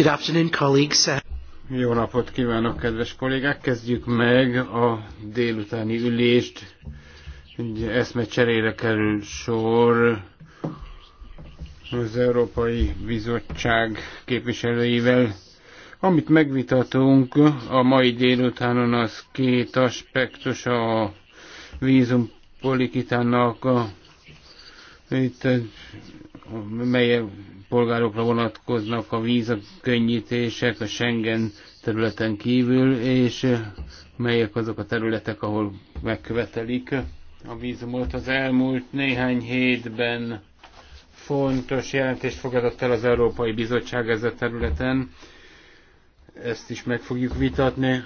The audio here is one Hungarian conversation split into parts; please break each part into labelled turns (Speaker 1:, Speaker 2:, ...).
Speaker 1: Good afternoon, colleagues. Jó napot kívánok, kedves kollégák! Kezdjük meg a délutáni ülést. Eszme cserére kerül sor az Európai Bizottság képviselőivel. Amit megvitatunk a mai délutánon az két aspektus a vízumpolitikának, itt mely polgárokra vonatkoznak a vízakönnyítések a Schengen területen kívül, és eh, melyek azok a területek, ahol megkövetelik a vízumot. Az elmúlt néhány hétben fontos jelentést fogadott el az Európai Bizottság ez a területen. Ezt is meg fogjuk vitatni.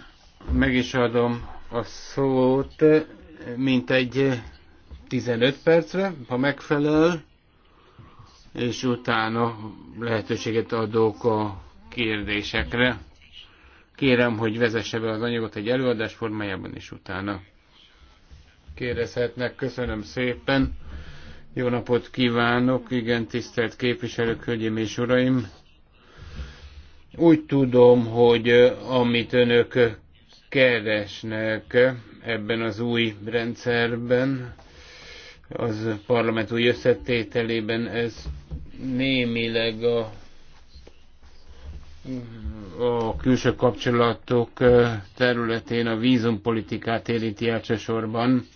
Speaker 1: Meg is adom a szót, eh, mint egy 15 eh, percre, ha megfelel és utána lehetőséget adok a kérdésekre. Kérem, hogy vezesse be az anyagot egy előadás formájában, és utána kérdezhetnek. Köszönöm szépen. Jó napot kívánok, igen, tisztelt képviselők, hölgyeim és uraim. Úgy tudom, hogy amit önök keresnek ebben az új rendszerben, az parlament új összetételében, ez némileg a, a külső kapcsolatok területén a vízumpolitikát érinti elsősorban.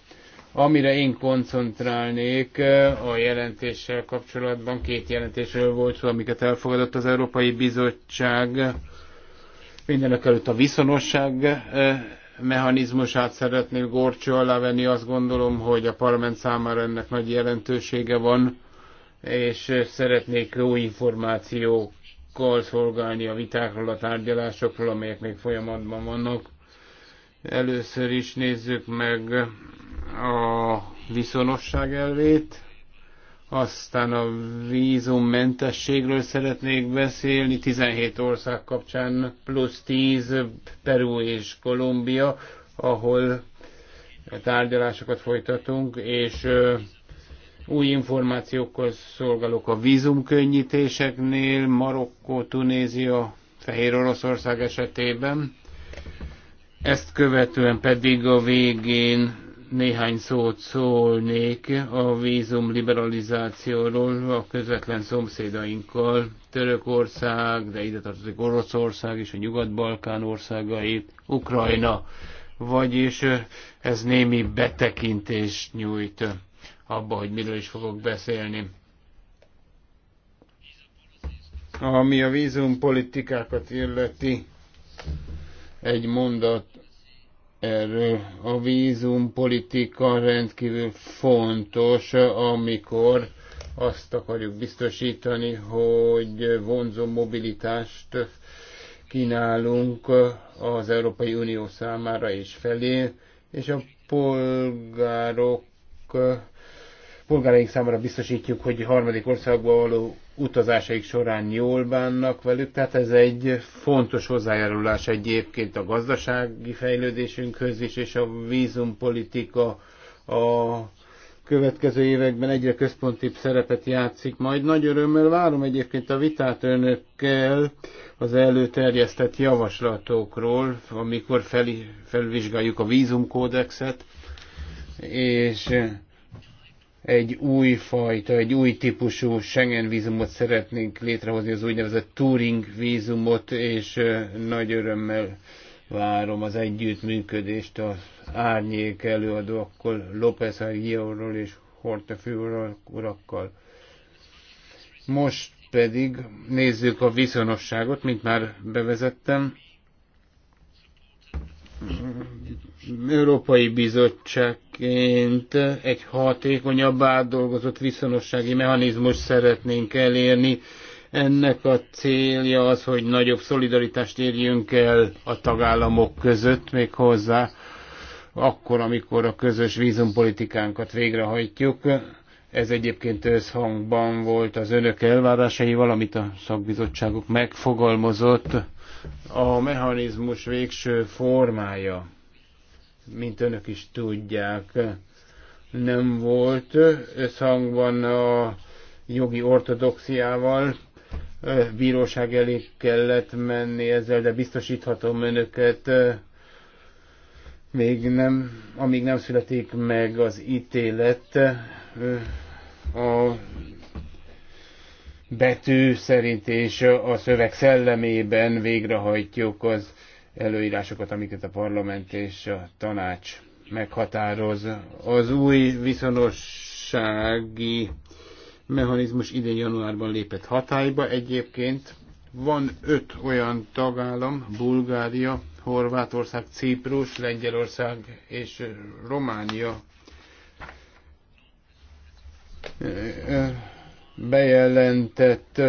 Speaker 1: Amire én koncentrálnék a jelentéssel kapcsolatban, két jelentésről volt szó, amiket elfogadott az Európai Bizottság. Mindenek előtt a viszonosság mechanizmusát szeretnél gorcsó alá venni, azt gondolom, hogy a parlament számára ennek nagy jelentősége van és szeretnék jó információkkal szolgálni a vitákról, a tárgyalásokról, amelyek még folyamatban vannak. Először is nézzük meg a viszonosság elvét, aztán a vízummentességről szeretnék beszélni, 17 ország kapcsán plusz 10 Peru és Kolumbia, ahol tárgyalásokat folytatunk, és új információkkal szolgálok a vízumkönnyítéseknél, Marokkó, Tunézia, Fehér Oroszország esetében. Ezt követően pedig a végén néhány szót szólnék a vízum liberalizációról a közvetlen szomszédainkkal, Törökország, de ide tartozik Oroszország és a Nyugat-Balkán országai, Ukrajna, vagyis ez némi betekintést nyújt abba, hogy miről is fogok beszélni. Ami a vízumpolitikákat illeti, egy mondat erről. A vízumpolitika rendkívül fontos, amikor azt akarjuk biztosítani, hogy vonzó mobilitást kínálunk az Európai Unió számára és felé, és a polgárok polgáraink számára biztosítjuk, hogy harmadik országba való utazásaik során jól bánnak velük, tehát ez egy fontos hozzájárulás egyébként a gazdasági fejlődésünkhöz is, és a vízumpolitika a következő években egyre központibb szerepet játszik. Majd nagy örömmel várom egyébként a vitát önökkel az előterjesztett javaslatokról, amikor fel, felvizsgáljuk a vízumkódexet, és egy új fajta, egy új típusú Schengen vízumot szeretnénk létrehozni, az úgynevezett Turing vízumot, és nagy örömmel várom az együttműködést az árnyék előadókkal, López Aguiorról és Hortefű urakkal. Most pedig nézzük a viszonosságot, mint már bevezettem. Európai Bizottságként egy hatékonyabb átdolgozott viszonossági mechanizmus szeretnénk elérni. Ennek a célja az, hogy nagyobb szolidaritást érjünk el a tagállamok között még hozzá, akkor, amikor a közös vízumpolitikánkat végrehajtjuk. Ez egyébként összhangban volt az önök elvárásaival, amit a szakbizottságok megfogalmazott. A mechanizmus végső formája mint önök is tudják, nem volt összhangban a jogi ortodoxiával, bíróság elé kellett menni ezzel, de biztosíthatom önöket, még nem, amíg nem születik meg az ítélet, a betű szerint és a szöveg szellemében végrehajtjuk az előírásokat, amiket a parlament és a tanács meghatároz. Az új viszonossági mechanizmus idén januárban lépett hatályba. Egyébként van öt olyan tagállam, Bulgária, Horvátország, Ciprus, Lengyelország és Románia bejelentett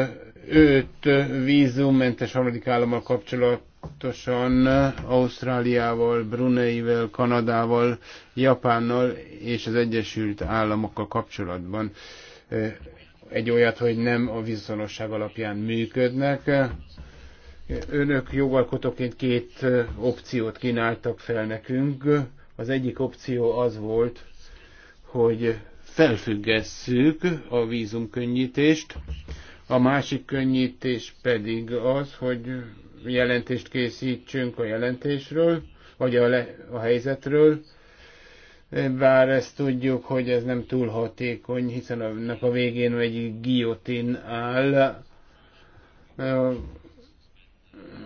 Speaker 1: öt vízummentes harmadik állammal kapcsolat folyamatosan Ausztráliával, Bruneivel, Kanadával, Japánnal és az Egyesült Államokkal kapcsolatban eh, egy olyat, hogy nem a viszonosság alapján működnek. Önök jogalkotóként két eh, opciót kínáltak fel nekünk. Az egyik opció az volt, hogy felfüggesszük a vízumkönnyítést, a másik könnyítés pedig az, hogy jelentést készítsünk a jelentésről, vagy a, le, a helyzetről, bár ezt tudjuk, hogy ez nem túl hatékony, hiszen annak a végén egy guillotine áll.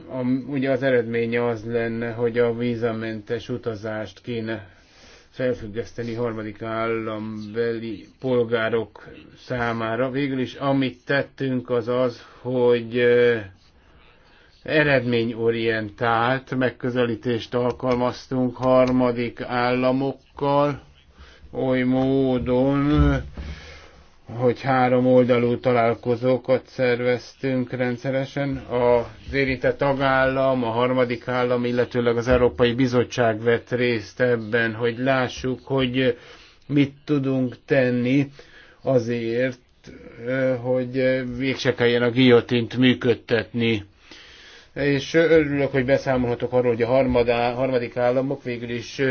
Speaker 1: A, ugye az eredménye az lenne, hogy a vízamentes utazást kéne felfüggeszteni harmadik állambeli polgárok számára. Végül is amit tettünk az az, hogy eredményorientált megközelítést alkalmaztunk harmadik államokkal, oly módon, hogy három oldalú találkozókat szerveztünk rendszeresen. Az érintett tagállam, a harmadik állam, illetőleg az Európai Bizottság vett részt ebben, hogy lássuk, hogy mit tudunk tenni azért, eh, hogy eh, végse kelljen a guillotint működtetni és örülök, hogy beszámolhatok arról, hogy a harmadá, harmadik államok végül is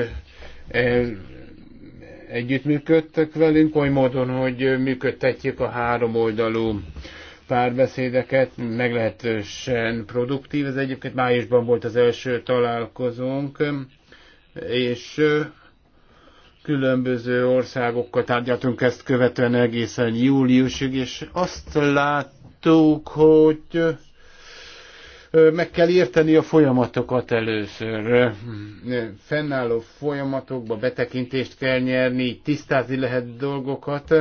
Speaker 1: együttműködtek velünk, oly módon, hogy működtetjük a három oldalú párbeszédeket, meglehetősen produktív. Ez egyébként májusban volt az első találkozónk, és különböző országokkal tárgyaltunk ezt követően egészen júliusig, és azt láttuk, hogy meg kell érteni a folyamatokat először. Fennálló folyamatokba betekintést kell nyerni, tisztázni lehet dolgokat.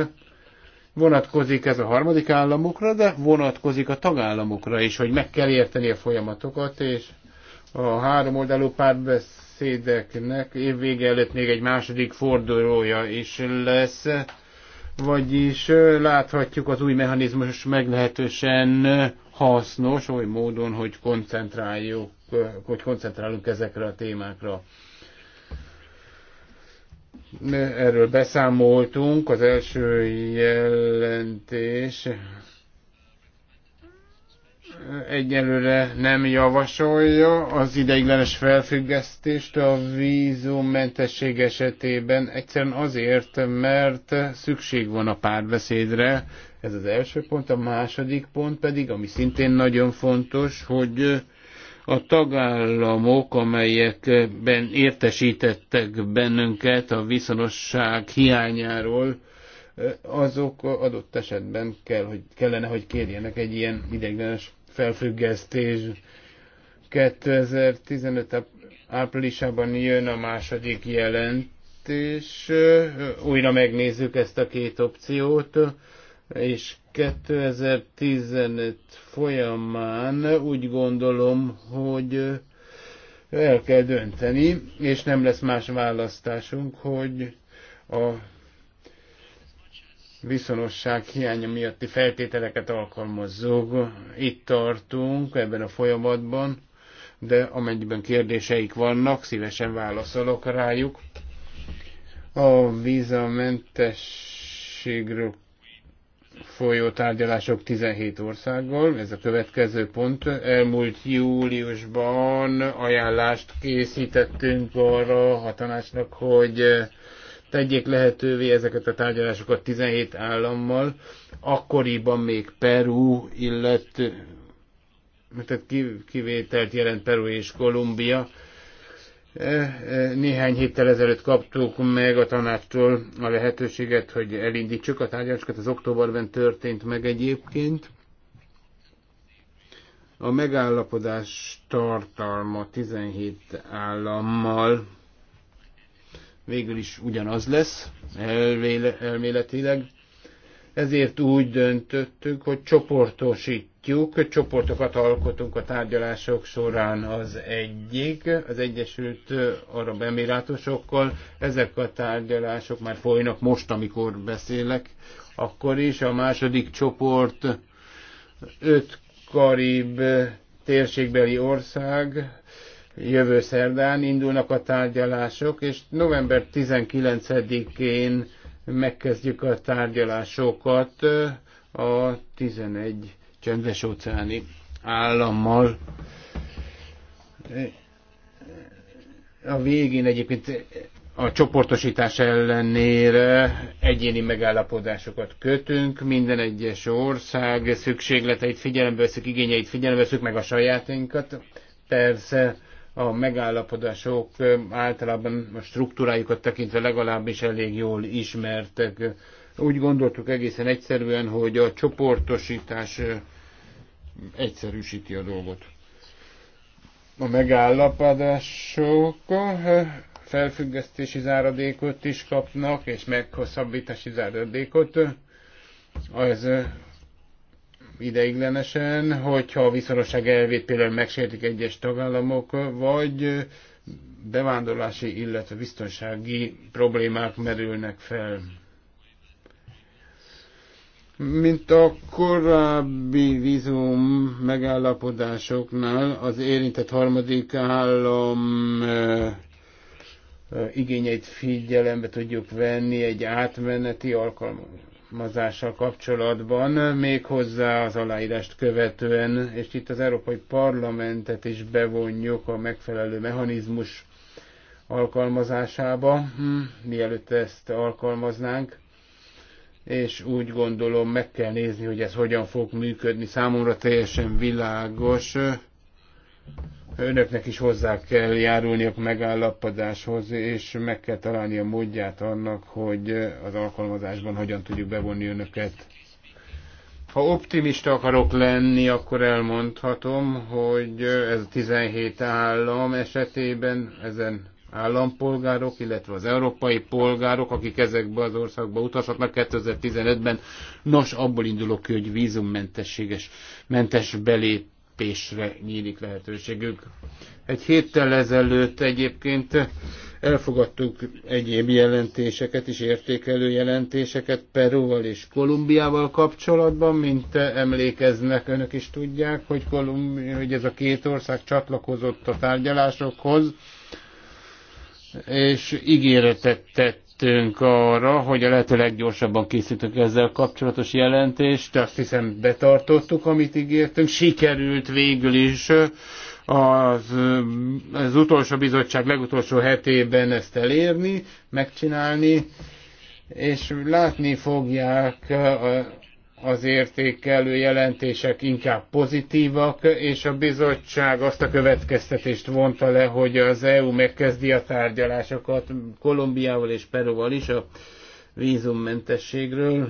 Speaker 1: Vonatkozik ez a harmadik államokra, de vonatkozik a tagállamokra is, hogy meg kell érteni a folyamatokat, és a három oldalú párbeszédeknek évvége előtt még egy második fordulója is lesz, vagyis láthatjuk az új mechanizmus meglehetősen hasznos oly módon, hogy koncentráljuk, hogy koncentrálunk ezekre a témákra. Erről beszámoltunk, az első jelentés egyelőre nem javasolja az ideiglenes felfüggesztést a vízummentesség esetében, egyszerűen azért, mert szükség van a párbeszédre, ez az első pont. A második pont pedig, ami szintén nagyon fontos, hogy a tagállamok, amelyekben értesítettek bennünket a viszonosság hiányáról, azok adott esetben kell, hogy kellene, hogy kérjenek egy ilyen ideiglenes felfüggesztés. 2015 áprilisában jön a második jelentés, újra megnézzük ezt a két opciót, és 2015 folyamán úgy gondolom, hogy el kell dönteni, és nem lesz más választásunk, hogy a viszonosság hiánya miatti feltételeket alkalmazzuk. Itt tartunk ebben a folyamatban, de amennyiben kérdéseik vannak, szívesen válaszolok rájuk. A vízamentességről folyó tárgyalások 17 országgal, ez a következő pont. Elmúlt júliusban ajánlást készítettünk arra a tanácsnak, hogy tegyék lehetővé ezeket a tárgyalásokat 17 állammal, akkoriban még Peru, illetve tehát kivételt jelent Peru és Kolumbia, E, e, néhány héttel ezelőtt kaptuk meg a tanácstól a lehetőséget, hogy elindítsuk a tárgyalásokat. Az októberben történt meg egyébként. A megállapodás tartalma 17 állammal végül is ugyanaz lesz elméletileg. Ezért úgy döntöttük, hogy csoportosít látjuk, csoportokat alkotunk a tárgyalások során az egyik, az Egyesült Arab Emirátusokkal. Ezek a tárgyalások már folynak most, amikor beszélek, akkor is. A második csoport öt karib térségbeli ország, jövő szerdán indulnak a tárgyalások, és november 19-én megkezdjük a tárgyalásokat a 11 csendes óceáni állammal. A végén egyébként a csoportosítás ellenére egyéni megállapodásokat kötünk, minden egyes ország szükségleteit figyelembe veszük, igényeit figyelembe veszük, meg a sajátinkat. Persze a megállapodások általában a struktúrájukat tekintve legalábbis elég jól ismertek úgy gondoltuk egészen egyszerűen, hogy a csoportosítás egyszerűsíti a dolgot. A megállapodások felfüggesztési záradékot is kapnak, és meghosszabbítási záradékot. Az ideiglenesen, hogyha a viszonosság elvét például megsértik egyes tagállamok, vagy bevándorlási, illetve biztonsági problémák merülnek fel. Mint a korábbi vízum megállapodásoknál az érintett harmadik állam igényeit figyelembe tudjuk venni egy átmeneti alkalmazással kapcsolatban, méghozzá az aláírást követően, és itt az Európai Parlamentet is bevonjuk a megfelelő mechanizmus alkalmazásába, hm, mielőtt ezt alkalmaznánk és úgy gondolom meg kell nézni, hogy ez hogyan fog működni. Számomra teljesen világos. Önöknek is hozzá kell járulni a megállapodáshoz, és meg kell találni a módját annak, hogy az alkalmazásban hogyan tudjuk bevonni önöket. Ha optimista akarok lenni, akkor elmondhatom, hogy ez a 17 állam esetében ezen állampolgárok, illetve az európai polgárok, akik ezekbe az országba utazhatnak 2015-ben. Nos, abból indulok ki, hogy vízummentességes, mentes belépésre nyílik lehetőségük. Egy héttel ezelőtt egyébként elfogadtuk egyéb jelentéseket és értékelő jelentéseket Perúval és Kolumbiával kapcsolatban, mint emlékeznek, önök is tudják, hogy, Kolumbi, hogy ez a két ország csatlakozott a tárgyalásokhoz, és ígéretet tettünk arra, hogy a lehető leggyorsabban készítünk ezzel kapcsolatos jelentést. Azt hiszem betartottuk, amit ígértünk. Sikerült végül is az, az utolsó bizottság legutolsó hetében ezt elérni, megcsinálni, és látni fogják az értékelő jelentések inkább pozitívak, és a bizottság azt a következtetést vonta le, hogy az EU megkezdi a tárgyalásokat Kolumbiával és Peruval is a vízummentességről.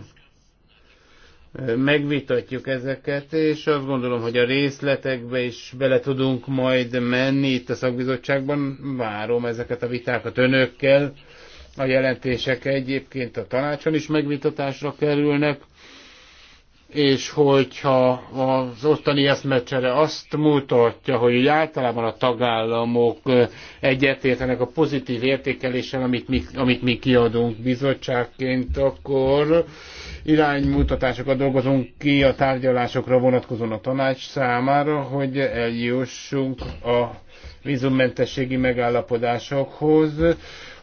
Speaker 1: Megvitatjuk ezeket, és azt gondolom, hogy a részletekbe is bele tudunk majd menni itt a szakbizottságban. Várom ezeket a vitákat önökkel. A jelentések egyébként a tanácson is megvitatásra kerülnek és hogyha az ottani eszmecsere azt mutatja, hogy általában a tagállamok egyetértenek a pozitív értékeléssel, amit mi, amit mi kiadunk bizottságként, akkor iránymutatásokat dolgozunk ki a tárgyalásokra vonatkozóan a tanács számára, hogy eljussunk a vízummentességi megállapodásokhoz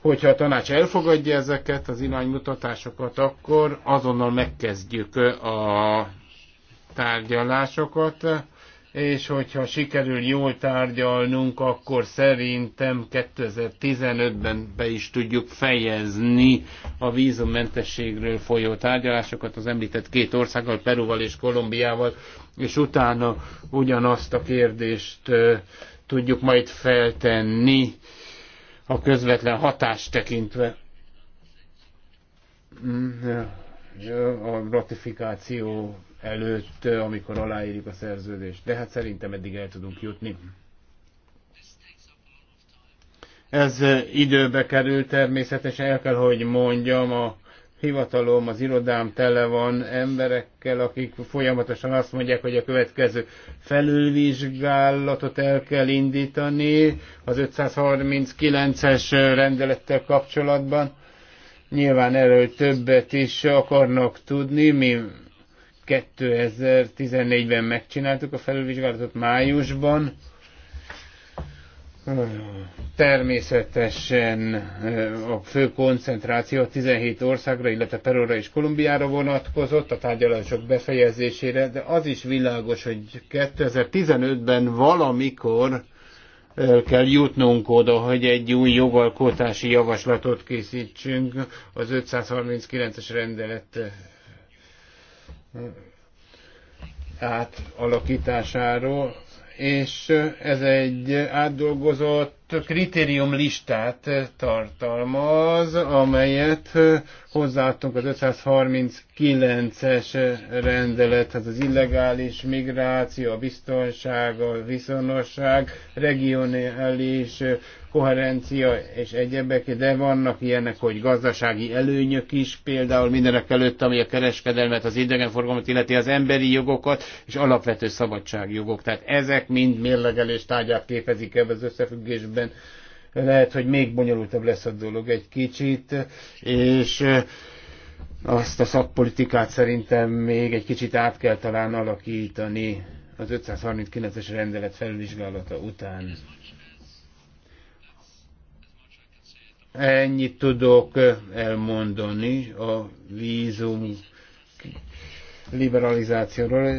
Speaker 1: Hogyha a tanács elfogadja ezeket az iránymutatásokat, akkor azonnal megkezdjük a tárgyalásokat, és hogyha sikerül jól tárgyalnunk, akkor szerintem 2015-ben be is tudjuk fejezni a vízummentességről folyó tárgyalásokat az említett két országgal, Peruval és Kolumbiával, és utána ugyanazt a kérdést tudjuk majd feltenni a közvetlen hatást tekintve mm, a ratifikáció előtt, amikor aláírjuk a szerződést. De hát szerintem eddig el tudunk jutni. Ez időbe kerül természetesen, el kell, hogy mondjam, a hivatalom, az irodám tele van emberekkel, akik folyamatosan azt mondják, hogy a következő felülvizsgálatot el kell indítani az 539-es rendelettel kapcsolatban. Nyilván erről többet is akarnak tudni. Mi 2014-ben megcsináltuk a felülvizsgálatot májusban, Természetesen a fő koncentráció 17 országra, illetve Perúra és Kolumbiára vonatkozott a tárgyalások befejezésére, de az is világos, hogy 2015-ben valamikor el kell jutnunk oda, hogy egy új jogalkotási javaslatot készítsünk az 539-es rendelet átalakításáról és ez egy átdolgozott kritérium listát tartalmaz, amelyet hozzáadtunk az 539-es rendelethez, az illegális migráció, a biztonság, a viszonosság, regionális koherencia és egyebek, de vannak ilyenek, hogy gazdasági előnyök is, például mindenek előtt, ami a kereskedelmet, az idegenforgalmat illeti, az emberi jogokat és alapvető szabadságjogok. Tehát ezek mind mérlegelés tárgyát képezik ebben az összefüggésben esetben lehet, hogy még bonyolultabb lesz a dolog egy kicsit, és azt a szakpolitikát szerintem még egy kicsit át kell talán alakítani az 539-es rendelet felvizsgálata után. Ennyit tudok elmondani a vízum liberalizációról.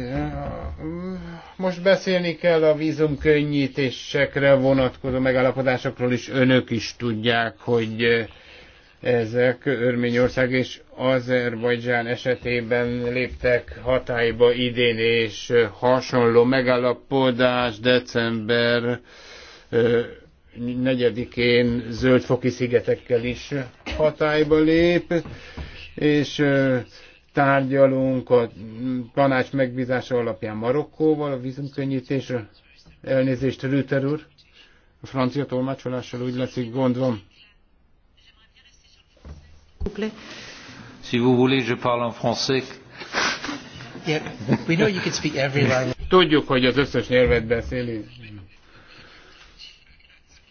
Speaker 1: Most beszélni kell a vízumkönnyítésekre vonatkozó megállapodásokról is. Önök is tudják, hogy ezek Örményország és Azerbajdzsán esetében léptek hatályba idén, és hasonló megállapodás december 4-én zöldfoki szigetekkel is hatályba lép, és tárgyalunk a tanács megbízása alapján Marokkóval, a vízumkönnyítésről. Elnézést, Rüter úr. A francia tolmácsolással úgy látszik gond van. Si vous voulez, je parle en français. Yeah, we know you can speak every language. Tudjuk, hogy az összes nyelvet beszéli.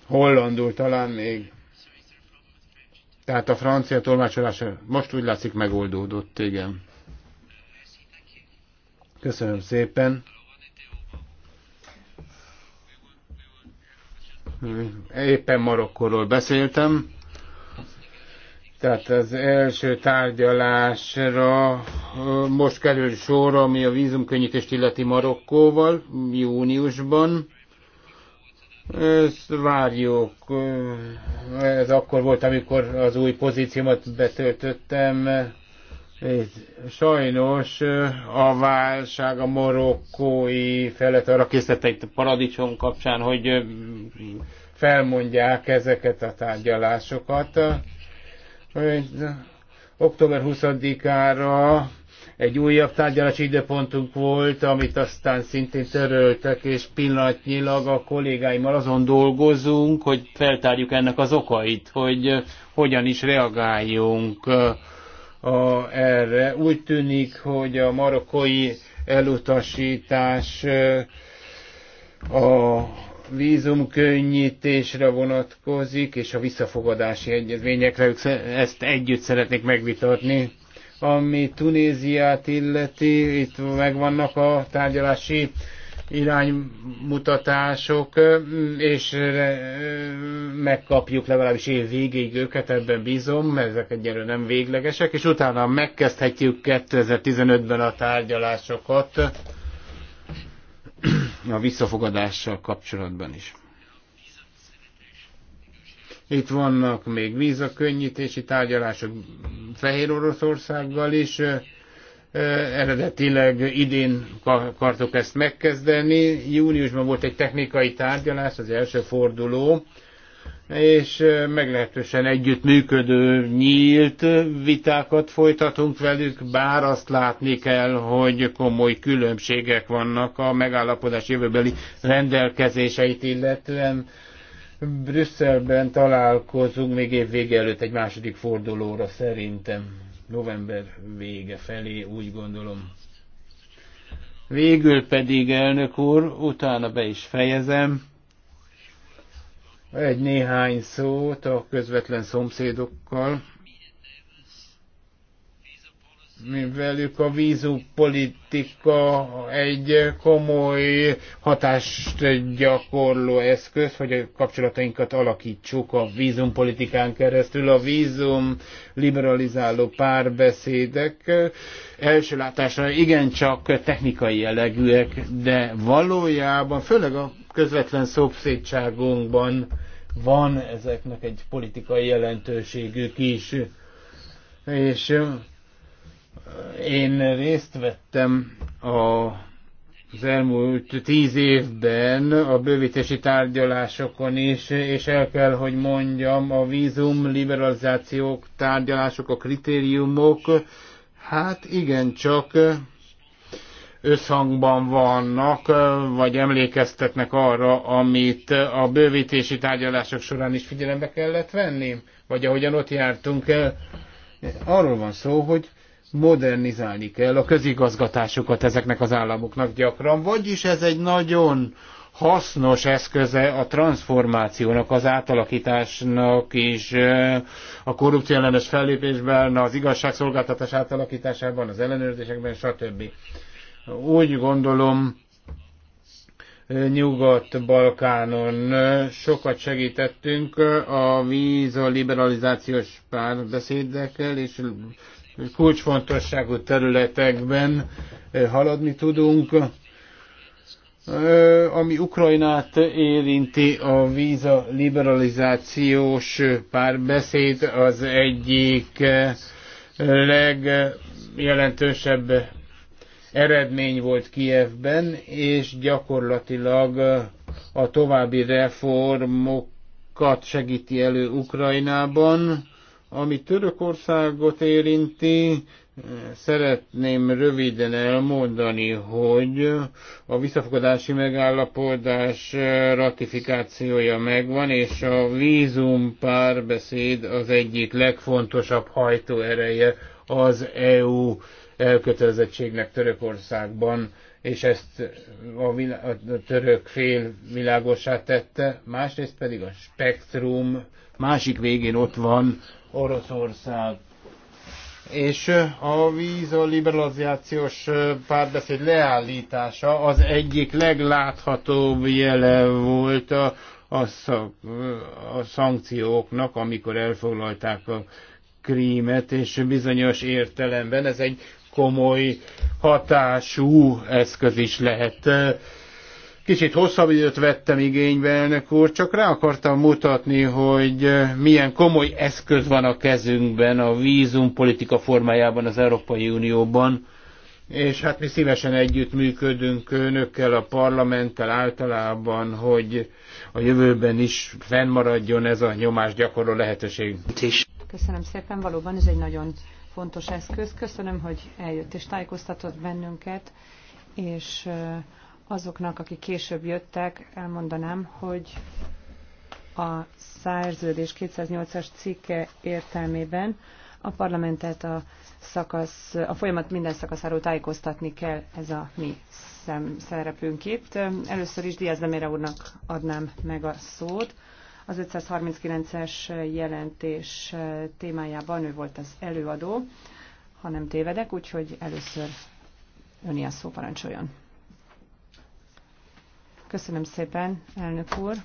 Speaker 1: Hollandul talán még. Tehát a francia tolmácsolása most úgy látszik megoldódott, igen. Köszönöm szépen. Éppen Marokkorról beszéltem. Tehát az első tárgyalásra most kerül sor, ami a vízumkönnyítést illeti Marokkóval júniusban ezt várjuk. Ez akkor volt, amikor az új pozíciómat betöltöttem. Sajnos a válság a marokkói felet arra készítette itt a paradicsom kapcsán, hogy felmondják ezeket a tárgyalásokat. Október 20-ára egy újabb tárgyalási időpontunk volt, amit aztán szintén töröltek, és pillanatnyilag a kollégáimmal azon dolgozunk, hogy feltárjuk ennek az okait, hogy hogyan is reagáljunk erre. Úgy tűnik, hogy a marokkói elutasítás a vízumkönnyítésre vonatkozik, és a visszafogadási egyezményekre, ők ezt együtt szeretnék megvitatni. Ami Tunéziát illeti, itt megvannak a tárgyalási iránymutatások, és megkapjuk legalábbis év végéig őket, ebben bízom, ezek egyelőre nem véglegesek, és utána megkezdhetjük 2015-ben a tárgyalásokat a visszafogadással kapcsolatban is. Itt vannak még vízakönnyítési tárgyalások Fehér Oroszországgal is. Eredetileg idén akartok ezt megkezdeni. Júniusban volt egy technikai tárgyalás, az első forduló, és meglehetősen együttműködő, nyílt vitákat folytatunk velük, bár azt látni kell, hogy komoly különbségek vannak a megállapodás jövőbeli rendelkezéseit illetően Brüsszelben találkozunk még év vége előtt egy második fordulóra szerintem. November vége felé, úgy gondolom. Végül pedig, elnök úr, utána be is fejezem. Egy néhány szót a közvetlen szomszédokkal velük a vízumpolitika egy komoly hatást gyakorló eszköz, hogy a kapcsolatainkat alakítsuk a vízumpolitikán keresztül. A vízum liberalizáló párbeszédek első látásra igencsak technikai jellegűek, de valójában, főleg a közvetlen szomszédságunkban van ezeknek egy politikai jelentőségük is. És én részt vettem a az elmúlt tíz évben a bővítési tárgyalásokon is, és el kell, hogy mondjam, a vízum liberalizációk, tárgyalások, a kritériumok, hát igencsak összhangban vannak, vagy emlékeztetnek arra, amit a bővítési tárgyalások során is figyelembe kellett venni, vagy ahogyan ott jártunk el. Arról van szó, hogy modernizálni kell a közigazgatásukat ezeknek az államoknak gyakran, vagyis ez egy nagyon hasznos eszköze a transformációnak, az átalakításnak és a korrupció ellenes fellépésben, az igazságszolgáltatás átalakításában, az ellenőrzésekben, stb. Úgy gondolom, Nyugat-Balkánon sokat segítettünk a víz, a liberalizációs párbeszédekkel, és kulcsfontosságú területekben eh, haladni tudunk. Eh, ami Ukrajnát érinti, a víza liberalizációs párbeszéd az egyik eh, legjelentősebb eredmény volt Kijevben, és gyakorlatilag a további reformokat segíti elő Ukrajnában ami Törökországot érinti, szeretném röviden elmondani, hogy a visszafogadási megállapodás ratifikációja megvan, és a vízum párbeszéd az egyik legfontosabb hajtóereje az EU elkötelezettségnek Törökországban, és ezt a, a török fél világosá tette, másrészt pedig a spektrum másik végén ott van Oroszország. És a víz a párbeszéd leállítása az egyik legláthatóbb jele volt a, a, szak, a szankcióknak, amikor elfoglalták a krímet, és bizonyos értelemben ez egy komoly hatású eszköz is lehet Kicsit hosszabb időt vettem igénybe, elnök úr, csak rá akartam mutatni, hogy milyen komoly eszköz van a kezünkben a vízumpolitika formájában az Európai Unióban, és hát mi szívesen együttműködünk önökkel, a parlamenttel általában, hogy a jövőben is fennmaradjon ez a gyakorló lehetőség.
Speaker 2: Köszönöm szépen, valóban ez egy nagyon fontos eszköz. Köszönöm, hogy eljött és tájékoztatott bennünket, és Azoknak, akik később jöttek, elmondanám, hogy a szerződés 208-as cikke értelmében a parlamentet a, szakasz, a folyamat minden szakaszáról tájékoztatni kell, ez a mi szem, szerepünk itt. Először is Diaz Demére úrnak adnám meg a szót. Az 539-es jelentés témájában ő volt az előadó, ha nem tévedek, úgyhogy először öni a szó parancsoljon. Köszönöm szépen, elnök úr.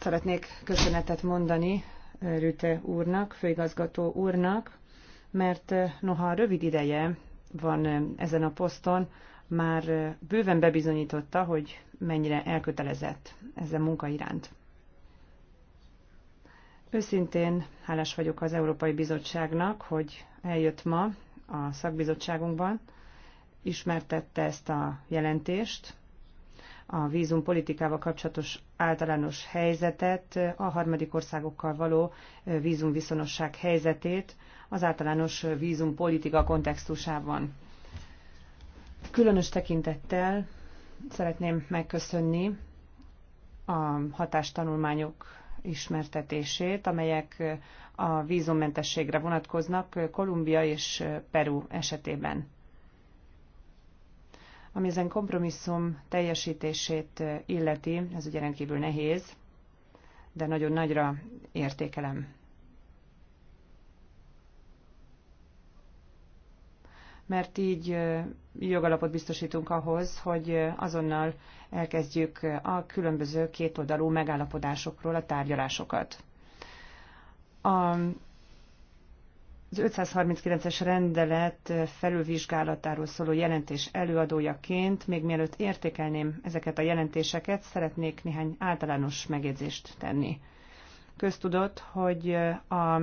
Speaker 2: Szeretnék köszönetet mondani Rüte úrnak, főigazgató úrnak, mert noha rövid ideje van ezen a poszton, már bőven bebizonyította, hogy mennyire elkötelezett ezen munka iránt. Őszintén hálás vagyok az Európai Bizottságnak, hogy eljött ma, a szakbizottságunkban ismertette ezt a jelentést, a vízum politikával kapcsolatos általános helyzetet, a harmadik országokkal való vízumviszonosság helyzetét az általános vízumpolitika kontextusában. Különös tekintettel szeretném megköszönni a hatástanulmányok ismertetését, amelyek a vízummentességre vonatkoznak Kolumbia és Peru esetében. Ami ezen kompromisszum teljesítését illeti, ez ugye rendkívül nehéz, de nagyon nagyra értékelem mert így jogalapot biztosítunk ahhoz, hogy azonnal elkezdjük a különböző kétoldalú megállapodásokról a tárgyalásokat. A az 539-es rendelet felülvizsgálatáról szóló jelentés előadójaként, még mielőtt értékelném ezeket a jelentéseket, szeretnék néhány általános megjegyzést tenni. Köztudott, hogy a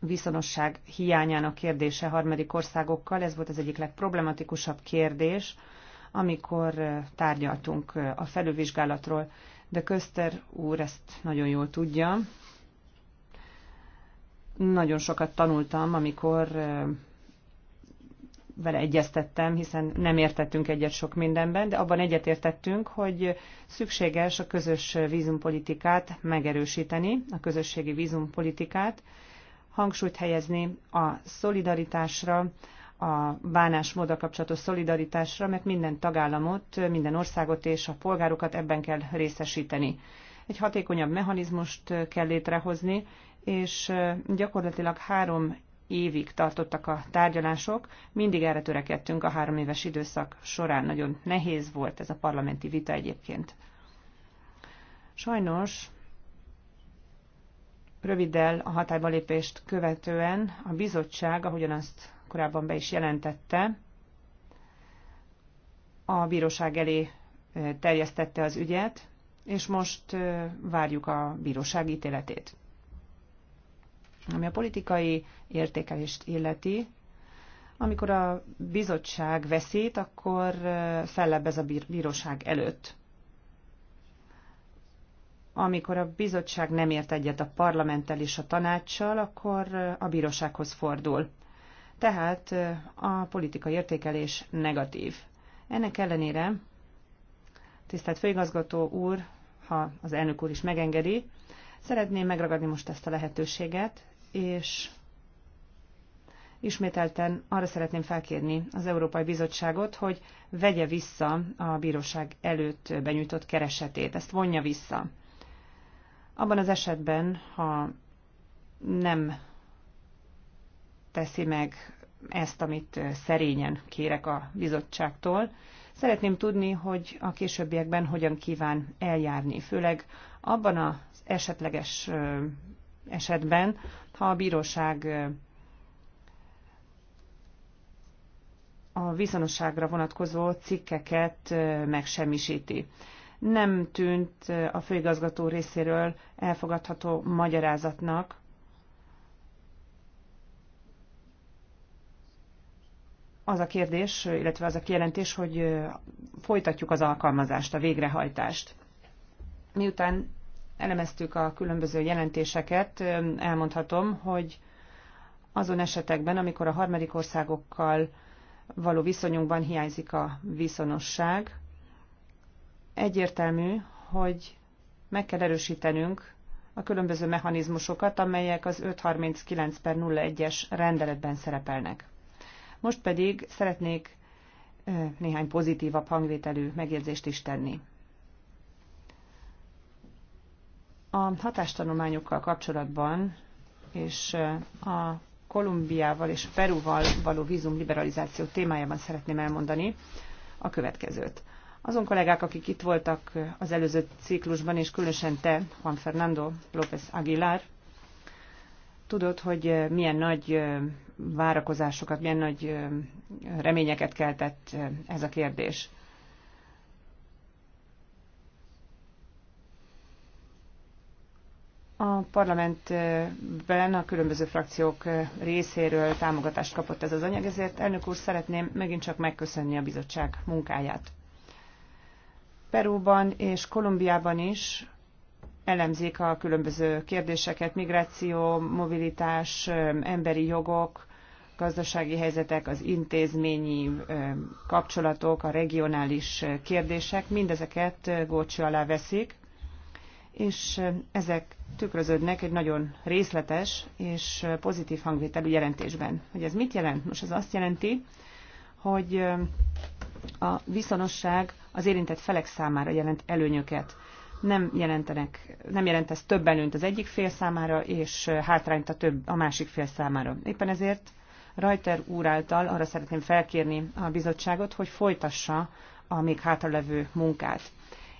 Speaker 2: viszonosság hiányának kérdése harmadik országokkal. Ez volt az egyik legproblematikusabb kérdés, amikor tárgyaltunk a felülvizsgálatról. De Közter úr ezt nagyon jól tudja. Nagyon sokat tanultam, amikor vele egyeztettem, hiszen nem értettünk egyet sok mindenben, de abban egyetértettünk, hogy szükséges a közös vízumpolitikát megerősíteni, a közösségi vízumpolitikát, hangsúlyt helyezni a szolidaritásra, a bánásmóda kapcsolatos szolidaritásra, mert minden tagállamot, minden országot és a polgárokat ebben kell részesíteni. Egy hatékonyabb mechanizmust kell létrehozni, és gyakorlatilag három évig tartottak a tárgyalások, mindig erre törekedtünk a három éves időszak során. Nagyon nehéz volt ez a parlamenti vita egyébként. Sajnos Röviddel a hatályba lépést követően a bizottság, ahogyan azt korábban be is jelentette, a bíróság elé terjesztette az ügyet, és most várjuk a bíróság ítéletét. Ami a politikai értékelést illeti, amikor a bizottság veszít, akkor ez a bíróság előtt amikor a bizottság nem ért egyet a parlamenttel és a tanácssal, akkor eh, a bírósághoz fordul. Tehát eh, a politikai értékelés negatív. Ennek ellenére, tisztelt főigazgató úr, ha az elnök úr is megengedi, szeretném megragadni most ezt a lehetőséget, és ismételten arra szeretném felkérni az Európai Bizottságot, hogy vegye vissza a bíróság előtt benyújtott keresetét, ezt vonja vissza. Abban az esetben, ha nem teszi meg ezt, amit szerényen kérek a bizottságtól, szeretném tudni, hogy a későbbiekben hogyan kíván eljárni, főleg abban az esetleges esetben, ha a bíróság a viszonosságra vonatkozó cikkeket megsemmisíti nem tűnt a főigazgató részéről elfogadható magyarázatnak. Az a kérdés, illetve az a kijelentés, hogy folytatjuk az alkalmazást, a végrehajtást. Miután elemeztük a különböző jelentéseket, elmondhatom, hogy azon esetekben, amikor a harmadik országokkal való viszonyunkban hiányzik a viszonosság, Egyértelmű, hogy meg kell erősítenünk a különböző mechanizmusokat, amelyek az 539 per 01-es rendeletben szerepelnek. Most pedig szeretnék néhány pozitívabb hangvételű megjegyzést is tenni. A hatástanulmányokkal kapcsolatban és a Kolumbiával és Peruval való vízumliberalizáció témájában szeretném elmondani a következőt. Azon kollégák, akik itt voltak az előző ciklusban, és különösen te, Juan Fernando López Aguilar, tudod, hogy milyen nagy várakozásokat, milyen nagy reményeket keltett ez a kérdés. A parlamentben a különböző frakciók részéről támogatást kapott ez az anyag, ezért elnök úr szeretném megint csak megköszönni a bizottság munkáját. Perúban és Kolumbiában is elemzik a különböző kérdéseket, migráció, mobilitás, emberi jogok, gazdasági helyzetek, az intézményi kapcsolatok, a regionális kérdések, mindezeket gócsi alá veszik, és ezek tükröződnek egy nagyon részletes és pozitív hangvételű jelentésben. Hogy ez mit jelent? Most ez azt jelenti, hogy a viszonosság az érintett felek számára jelent előnyöket. Nem, jelentenek, nem jelent ez több előnyt az egyik fél számára, és hátrányt a, több, a másik fél számára. Éppen ezért Rajter úr által arra szeretném felkérni a bizottságot, hogy folytassa a még hátralevő munkát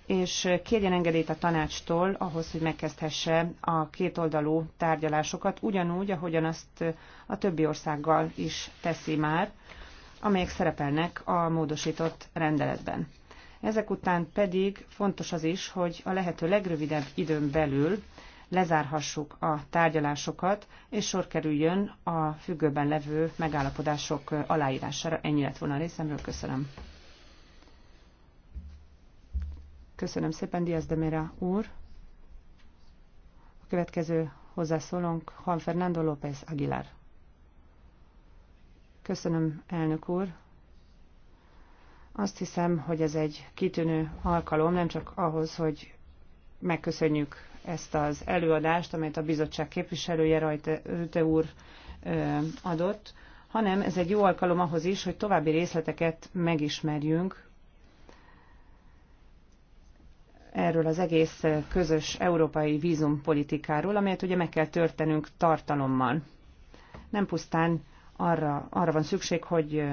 Speaker 2: és kérjen engedélyt a tanácstól ahhoz, hogy megkezdhesse a kétoldalú tárgyalásokat, ugyanúgy, ahogyan azt a többi országgal is teszi már, amelyek szerepelnek a módosított rendeletben. Ezek után pedig fontos az is, hogy a lehető legrövidebb időn belül lezárhassuk a tárgyalásokat, és sor kerüljön a függőben levő megállapodások aláírására. Ennyi lett volna a részemről. Köszönöm. Köszönöm szépen, Diaz Demira úr. A következő hozzászólónk Juan Fernando López Aguilar. Köszönöm, elnök úr. Azt hiszem, hogy ez egy kitűnő alkalom, nem csak ahhoz, hogy megköszönjük ezt az előadást, amelyet a bizottság képviselője rajta Rüte úr adott, hanem ez egy jó alkalom ahhoz is, hogy további részleteket megismerjünk erről az egész közös európai vízumpolitikáról, amelyet ugye meg kell törtenünk tartalommal. Nem pusztán arra, arra van szükség, hogy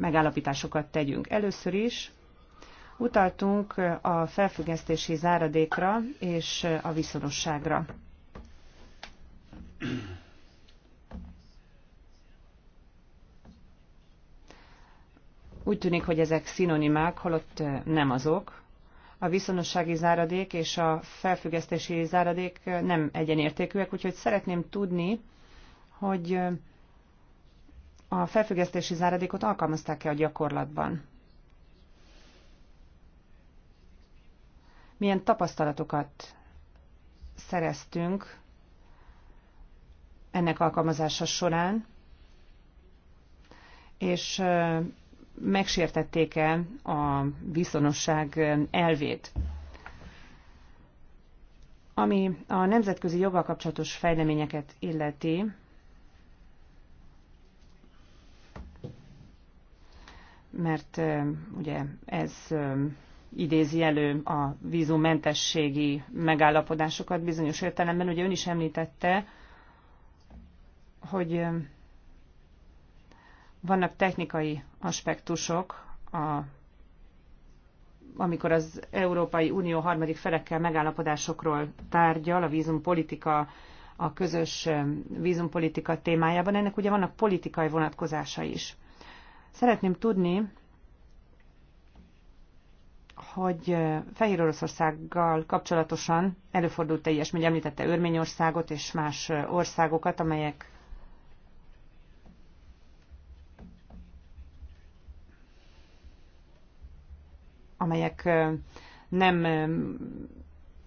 Speaker 2: megállapításokat tegyünk. Először is utaltunk a felfüggesztési záradékra és a viszonosságra. Úgy tűnik, hogy ezek szinonimák, holott nem azok. A viszonossági záradék és a felfüggesztési záradék nem egyenértékűek, úgyhogy szeretném tudni, hogy a felfüggesztési záradékot alkalmazták-e a gyakorlatban? Milyen tapasztalatokat szereztünk ennek alkalmazása során, és megsértették-e a viszonosság elvét. Ami a nemzetközi joggal kapcsolatos fejleményeket illeti, mert ugye ez idézi elő a vízumentességi megállapodásokat bizonyos értelemben. Ugye ön is említette, hogy vannak technikai aspektusok, a, amikor az Európai Unió harmadik felekkel megállapodásokról tárgyal a vízumpolitika, a közös vízumpolitika témájában. Ennek ugye vannak politikai vonatkozása is. Szeretném tudni, hogy Fehér Oroszországgal kapcsolatosan előfordult egy ilyesmi, említette Örményországot és más országokat, amelyek amelyek nem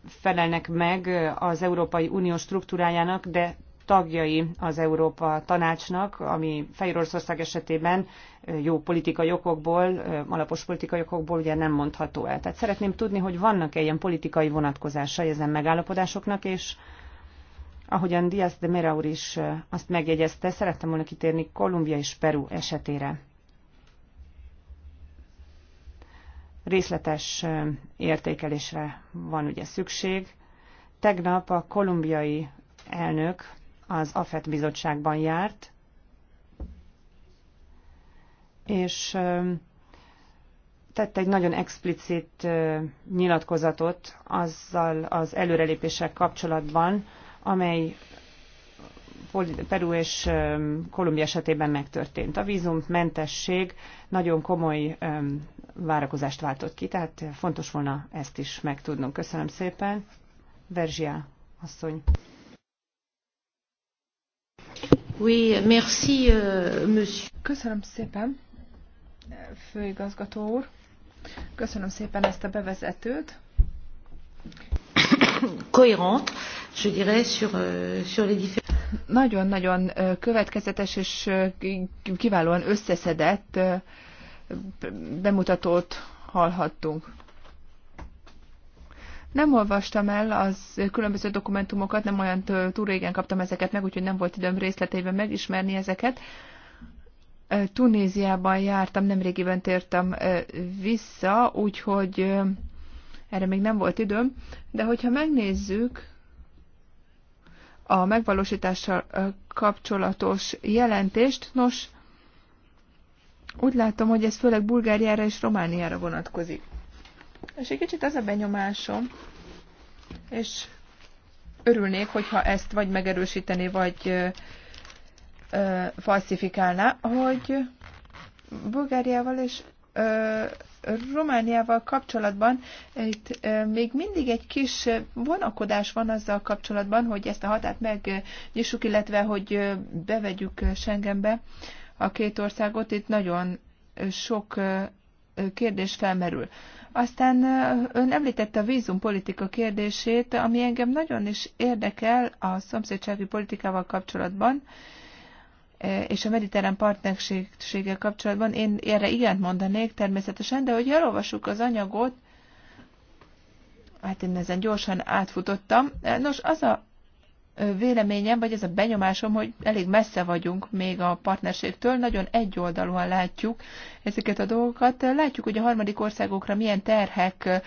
Speaker 2: felelnek meg az Európai Unió struktúrájának, de tagjai az Európa Tanácsnak, ami Oroszország esetében jó politikai okokból, alapos politikai okokból ugye nem mondható el. Tehát szeretném tudni, hogy vannak-e ilyen politikai vonatkozásai ezen megállapodásoknak, és ahogyan Diaz de Mera úr is azt megjegyezte, szerettem volna kitérni Kolumbia és Peru esetére. Részletes értékelésre van ugye szükség. Tegnap a kolumbiai elnök az AFET bizottságban járt, és tett egy nagyon explicit nyilatkozatot azzal az előrelépések kapcsolatban, amely Peru és Kolumbia esetében megtörtént. A vízummentesség nagyon komoly várakozást váltott ki, tehát fontos volna ezt is megtudnunk. Köszönöm szépen. Verzsia asszony. Oui, merci, euh,
Speaker 3: monsieur. Köszönöm szépen, főigazgató úr. Köszönöm szépen ezt a bevezetőt. Cohérente, je dirais, sur, euh, sur les différents nagyon-nagyon euh, következetes és kiválóan összeszedett bemutatót hallhattunk. Nem olvastam el az különböző dokumentumokat, nem olyan túl régen kaptam ezeket meg, úgyhogy nem volt időm részletében megismerni ezeket. Tunéziában jártam, nem régiben tértem vissza, úgyhogy erre még nem volt időm, de hogyha megnézzük a megvalósítással kapcsolatos jelentést, nos, úgy látom, hogy ez főleg Bulgáriára és Romániára vonatkozik. És egy kicsit az a benyomásom, és örülnék, hogyha ezt vagy megerősítené, vagy ö, ö, falszifikálná, hogy Bulgáriával és ö, Romániával kapcsolatban itt még mindig egy kis vonakodás van azzal kapcsolatban, hogy ezt a határt megnyissuk, illetve hogy bevegyük Schengenbe a két országot. Itt nagyon sok kérdés felmerül. Aztán ön említette a vízumpolitika kérdését, ami engem nagyon is érdekel a szomszédsági politikával kapcsolatban, és a mediterrán partnerséggel kapcsolatban. Én erre igent mondanék természetesen, de hogy elolvassuk az anyagot, hát én ezen gyorsan átfutottam. Nos, az a véleményem, vagy ez a benyomásom, hogy elég messze vagyunk még a partnerségtől, nagyon egyoldalúan látjuk ezeket a dolgokat. Látjuk, hogy a harmadik országokra milyen terhek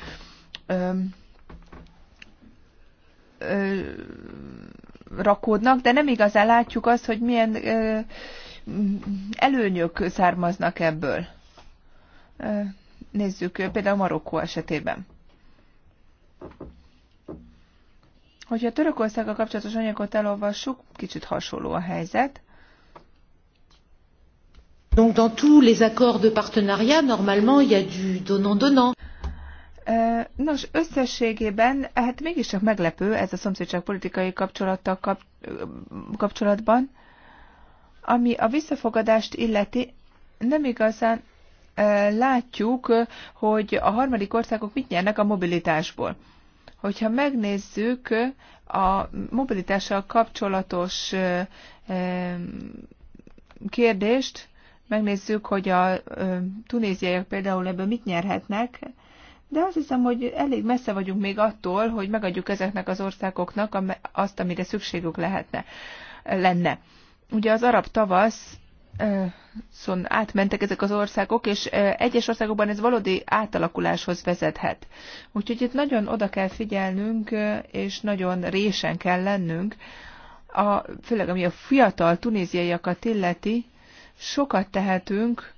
Speaker 3: ö, ö, rakódnak, de nem igazán látjuk azt, hogy milyen ö, előnyök származnak ebből. Nézzük például Marokkó esetében. Hogyha Törökországgal kapcsolatos anyagot elolvassuk, kicsit hasonló a helyzet. Donc dans tous les accords de partenariat, normalement, il y a du donnant-donnant. Nos, összességében, hát mégiscsak meglepő ez a szomszédság politikai kapcsolattal kap, kapcsolatban, ami a visszafogadást illeti, nem igazán látjuk, hogy a harmadik országok mit nyernek a mobilitásból. Hogyha megnézzük a mobilitással kapcsolatos kérdést, megnézzük, hogy a tunéziaiak például ebből mit nyerhetnek, de azt hiszem, hogy elég messze vagyunk még attól, hogy megadjuk ezeknek az országoknak azt, amire szükségük lehetne, lenne. Ugye az arab tavasz szon átmentek ezek az országok, és egyes országokban ez valódi átalakuláshoz vezethet. Úgyhogy itt nagyon oda kell figyelnünk, és nagyon résen kell lennünk, a, főleg ami a fiatal tunéziaiakat illeti, sokat tehetünk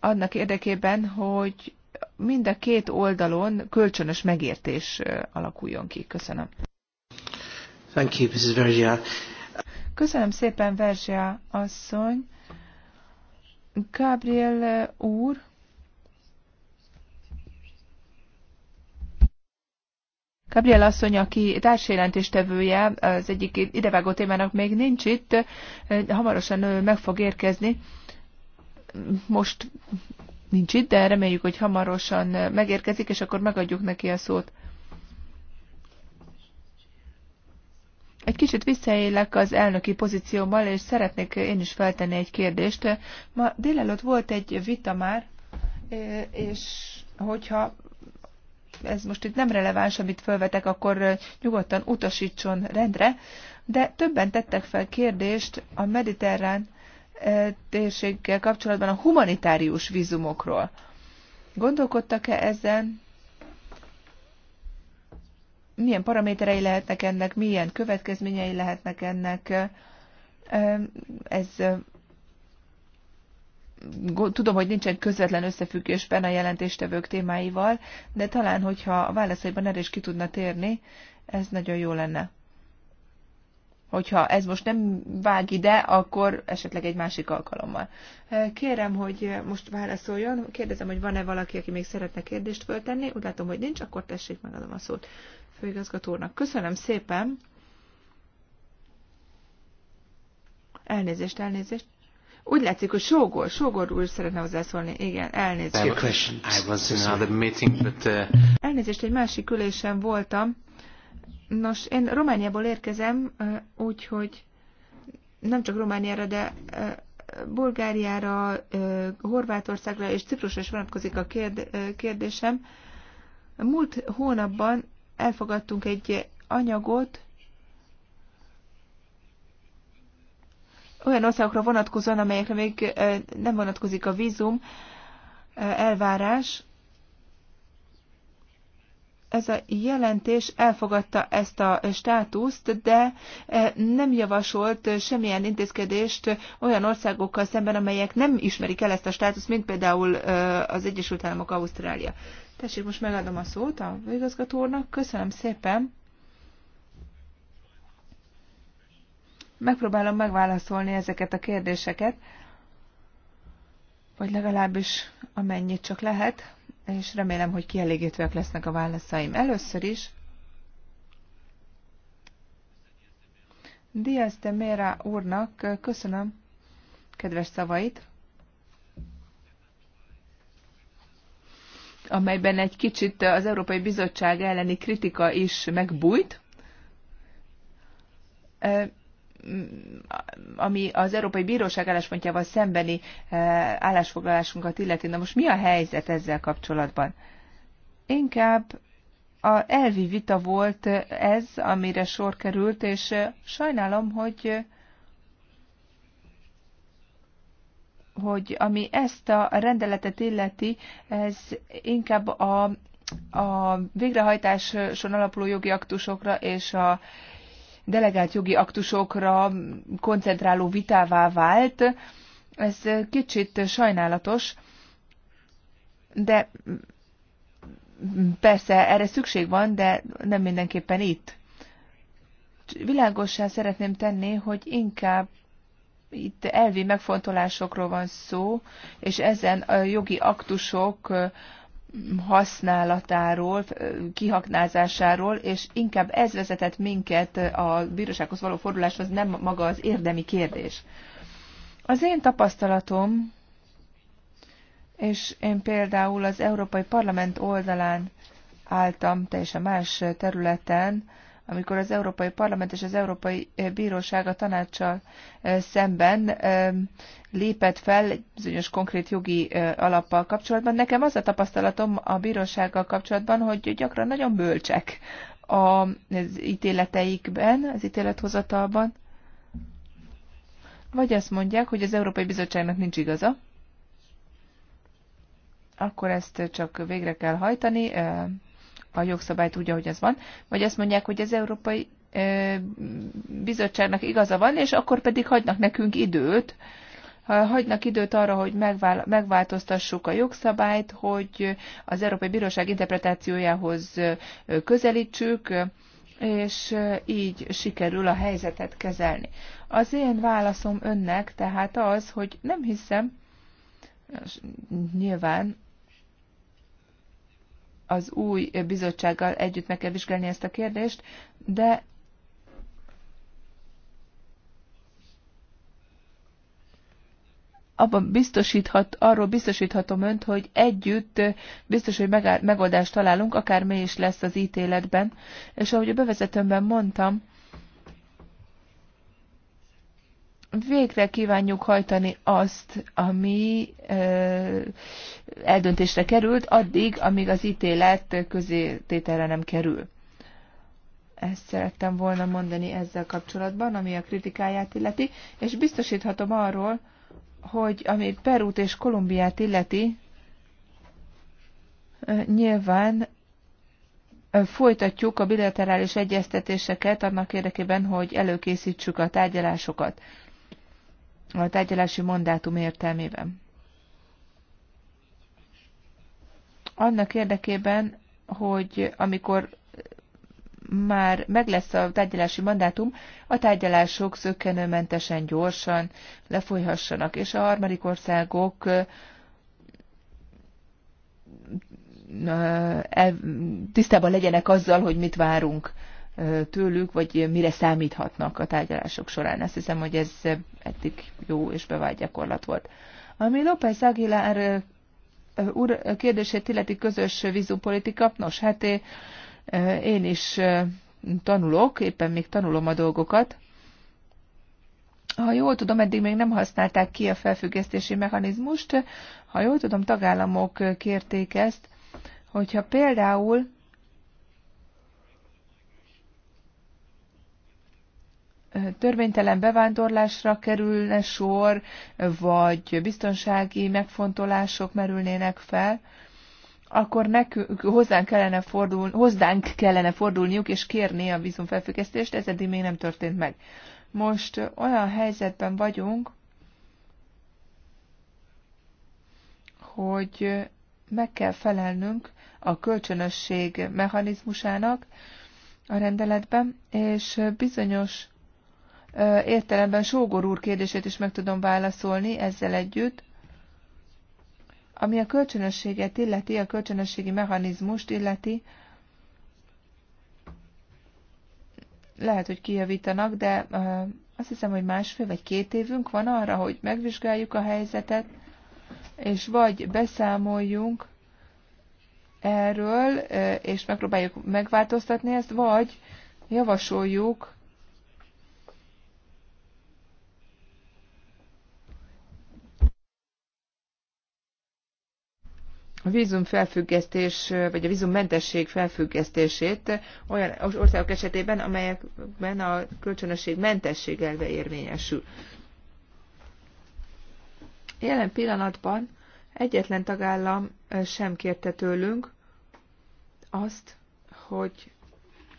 Speaker 3: annak érdekében, hogy mind a két oldalon kölcsönös megértés alakuljon ki. Köszönöm. Thank you, Mrs. Köszönöm szépen, Verzsia asszony. Gabriel úr, Gabriel asszony, aki társjelentéstevője az egyik idevágó témának még nincs itt, hamarosan meg fog érkezni. Most nincs itt, de reméljük, hogy hamarosan megérkezik, és akkor megadjuk neki a szót. Egy kicsit visszaélek az elnöki pozíciómmal, és szeretnék én is feltenni egy kérdést. Ma délelőtt volt egy vita már, és hogyha ez most itt nem releváns, amit felvetek, akkor nyugodtan utasítson rendre, de többen tettek fel kérdést a mediterrán térséggel kapcsolatban a humanitárius vízumokról. Gondolkodtak-e ezen? milyen paraméterei lehetnek ennek, milyen következményei lehetnek ennek. Ez tudom, hogy nincsen közvetlen összefüggésben a jelentéstevők témáival, de talán, hogyha a válaszaiban erre is ki tudna térni, ez nagyon jó lenne. Hogyha ez most nem vág ide, akkor esetleg egy másik alkalommal. Kérem, hogy most válaszoljon. Kérdezem, hogy van-e valaki, aki még szeretne kérdést föltenni. Úgy látom, hogy nincs, akkor tessék, megadom a szót főigazgatónak. Köszönöm szépen. Elnézést, elnézést. Úgy látszik, hogy Sógor, Sógor úr szeretne hozzászólni. Igen, elnézést.
Speaker 1: Uh,
Speaker 3: elnézést, egy másik ülésen voltam, Nos, én Romániából érkezem, úgyhogy nem csak Romániára, de Bulgáriára, Horvátországra és Ciprusra is vonatkozik a kérdésem. Múlt hónapban elfogadtunk egy anyagot, olyan országokra vonatkozóan, amelyekre még nem vonatkozik a vízum elvárás, ez a jelentés elfogadta ezt a státuszt, de eh, nem javasolt semmilyen intézkedést olyan országokkal szemben, amelyek nem ismerik el ezt a státuszt, mint például eh, az Egyesült Államok, Ausztrália. Tessék, most megadom a szót a igazgatónak. Köszönöm szépen. Megpróbálom megválaszolni ezeket a kérdéseket, vagy legalábbis amennyit csak lehet és remélem, hogy kielégítőek lesznek a válaszaim. Először is Diaz de Mera úrnak köszönöm kedves szavait, amelyben egy kicsit az Európai Bizottság elleni kritika is megbújt. Mm, ami az Európai Bíróság álláspontjával szembeni eh, állásfoglalásunkat illeti. Na most mi a helyzet ezzel kapcsolatban? Inkább a elvi vita volt ez, amire sor került, és eh, sajnálom, hogy eh, hogy ami ezt a rendeletet illeti, ez inkább a, a végrehajtáson alapuló jogi aktusokra és a delegált jogi aktusokra koncentráló vitává vált. Ez kicsit sajnálatos, de persze erre szükség van, de nem mindenképpen itt. Világossá szeretném tenni, hogy inkább itt elvi megfontolásokról van szó, és ezen a jogi aktusok használatáról, kihaknázásáról, és inkább ez vezetett minket a bírósághoz való forduláshoz, nem maga az érdemi kérdés. Az én tapasztalatom, és én például az Európai Parlament oldalán álltam teljesen más területen, amikor az Európai Parlament és az Európai eh, Bíróság a tanácssal eh, szemben eh, lépett fel bizonyos konkrét jogi alappal kapcsolatban. Nekem az a tapasztalatom a bírósággal kapcsolatban, hogy gyakran nagyon bölcsek az ítéleteikben, az ítélethozatalban. Vagy azt mondják, hogy az Európai Bizottságnak nincs igaza, akkor ezt csak végre kell hajtani, a jogszabályt úgy, ahogy ez van, vagy azt mondják, hogy az Európai Bizottságnak igaza van, és akkor pedig hagynak nekünk időt, hagynak időt arra, hogy megváltoztassuk a jogszabályt, hogy az Európai Bíróság interpretációjához közelítsük, és így sikerül a helyzetet kezelni. Az én válaszom önnek tehát az, hogy nem hiszem, nyilván az új bizottsággal együtt meg kell vizsgálni ezt a kérdést, de abban biztosíthat, arról biztosíthatom önt, hogy együtt biztos, hogy megoldást találunk, mi is lesz az ítéletben. És ahogy a bevezetőmben mondtam, végre kívánjuk hajtani azt, ami eldöntésre került, addig, amíg az ítélet közétételre nem kerül. Ezt szerettem volna mondani ezzel kapcsolatban, ami a kritikáját illeti, és biztosíthatom arról, hogy amit Perút és Kolumbiát illeti, nyilván folytatjuk a bilaterális egyeztetéseket annak érdekében, hogy előkészítsük a tárgyalásokat a tárgyalási mandátum értelmében. Annak érdekében, hogy amikor már meg lesz a tárgyalási mandátum, a tárgyalások szökkenőmentesen, gyorsan lefolyhassanak, és a harmadik országok tisztában legyenek azzal, hogy mit várunk tőlük, vagy mire számíthatnak a tárgyalások során. Azt hiszem, hogy ez eddig jó és bevált gyakorlat volt. Ami López Aguilar úr kérdését illeti közös vízumpolitika, nos, hát én is tanulok, éppen még tanulom a dolgokat. Ha jól tudom, eddig még nem használták ki a felfüggesztési mechanizmust. Ha jól tudom, tagállamok kérték ezt, hogyha például törvénytelen bevándorlásra kerülne sor, vagy biztonsági megfontolások merülnének fel, akkor nekünk, hozzánk, kellene fordul, hozzánk kellene fordulniuk és kérni a felfüggesztést, ez eddig még nem történt meg. Most olyan helyzetben vagyunk, hogy meg kell felelnünk a kölcsönösség mechanizmusának a rendeletben, és bizonyos értelemben Sógor úr kérdését is meg tudom válaszolni ezzel együtt. Ami a kölcsönösséget illeti, a kölcsönösségi mechanizmust illeti, lehet, hogy kijavítanak, de azt hiszem, hogy másfél vagy két évünk van arra, hogy megvizsgáljuk a helyzetet, és vagy beszámoljunk erről, és megpróbáljuk megváltoztatni ezt, vagy javasoljuk a vízum felfüggesztés, vagy a vízummentesség felfüggesztését olyan országok esetében, amelyekben a kölcsönösség mentesség elve érvényesül. Jelen pillanatban egyetlen tagállam eh, sem kérte tőlünk azt, hogy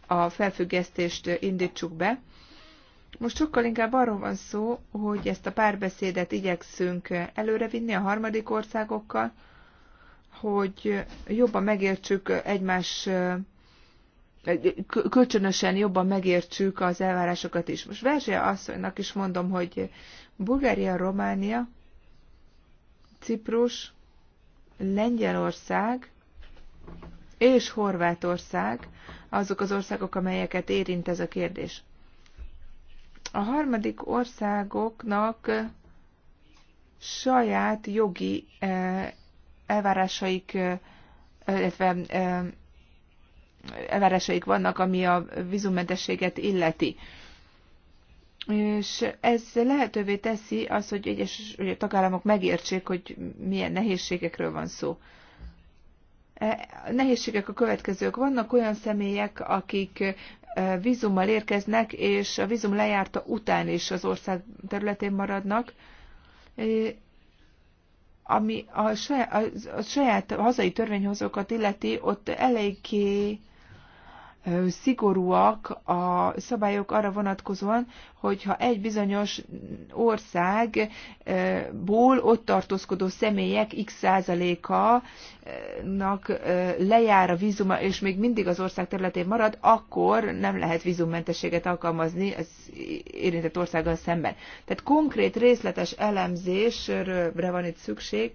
Speaker 3: a felfüggesztést eh, indítsuk be. Most sokkal inkább arról van szó, hogy ezt a párbeszédet igyekszünk eh, előrevinni a harmadik országokkal, hogy jobban megértsük egymás kölcsönösen jobban megértsük az elvárásokat is. Most Verzsé asszonynak is mondom, hogy Bulgária, Románia, Ciprus, Lengyelország és Horvátország azok az országok, amelyeket érint ez a kérdés. A harmadik országoknak saját jogi eh, elvárásaik, illetve elvárásaik vannak, ami a vízummentességet illeti. És ez lehetővé teszi az, hogy egyes hogy a tagállamok megértsék, hogy milyen nehézségekről van szó. A e, nehézségek a következők. Vannak olyan személyek, akik vízummal érkeznek, és a vízum lejárta után is az ország területén maradnak, ami a saját, a saját hazai törvényhozókat illeti, ott eléggé szigorúak a szabályok arra vonatkozóan, hogyha egy bizonyos országból ott tartózkodó személyek x százalékanak lejár a vízuma, és még mindig az ország területén marad, akkor nem lehet vízummentességet alkalmazni az érintett országgal szemben. Tehát konkrét részletes elemzésre van itt szükség,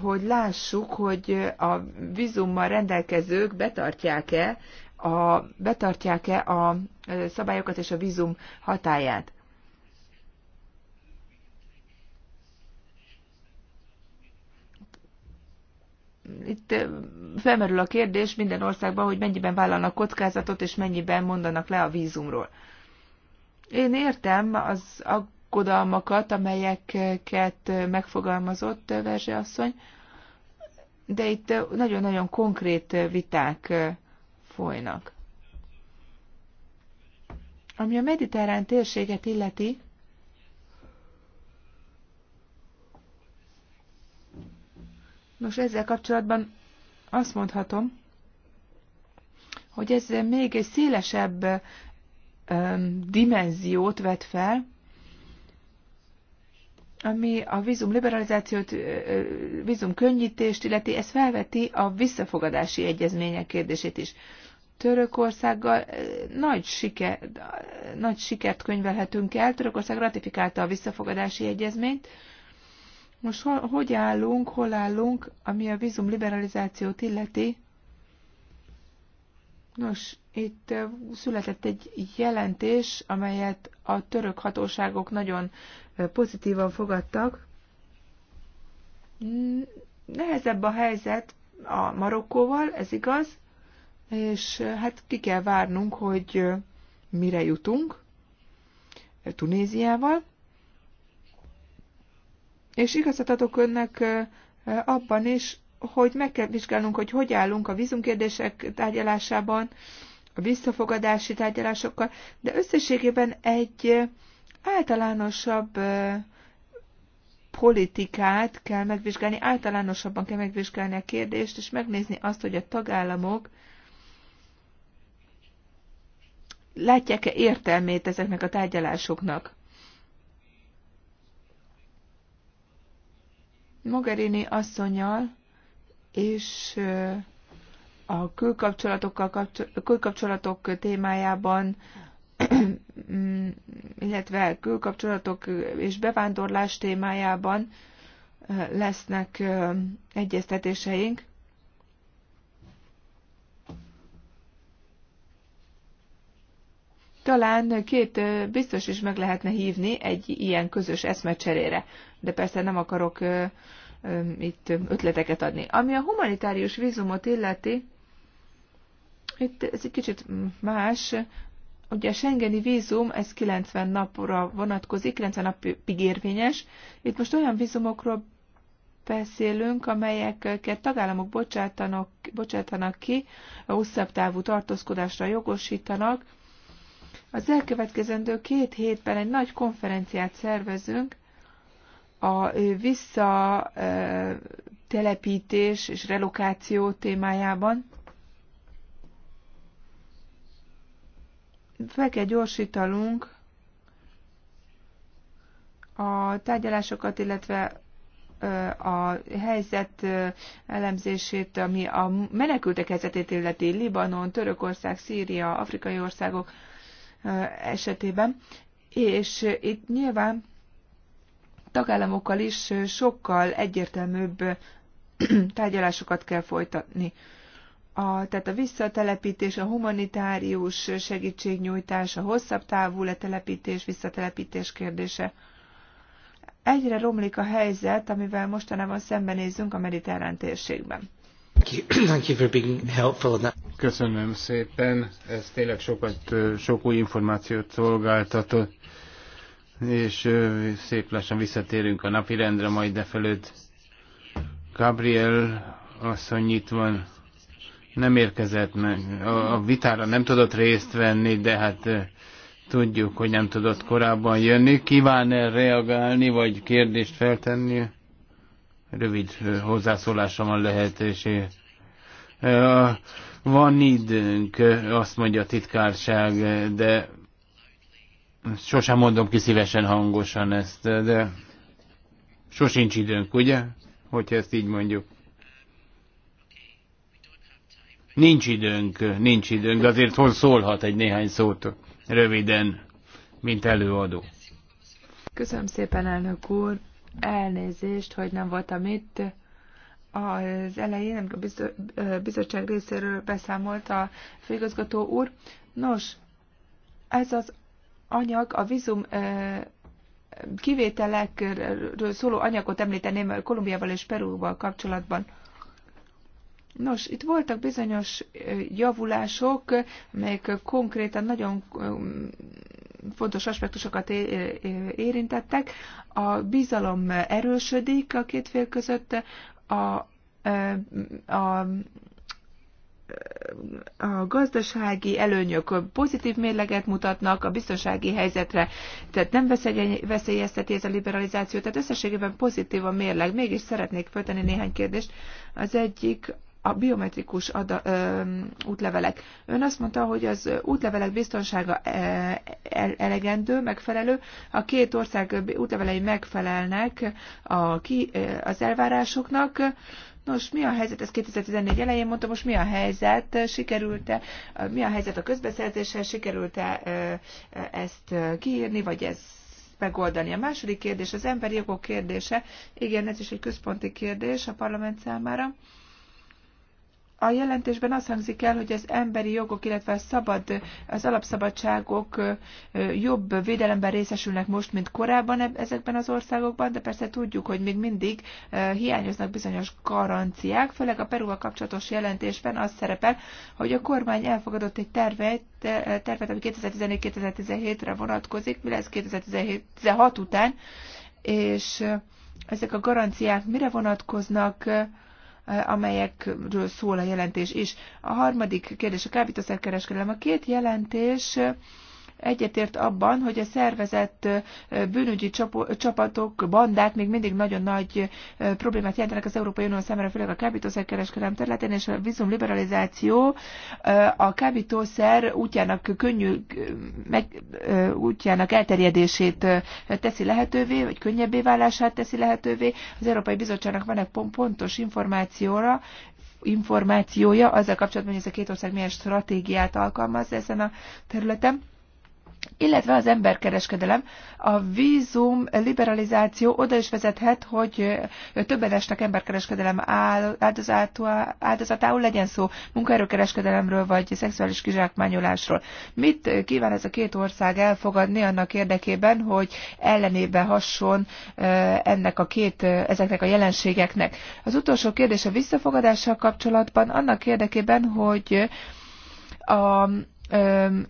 Speaker 3: hogy lássuk, hogy a vízummal rendelkezők betartják-e a, betartják-e a szabályokat és a vízum hatáját. Itt felmerül a kérdés minden országban, hogy mennyiben vállalnak kockázatot, és mennyiben mondanak le a vízumról. Én értem az aggodalmakat, amelyeket megfogalmazott Verzsé asszony, de itt nagyon-nagyon konkrét viták folynak. Ami a mediterrán térséget illeti, nos ezzel kapcsolatban azt mondhatom, hogy ez még egy szélesebb dimenziót vet fel, ami a vízum liberalizációt, vízum könnyítést illeti, ez felveti a visszafogadási egyezmények kérdését is. Törökországgal nagy, siker, nagy sikert könyvelhetünk el. Törökország ratifikálta a visszafogadási egyezményt. Most hol, hogy állunk, hol állunk, ami a vízum liberalizációt illeti? Nos, itt született egy jelentés, amelyet a török hatóságok nagyon pozitívan fogadtak. Nehezebb a helyzet a Marokkóval, ez igaz, és hát ki kell várnunk, hogy mire jutunk Tunéziával. És igazat adok önnek abban is, hogy meg kell vizsgálnunk, hogy hogy állunk a vízumkérdések tárgyalásában, a visszafogadási tárgyalásokkal, de összességében egy általánosabb politikát kell megvizsgálni, általánosabban kell megvizsgálni a kérdést, és megnézni azt, hogy a tagállamok látják-e értelmét ezeknek a tárgyalásoknak. Mogherini asszonyal és a külkapcsolatokkal kapcsol- külkapcsolatok témájában, mm, illetve külkapcsolatok és bevándorlás témájában lesznek egyeztetéseink. Talán két biztos is meg lehetne hívni egy ilyen közös eszmecserére, de persze nem akarok itt ötleteket adni. Ami a humanitárius vízumot illeti, itt ez egy kicsit más. Ugye a Schengeni vízum, ez 90 napra vonatkozik, 90 napig érvényes. Itt most olyan vízumokról beszélünk, amelyeket tagállamok bocsátanak, bocsátanak ki, a hosszabb távú tartózkodásra jogosítanak. Az elkövetkezendő két hétben egy nagy konferenciát szervezünk, a visszatelepítés és relokáció témájában. fel kell gyorsítanunk a tárgyalásokat, illetve a helyzet elemzését, ami a menekültek helyzetét illeti Libanon, Törökország, Szíria, afrikai országok esetében. És itt nyilván tagállamokkal is sokkal egyértelműbb tárgyalásokat kell folytatni a, tehát a visszatelepítés, a humanitárius segítségnyújtás, a hosszabb távú letelepítés, visszatelepítés kérdése. Egyre romlik a helyzet, amivel mostanában szembenézünk a mediterrán térségben.
Speaker 1: Köszönöm szépen, ez tényleg sokat, sok új információt szolgáltatott, és szép lassan visszatérünk a napirendre, majd defelőtt Gabriel asszony itt van nem érkezett meg, a, a vitára nem tudott részt venni, de hát tudjuk, hogy nem tudott korábban jönni. Kíván-e reagálni, vagy kérdést feltenni? Rövid hozzászólása van lehetőség. Van időnk, azt mondja a titkárság, de sosem mondom ki szívesen hangosan ezt, de sosincs időnk, ugye? Hogyha ezt így mondjuk. Nincs időnk, nincs időnk, de azért hol szólhat egy néhány szót röviden, mint előadó.
Speaker 3: Köszönöm szépen, elnök úr. Elnézést, hogy nem voltam itt. Az elején, amikor a bizottság részéről beszámolt a főigazgató úr. Nos, ez az anyag a vízum kivételekről szóló anyagot említeném Kolumbiával és Perúval kapcsolatban. Nos, itt voltak bizonyos javulások, melyek konkrétan nagyon fontos aspektusokat érintettek. A bizalom erősödik a két fél között, a, a a gazdasági előnyök pozitív mérleget mutatnak, a biztonsági helyzetre, tehát nem veszélyezteti ez a liberalizáció, tehát összességében pozitív a mérleg. Mégis szeretnék föltenni néhány kérdést. Az egyik a biometrikus ada, ö, útlevelek. Ön azt mondta, hogy az útlevelek biztonsága elegendő, megfelelő. A két ország útlevelei megfelelnek a ki, az elvárásoknak. Nos, mi a helyzet? Ez 2014 elején mondta, most mi a helyzet? Sikerült-e? Mi a helyzet a közbeszerzéssel? Sikerült-e ezt kiírni, vagy ez megoldani. A második kérdés az emberi jogok kérdése. Igen, ez is egy központi kérdés a parlament számára. A jelentésben azt hangzik el, hogy az emberi jogok, illetve a szabad, az alapszabadságok jobb védelemben részesülnek most, mint korábban ezekben az országokban, de persze tudjuk, hogy még mindig hiányoznak bizonyos garanciák, főleg a Perúval kapcsolatos jelentésben az szerepel, hogy a kormány elfogadott egy tervet, tervet ami 2014-2017-re vonatkozik, mi lesz 2016 után, és ezek a garanciák mire vonatkoznak, amelyekről szól a jelentés is. A harmadik kérdés a kábítószerkereskedelem. A két jelentés egyetért abban, hogy a szervezett bűnügyi csapatok, bandák még mindig nagyon nagy problémát jelentenek az Európai Unió számára, főleg a kereskedelem területén, és a vízum liberalizáció a kábítószer útjának könnyű, meg, útjának elterjedését teszi lehetővé, vagy könnyebbé válását teszi lehetővé. Az Európai Bizottságnak van egy pontos információra, információja azzal kapcsolatban, hogy ez a két ország milyen stratégiát alkalmaz ezen a területen illetve az emberkereskedelem. A vízum liberalizáció oda is vezethet, hogy többen esnek emberkereskedelem áldozatául, legyen szó munkaerőkereskedelemről vagy szexuális kizsákmányolásról. Mit kíván ez a két ország elfogadni annak érdekében, hogy ellenébe hasson ennek a két, ezeknek a jelenségeknek? Az utolsó kérdés a visszafogadással kapcsolatban, annak érdekében, hogy a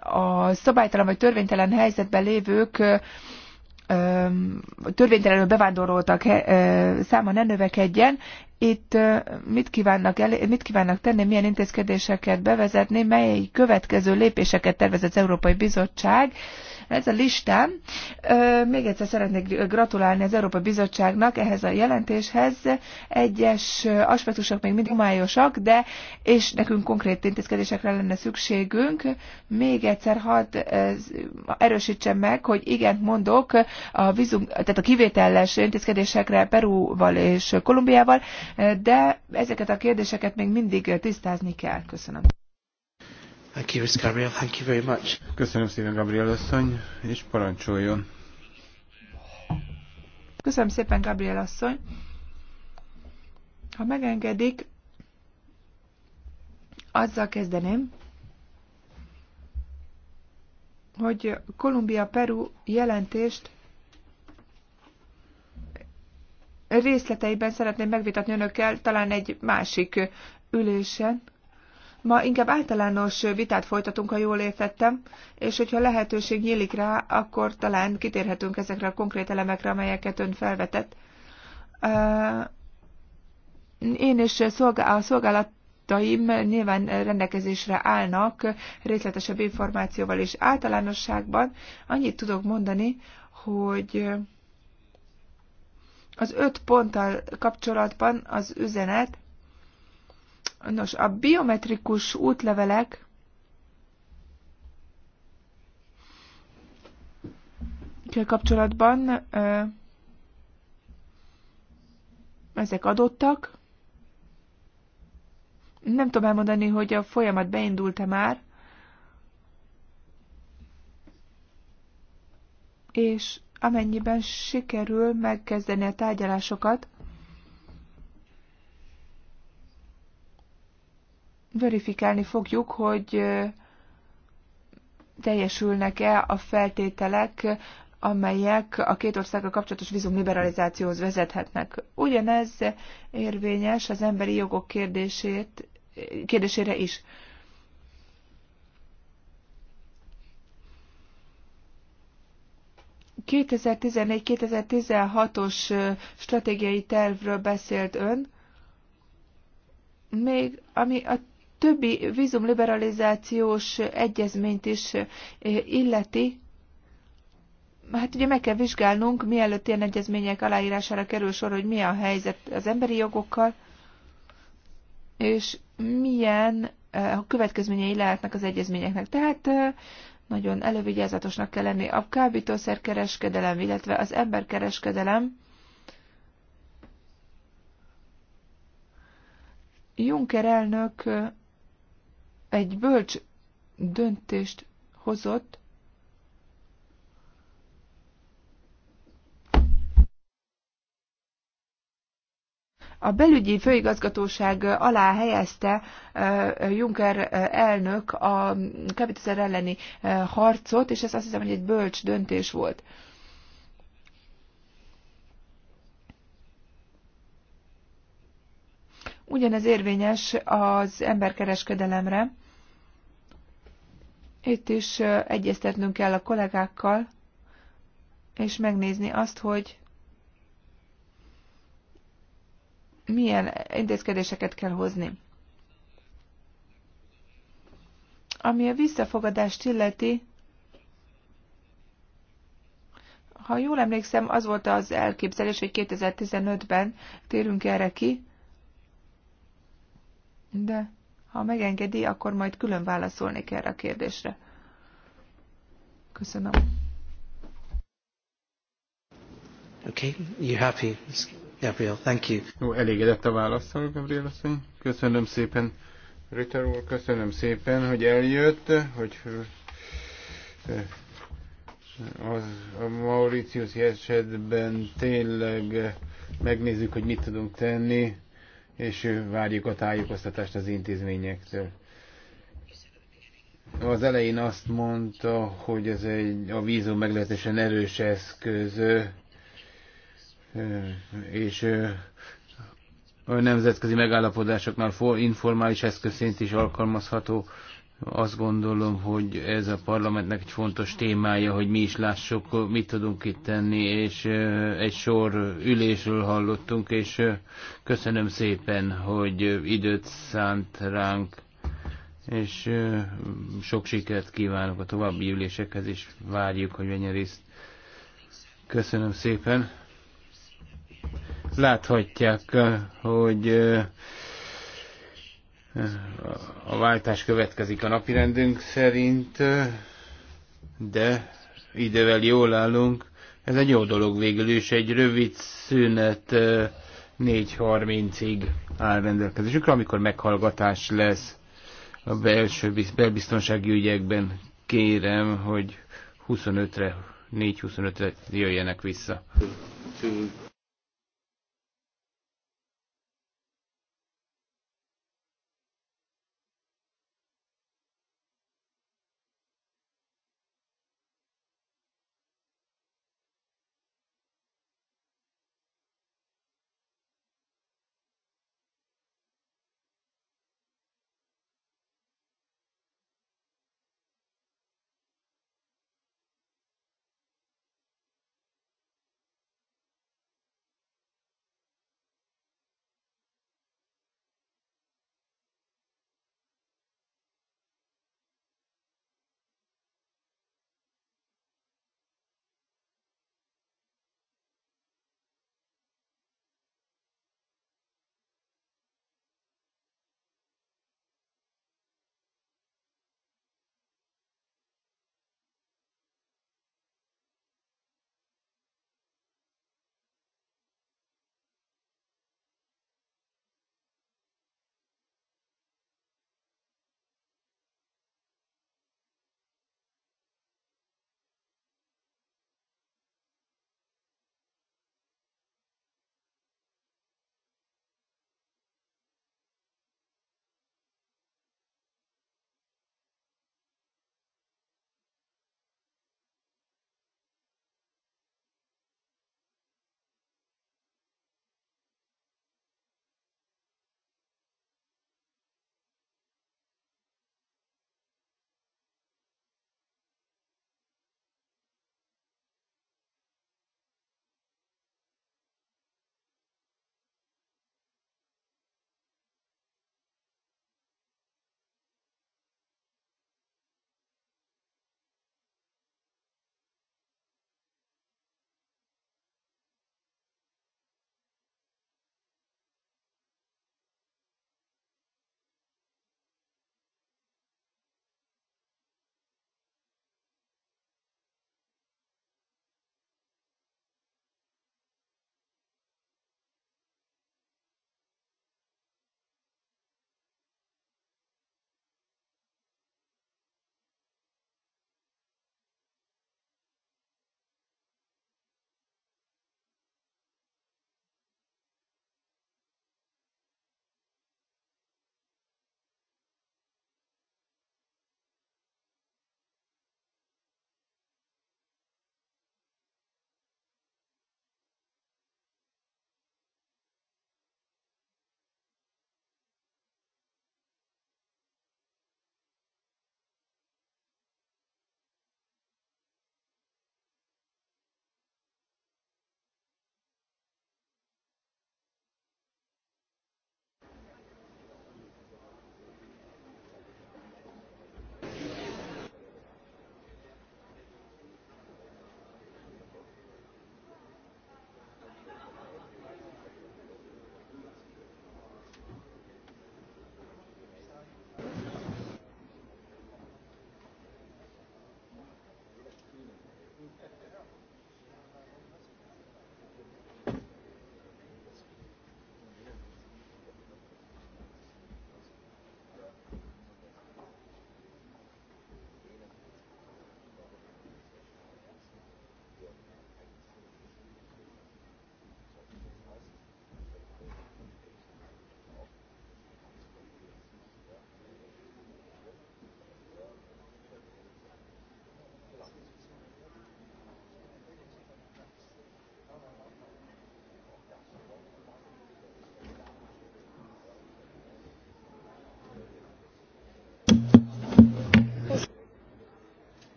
Speaker 3: a szabálytalan vagy törvénytelen helyzetben lévők törvénytelenül bevándoroltak száma ne növekedjen. Itt mit kívánnak, elé, mit kívánnak tenni, milyen intézkedéseket bevezetni, mely következő lépéseket tervez az Európai Bizottság ez a listám. Még egyszer szeretnék gratulálni az Európa Bizottságnak ehhez a jelentéshez. Egyes aspektusok még mindig homályosak, de és nekünk konkrét intézkedésekre lenne szükségünk. Még egyszer hadd erősítsem meg, hogy igen mondok a vízum, tehát a kivételes intézkedésekre Perúval és Kolumbiával, de ezeket a kérdéseket még mindig tisztázni kell. Köszönöm.
Speaker 1: Thank you, Gabriel. Thank you very much. Köszönöm szépen, Gabriel asszony, és parancsoljon.
Speaker 3: Köszönöm szépen, Gabriel asszony. Ha megengedik, azzal kezdeném, hogy Kolumbia-Peru jelentést részleteiben szeretném megvitatni önökkel, talán egy másik ülésen. Ma inkább általános vitát folytatunk, ha jól értettem, és hogyha lehetőség nyílik rá, akkor talán kitérhetünk ezekre a konkrét elemekre, amelyeket ön felvetett. Én és a szolgálat nyilván rendelkezésre állnak részletesebb információval és általánosságban. Annyit tudok mondani, hogy az öt ponttal kapcsolatban az üzenet Nos, a biometrikus útlevelek kapcsolatban ezek adottak. Nem tudom elmondani, hogy a folyamat beindult-e már, és amennyiben sikerül megkezdeni a tárgyalásokat, verifikálni fogjuk, hogy teljesülnek-e a feltételek, amelyek a két országgal kapcsolatos vízum liberalizációhoz vezethetnek. Ugyanez érvényes az emberi jogok kérdését, kérdésére is. ...2014-2016-os stratégiai tervről beszélt ön, még ami a többi vízumliberalizációs egyezményt is eh, illeti, hát ugye meg kell vizsgálnunk, mielőtt ilyen egyezmények aláírására kerül sor, hogy mi a helyzet az emberi jogokkal, és milyen eh, következményei lehetnek az egyezményeknek. Tehát eh, nagyon elővigyázatosnak kell lenni. A kábítószerkereskedelem, illetve az emberkereskedelem Juncker elnök egy bölcs döntést hozott, A belügyi főigazgatóság alá helyezte Juncker elnök a kábítószer elleni harcot, és ez azt hiszem, hogy egy bölcs döntés volt. Ugyanez érvényes az emberkereskedelemre. Itt is egyeztetnünk kell a kollégákkal, és megnézni azt, hogy milyen intézkedéseket kell hozni. Ami a visszafogadást illeti, ha jól emlékszem, az volt az elképzelés, hogy 2015-ben térünk erre ki, de ha megengedi, akkor majd külön válaszolnék erre a kérdésre. Köszönöm.
Speaker 1: Okay, you happy, Gabriel? Thank you. Jó, elégedett a válaszol, Gabriel asszony. Köszönöm szépen, Ritter úr, köszönöm szépen, hogy eljött, hogy eh, az, a Mauritius esetben tényleg eh, megnézzük, hogy mit tudunk tenni és várjuk a tájékoztatást az intézményektől. Az elején azt mondta, hogy ez egy, a vízum meglehetősen erős eszköz, és a nemzetközi megállapodásoknál informális eszközként is alkalmazható. Azt gondolom, hogy ez a parlamentnek egy fontos témája, hogy mi is lássuk, mit tudunk itt tenni, és egy sor ülésről hallottunk, és köszönöm szépen, hogy időt szánt ránk, és sok sikert kívánok a további ülésekhez, és várjuk, hogy menjen részt. Köszönöm szépen. Láthatják, hogy a váltás következik a napirendünk szerint, de idővel jól állunk. Ez egy jó dolog végül is, egy rövid szünet 4.30-ig áll rendelkezésükre, amikor meghallgatás lesz a belső belbiztonsági ügyekben. Kérem, hogy 25-re, 4.25-re jöjjenek vissza. Two, two.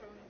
Speaker 1: shown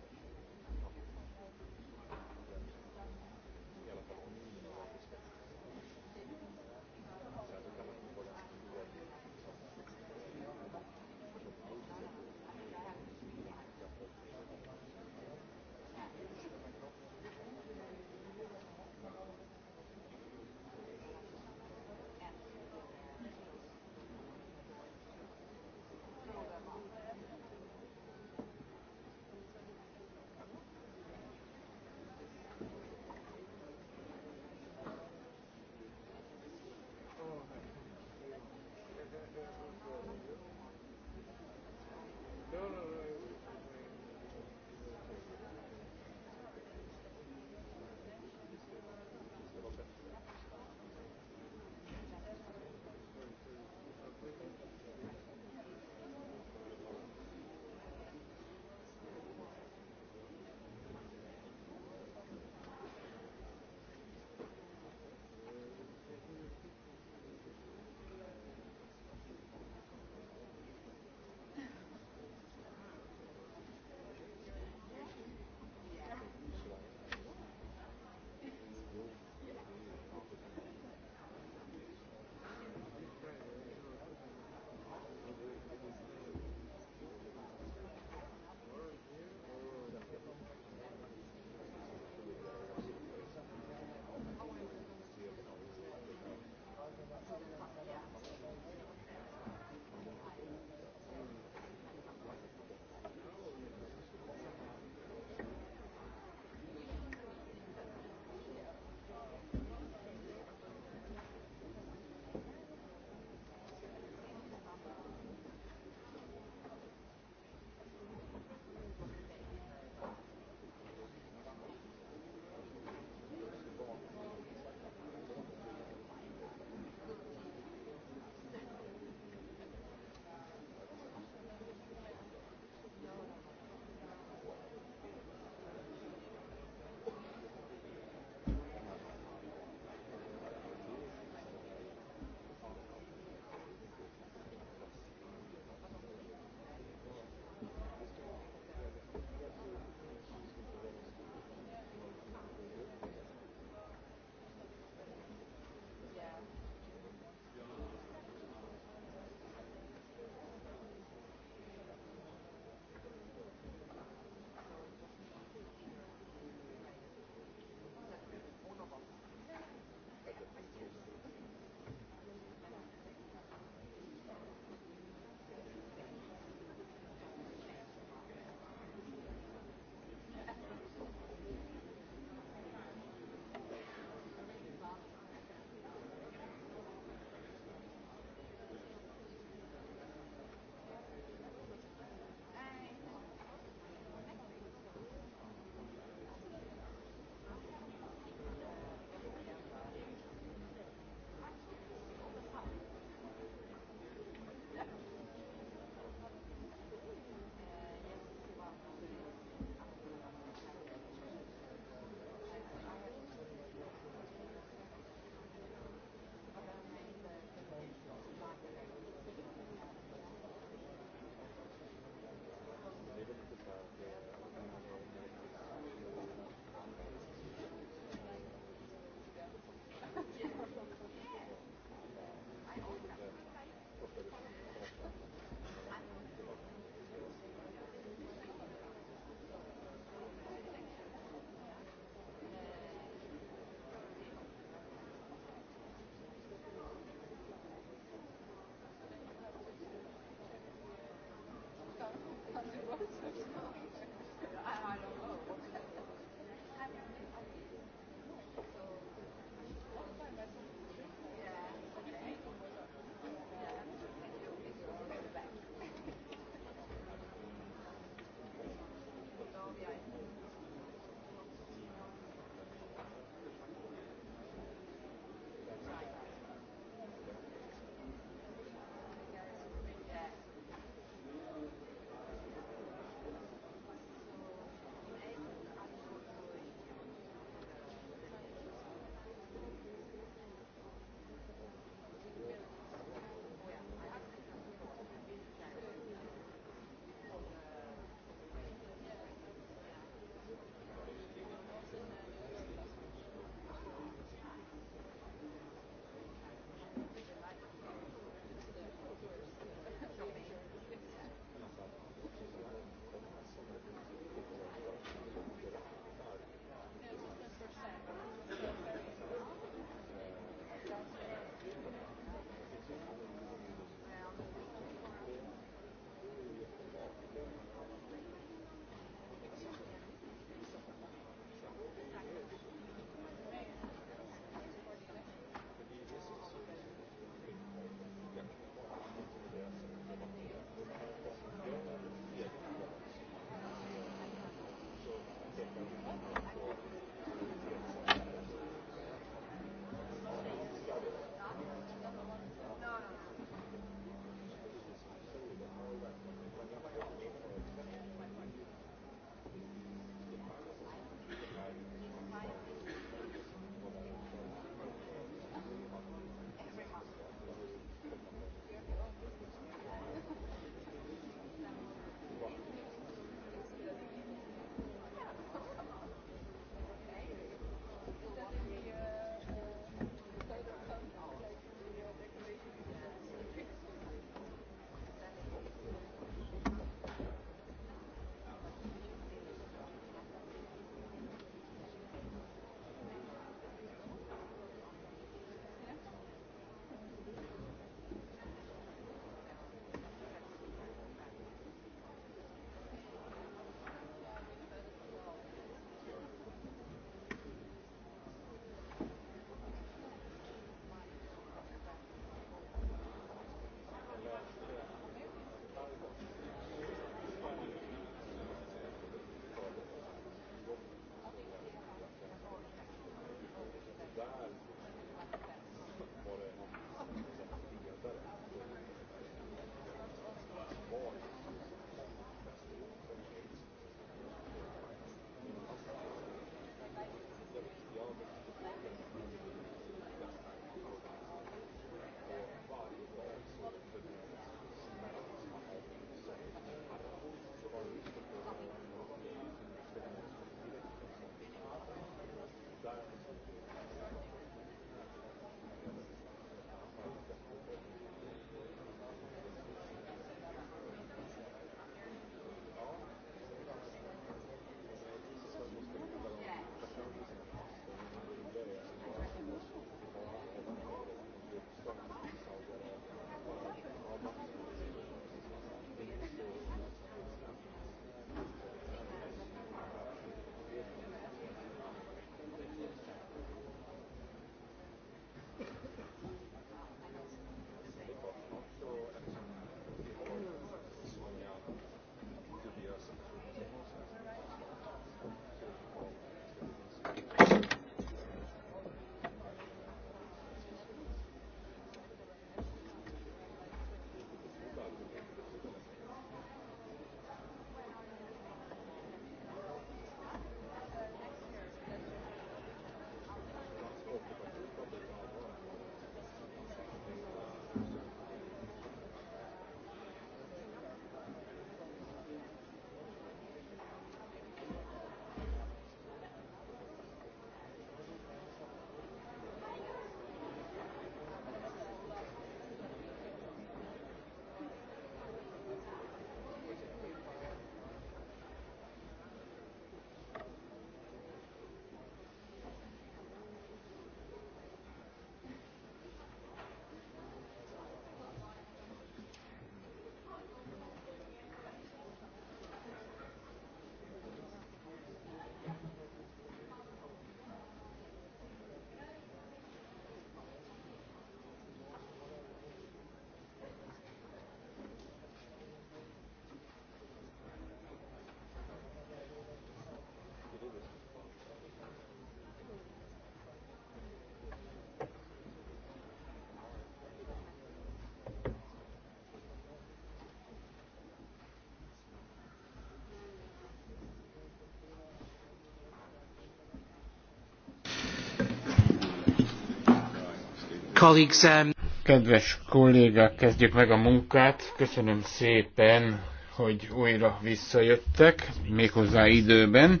Speaker 1: Um, Kedves kollégák, kezdjük meg a munkát. Köszönöm szépen, hogy újra visszajöttek, méghozzá időben.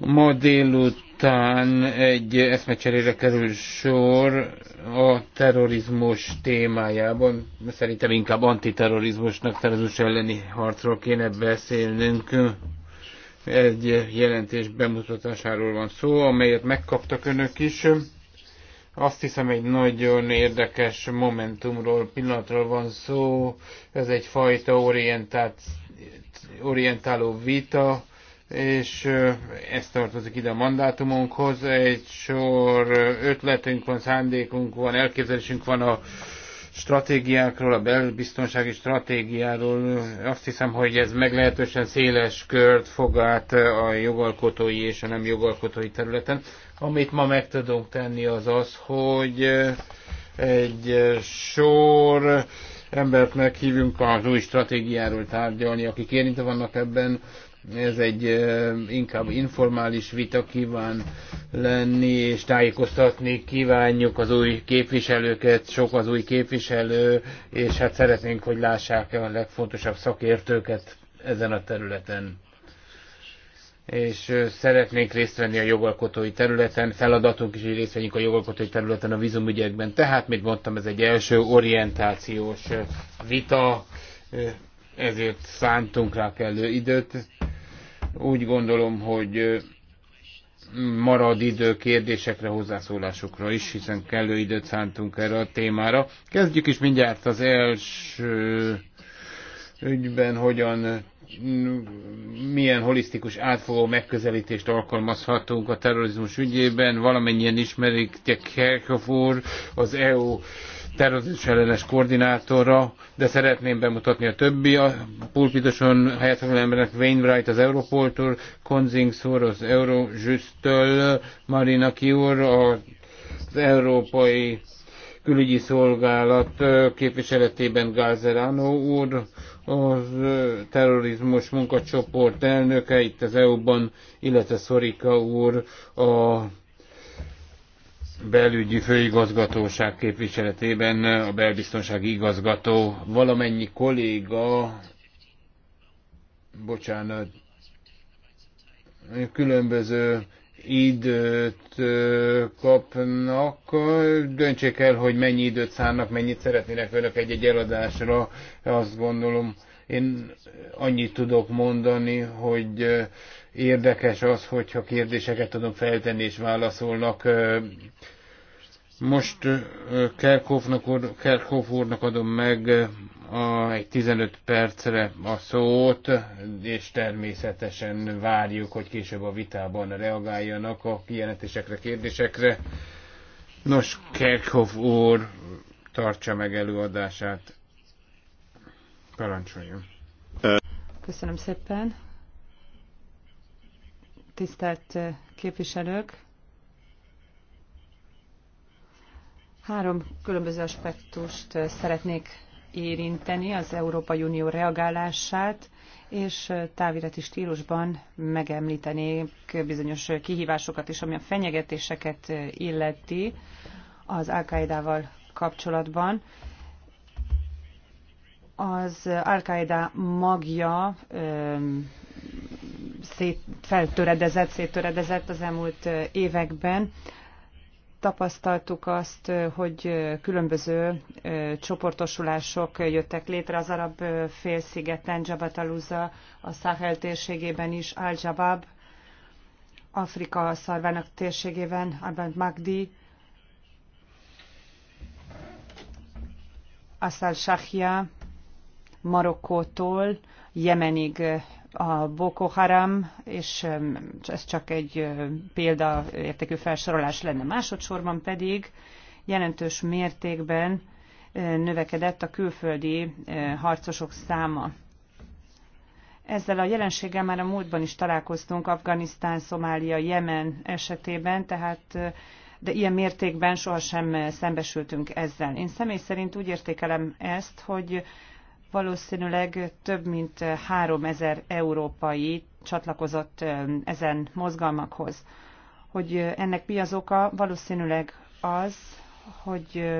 Speaker 1: Ma délután egy eszmecserére kerül sor a terrorizmus témájában. Szerintem inkább antiterrorizmusnak, terrorizmus elleni harcról kéne beszélnünk egy jelentés bemutatásáról van szó, amelyet megkaptak önök is. Azt hiszem egy nagyon érdekes momentumról, pillanatról van szó. Ez egyfajta orientált, orientáló vita, és ez tartozik ide a mandátumunkhoz. Egy sor ötletünk van, szándékunk van, elképzelésünk van a stratégiákról, a belbiztonsági stratégiáról. Azt hiszem, hogy ez meglehetősen széles kört fog át a jogalkotói és a nem jogalkotói területen. Amit ma meg tudunk tenni az az, hogy egy sor embert meghívunk az új stratégiáról tárgyalni, akik érintve vannak ebben, ez egy inkább informális vita kíván lenni, és tájékoztatni kívánjuk az új képviselőket, sok az új képviselő, és hát szeretnénk, hogy lássák a legfontosabb szakértőket ezen a területen és szeretnénk részt venni a jogalkotói területen, feladatunk is, hogy részt a jogalkotói területen a vízumügyekben. Tehát, mint mondtam, ez egy első orientációs vita, ezért szántunk rá kellő időt. Úgy gondolom, hogy marad idő kérdésekre, hozzászólásokra is, hiszen kellő időt szántunk erre a témára. Kezdjük is mindjárt az első ügyben, hogyan milyen holisztikus átfogó megközelítést alkalmazhatunk a terrorizmus ügyében. Valamennyien ismerik Kerkhoff úr, az EU terrorizmus ellenes koordinátora, de szeretném bemutatni a többi a pulpitoson helyettefoglaló embernek Wainwright az Europoltól, Konzings úr az Eurojust-től, Marina Kiur az Európai külügyi szolgálat képviseletében Gázerano úr, az terrorizmus munkacsoport elnöke itt az EU-ban, illetve Szorika úr a belügyi főigazgatóság képviseletében a belbiztonsági igazgató, valamennyi kolléga, bocsánat, különböző időt kapnak, döntsék el, hogy mennyi időt szánnak, mennyit szeretnének önök egy-egy eladásra, azt gondolom. Én annyit tudok mondani, hogy érdekes az, hogyha kérdéseket tudom feltenni és válaszolnak. Most Kerkhoff úrnak adom meg a, egy 15 percre a szót, és természetesen várjuk, hogy később a vitában reagáljanak a kijelentésekre, kérdésekre. Nos, Kerkhoff úr, tartsa meg előadását. Parancsoljon.
Speaker 2: Köszönöm szépen. Tisztelt képviselők! Három különböző aspektust szeretnék érinteni az Európai Unió reagálását, és távirati stílusban megemlítenék bizonyos kihívásokat is, ami a fenyegetéseket illeti az al kapcsolatban. Az Al-Qaeda magja szét, feltöredezett, széttöredezett az elmúlt években tapasztaltuk azt, hogy különböző csoportosulások jöttek létre az arab félszigeten, Jabataluza, a Sahel térségében is, Al-Jabab, Afrika szarvának térségében, Abban Magdi, Asal Shahia, Marokkótól Jemenig a Boko Haram, és um, ez csak egy példaértékű felsorolás lenne. Másodszorban pedig jelentős mértékben növekedett a külföldi harcosok száma. Ezzel a jelenséggel már a múltban is találkoztunk Afganisztán, Szomália, Jemen esetében, tehát de ilyen mértékben sohasem szembesültünk ezzel. Én személy szerint úgy értékelem ezt, hogy valószínűleg több mint 3000 európai csatlakozott ezen mozgalmakhoz. Hogy ennek mi az oka? Valószínűleg az, hogy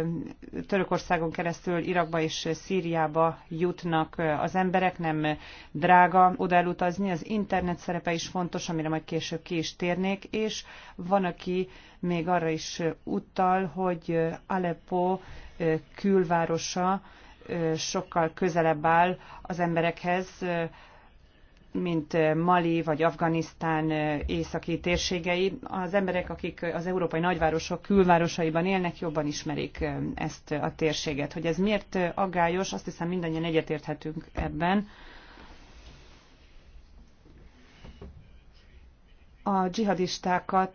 Speaker 2: Törökországon keresztül Irakba és Szíriába jutnak az emberek, nem drága oda elutazni. Az internet szerepe is fontos, amire majd később ki is térnék, és van, aki még arra is utal, hogy Aleppo külvárosa sokkal közelebb áll az emberekhez, mint Mali vagy Afganisztán északi térségei. Az emberek, akik az európai nagyvárosok külvárosaiban élnek, jobban ismerik ezt a térséget. Hogy ez miért aggályos, azt hiszem mindannyian egyetérthetünk ebben. a dzsihadistákat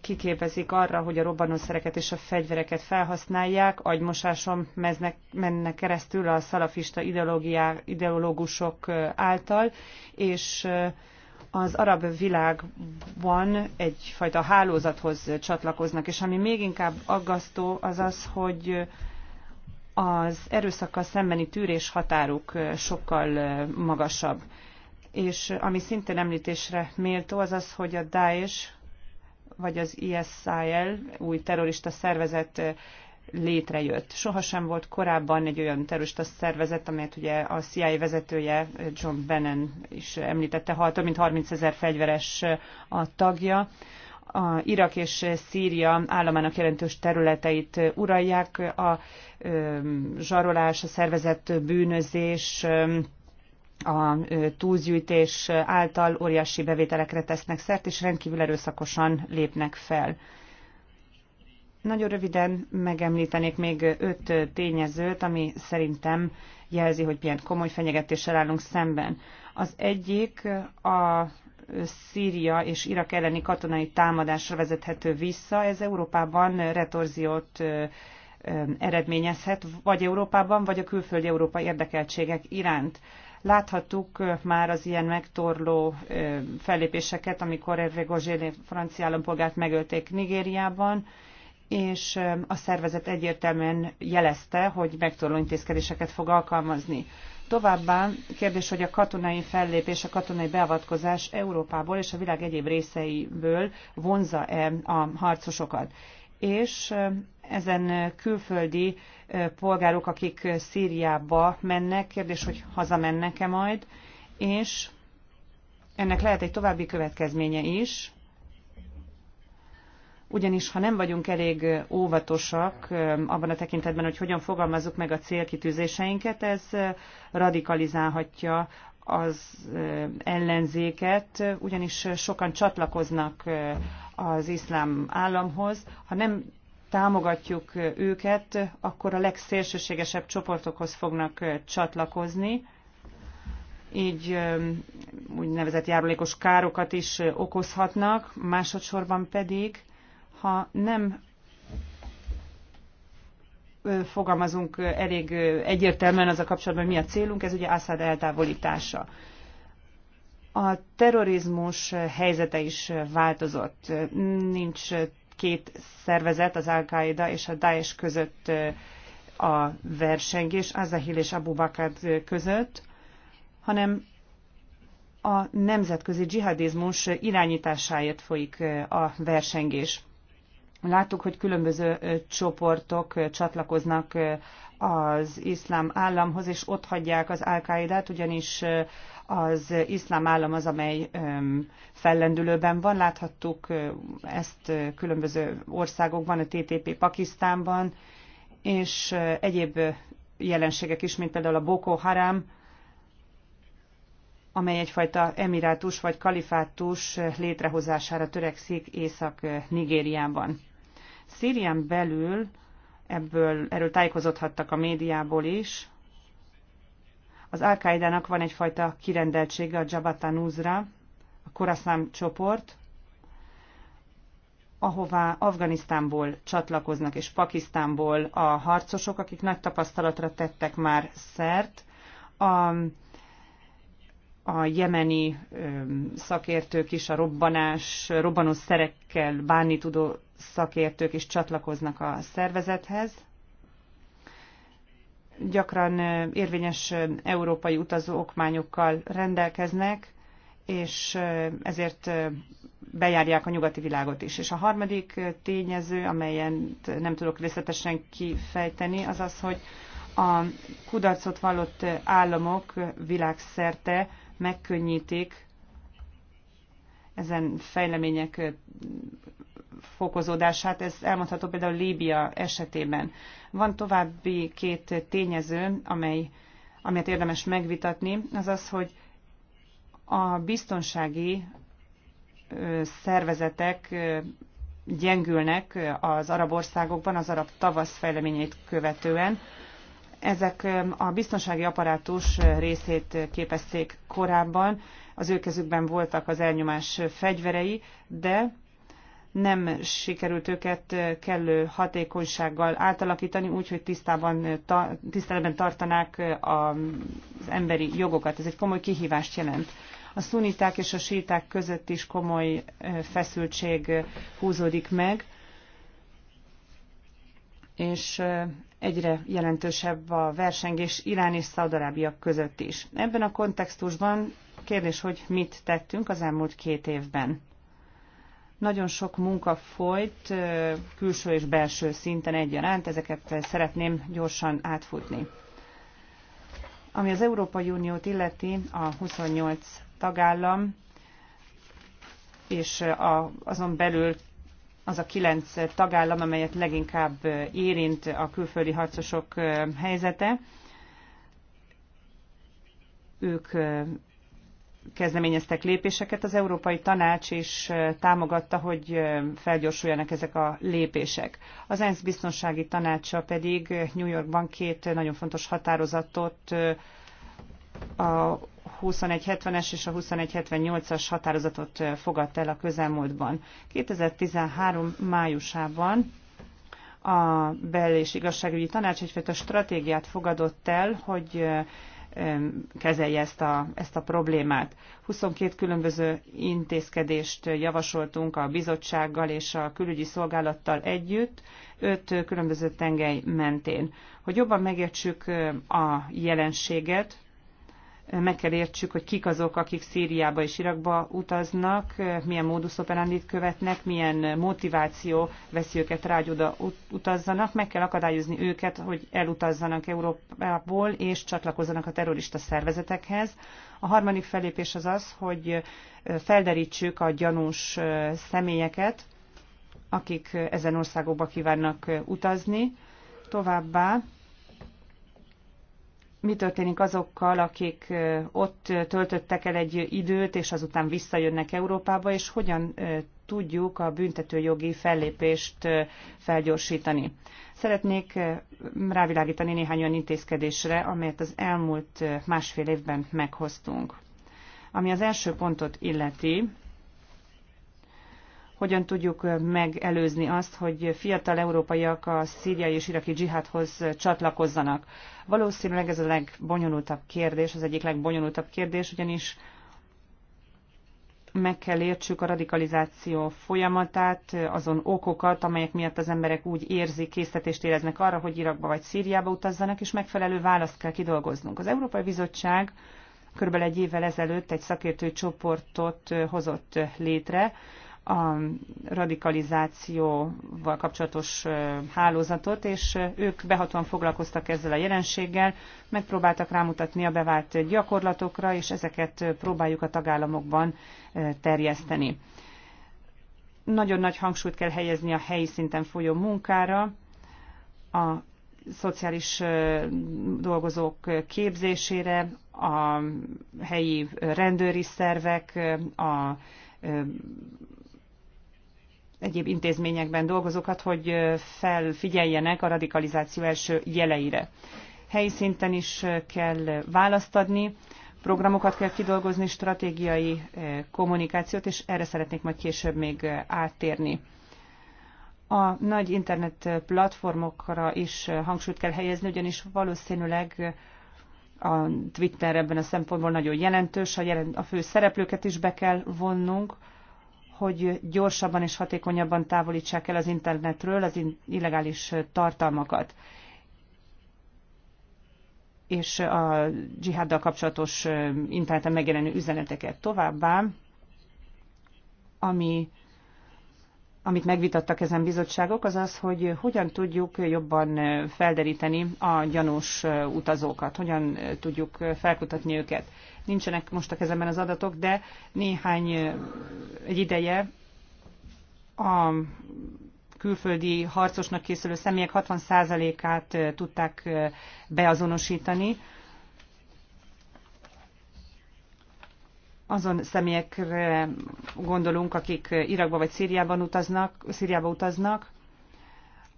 Speaker 2: kiképezik arra, hogy a robbanószereket és a fegyvereket felhasználják, agymosáson meznek, mennek keresztül a szalafista ideológusok által, és az arab világban egyfajta hálózathoz csatlakoznak, és ami még inkább aggasztó az az, hogy az erőszakkal szembeni tűrés határuk sokkal magasabb és ami szintén említésre méltó, az az, hogy a Daesh vagy az ISIL új terrorista szervezet létrejött. Sohasem volt korábban egy olyan terrorista szervezet, amelyet ugye a CIA vezetője John Bannon is említette, ha több mint 30 ezer fegyveres a tagja. A Irak és Szíria államának jelentős területeit uralják, a zsarolás, a szervezett bűnözés, a túlzgyűjtés által óriási bevételekre tesznek szert, és rendkívül erőszakosan lépnek fel. Nagyon röviden megemlítenék még öt tényezőt, ami szerintem jelzi, hogy milyen komoly fenyegetéssel állunk szemben. Az egyik a Szíria és Irak elleni katonai támadásra vezethető vissza. Ez Európában retorziót eredményezhet, vagy Európában, vagy a külföldi európai érdekeltségek iránt. Láthattuk már az ilyen megtorló fellépéseket, amikor Hervé Gozsélé francia állampolgárt megölték Nigériában, és a szervezet egyértelműen jelezte, hogy megtorló intézkedéseket fog alkalmazni. Továbbá kérdés, hogy a katonai fellépés, a katonai beavatkozás Európából és a világ egyéb részeiből vonza-e a harcosokat és ezen külföldi polgárok, akik Szíriába mennek, kérdés, hogy hazamennek-e majd, és ennek lehet egy további következménye is, ugyanis ha nem vagyunk elég óvatosak abban a tekintetben, hogy hogyan fogalmazzuk meg a célkitűzéseinket, ez radikalizálhatja az ellenzéket, ugyanis sokan csatlakoznak az iszlám államhoz. Ha nem támogatjuk őket, akkor a legszélsőségesebb csoportokhoz fognak csatlakozni, így úgynevezett járulékos károkat is okozhatnak, másodszorban pedig, ha nem fogalmazunk elég egyértelműen az a kapcsolatban, hogy mi a célunk, ez ugye Assad eltávolítása. A terrorizmus helyzete is változott. Nincs két szervezet, az Al-Qaeda és a Daesh között a versengés, Azahil és Abu Bakr között, hanem a nemzetközi dzsihadizmus irányításáért folyik a versengés. Láttuk, hogy különböző csoportok csatlakoznak az iszlám államhoz, és ott hagyják az al ugyanis az iszlám állam az, amely fellendülőben van. Láthattuk ezt különböző országokban, a TTP Pakisztánban, és egyéb jelenségek is, mint például a Boko Haram, amely egyfajta emirátus vagy kalifátus létrehozására törekszik Észak-Nigériában. Szírián belül ebből, erről tájékozódhattak a médiából is. Az al van egyfajta kirendeltsége a Jabhat Nusra, a Koraszám csoport, ahová Afganisztánból csatlakoznak és Pakisztánból a harcosok, akik nagy tapasztalatra tettek már szert. A a jemeni szakértők is, a robbanás, robbanó szerekkel bánni tudó szakértők is csatlakoznak a szervezethez. Gyakran érvényes európai utazó okmányokkal rendelkeznek, és ezért bejárják a nyugati világot is. És a harmadik tényező, amelyen nem tudok részletesen kifejteni, az az, hogy a kudarcot vallott államok világszerte megkönnyítik ezen fejlemények fokozódását. Ez elmondható például Líbia esetében. Van további két tényező, amely, amelyet érdemes megvitatni, az az, hogy a biztonsági szervezetek gyengülnek az arab országokban az arab tavasz fejleményeit követően, ezek um, a biztonsági apparátus uh, részét képezték korábban, az ő kezükben voltak az elnyomás fegyverei, de nem sikerült őket uh, kellő hatékonysággal átalakítani, úgyhogy tisztában, uh, ta, tiszteletben tartanák az emberi jogokat. Ez egy komoly kihívást jelent. A szuniták és a síták között is komoly feszültség húzódik meg, és egyre jelentősebb a versengés Irán és Szaudarábia között is. Ebben a kontextusban kérdés, hogy mit tettünk az elmúlt két évben. Nagyon sok munka folyt külső és belső szinten egyaránt, ezeket szeretném gyorsan átfutni. Ami az Európai Uniót illeti, a 28 tagállam és a, azon belül az a kilenc tagállam, amelyet leginkább érint a külföldi harcosok helyzete. Ők kezdeményeztek lépéseket, az Európai Tanács is támogatta, hogy felgyorsuljanak ezek a lépések. Az ENSZ biztonsági tanácsa pedig New Yorkban két nagyon fontos határozatot a 2170-es és a 2178-as határozatot fogadta el a közelmúltban. 2013 májusában a Bel és Igazságügyi Tanács egyfajta stratégiát fogadott el, hogy kezelje ezt a, ezt a problémát. 22 különböző intézkedést javasoltunk a bizottsággal és a külügyi szolgálattal együtt, 5 különböző tengely mentén. Hogy jobban megértsük a jelenséget, meg kell értsük, hogy kik azok, akik Szíriába és Irakba utaznak, milyen módusz operandit követnek, milyen motiváció veszi őket rá, hogy oda utazzanak. Meg kell akadályozni őket, hogy elutazzanak Európából és csatlakozzanak a terrorista szervezetekhez. A harmadik fellépés az az, hogy felderítsük a gyanús személyeket, akik ezen országokba kívánnak utazni. Továbbá mi történik azokkal, akik ott töltöttek el egy időt, és azután visszajönnek Európába, és hogyan tudjuk a büntetőjogi fellépést felgyorsítani. Szeretnék rávilágítani néhány olyan intézkedésre, amelyet az elmúlt másfél évben meghoztunk. Ami az első pontot illeti, hogyan tudjuk megelőzni azt, hogy fiatal európaiak a szíriai és iraki dzsihádhoz csatlakozzanak. Valószínűleg ez a legbonyolultabb kérdés, az egyik legbonyolultabb kérdés, ugyanis meg kell értsük a radikalizáció folyamatát, azon okokat, amelyek miatt az emberek úgy érzik, késztetést éreznek arra, hogy Irakba vagy Szíriába utazzanak, és megfelelő választ kell kidolgoznunk. Az Európai Bizottság körülbelül egy évvel ezelőtt egy szakértő csoportot hozott létre, a radikalizációval kapcsolatos hálózatot, és ők behatóan foglalkoztak ezzel a jelenséggel, megpróbáltak rámutatni a bevált gyakorlatokra, és ezeket próbáljuk a tagállamokban terjeszteni. Nagyon nagy hangsúlyt kell helyezni a helyi szinten folyó munkára, a szociális dolgozók képzésére, a helyi rendőri szervek, a egyéb intézményekben dolgozókat, hogy felfigyeljenek a radikalizáció első jeleire. Helyi szinten is kell választ adni, programokat kell kidolgozni, stratégiai kommunikációt, és erre szeretnék majd később még áttérni. A nagy internet platformokra is hangsúlyt kell helyezni, ugyanis valószínűleg a Twitter ebben a szempontból nagyon jelentős, a, a fő szereplőket is be kell vonnunk, hogy gyorsabban és hatékonyabban távolítsák el az internetről az illegális tartalmakat és a dzsihaddal kapcsolatos interneten megjelenő üzeneteket. Továbbá, ami amit megvitattak ezen bizottságok, az az, hogy hogyan tudjuk jobban felderíteni a gyanús utazókat, hogyan tudjuk felkutatni őket. Nincsenek most a kezemben az adatok, de néhány egy ideje a külföldi harcosnak készülő személyek 60%-át tudták beazonosítani, azon személyekre gondolunk, akik Irakba vagy Szíriában utaznak, Szíriába utaznak,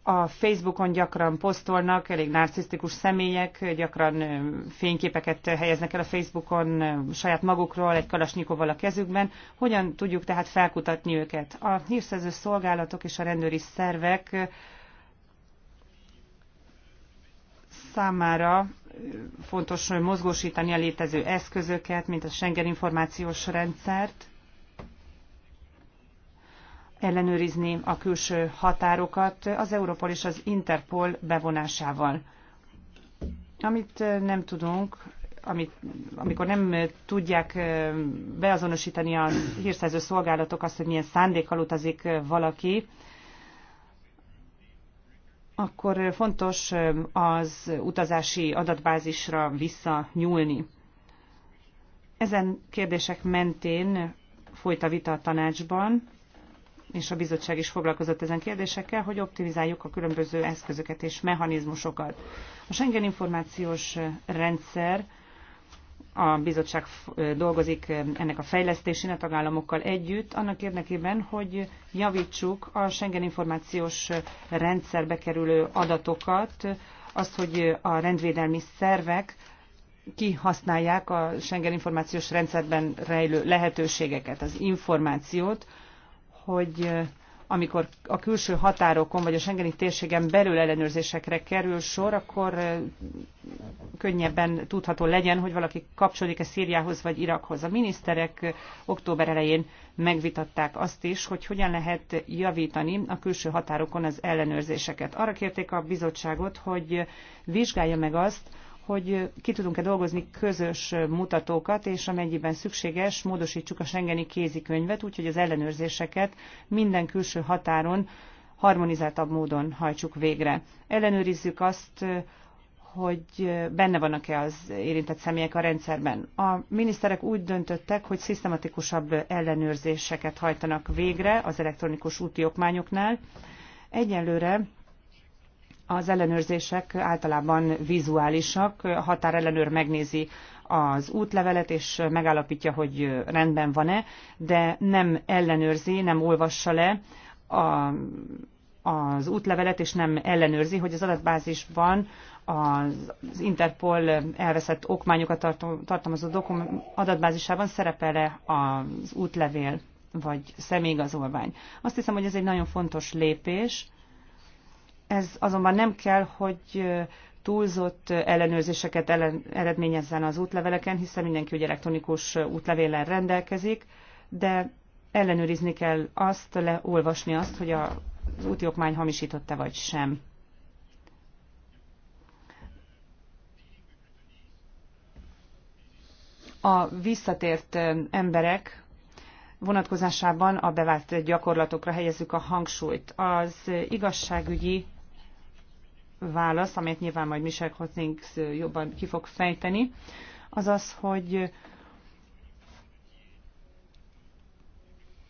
Speaker 2: a Facebookon gyakran posztolnak, elég narcisztikus személyek, gyakran fényképeket helyeznek el a Facebookon saját magukról, egy kalasnyikóval a kezükben. Hogyan tudjuk tehát felkutatni őket? A hírszerző szolgálatok és a rendőri szervek számára fontos mozgósítani a létező eszközöket, mint a Schengen információs rendszert, ellenőrizni a külső határokat az Europol és az Interpol bevonásával. Amit nem tudunk, amit, amikor nem tudják beazonosítani a hírszerző szolgálatok azt, hogy milyen szándékkal utazik valaki, akkor fontos az utazási adatbázisra visszanyúlni. Ezen kérdések mentén folyt a vita a tanácsban, és a bizottság is foglalkozott ezen kérdésekkel, hogy optimizáljuk a különböző eszközöket és mechanizmusokat. A Schengen információs rendszer a bizottság dolgozik ennek a fejlesztésén a tagállamokkal együtt, annak érdekében, hogy javítsuk a Schengen információs rendszerbe kerülő adatokat, azt, hogy a rendvédelmi szervek kihasználják a Schengen információs rendszerben rejlő lehetőségeket, az információt, hogy amikor a külső határokon vagy a Schengeni térségen belül ellenőrzésekre kerül sor, akkor könnyebben tudható legyen, hogy valaki kapcsolódik-e Szíriához vagy Irakhoz. A miniszterek október elején megvitatták azt is, hogy hogyan lehet javítani a külső határokon az ellenőrzéseket. Arra kérték a bizottságot, hogy vizsgálja meg azt, hogy ki tudunk-e dolgozni közös mutatókat, és amennyiben szükséges, módosítsuk a Schengeni kézikönyvet, úgyhogy az ellenőrzéseket minden külső határon harmonizáltabb módon hajtsuk végre. Ellenőrizzük azt, hogy benne vannak-e az érintett személyek a rendszerben. A miniszterek úgy döntöttek, hogy szisztematikusabb ellenőrzéseket hajtanak végre az elektronikus úti okmányoknál. Egyelőre az ellenőrzések általában vizuálisak, a határellenőr megnézi az útlevelet, és megállapítja, hogy rendben van-e, de nem ellenőrzi, nem olvassa le a, az útlevelet, és nem ellenőrzi, hogy az adatbázisban az Interpol elveszett okmányokat tartalmazó adatbázisában szerepel-e az útlevél vagy személyigazolvány. Azt hiszem, hogy ez egy nagyon fontos lépés, ez azonban nem kell, hogy túlzott ellenőrzéseket ellen, eredményezzen az útleveleken, hiszen mindenki ugye elektronikus útlevéllel rendelkezik, de ellenőrizni kell azt, leolvasni azt, hogy a, az úti okmány hamisította vagy sem. A visszatért emberek vonatkozásában a bevált gyakorlatokra helyezzük a hangsúlyt. Az igazságügyi válasz, amelyet nyilván majd Michel Hotzinks jobban ki fog fejteni, az az, hogy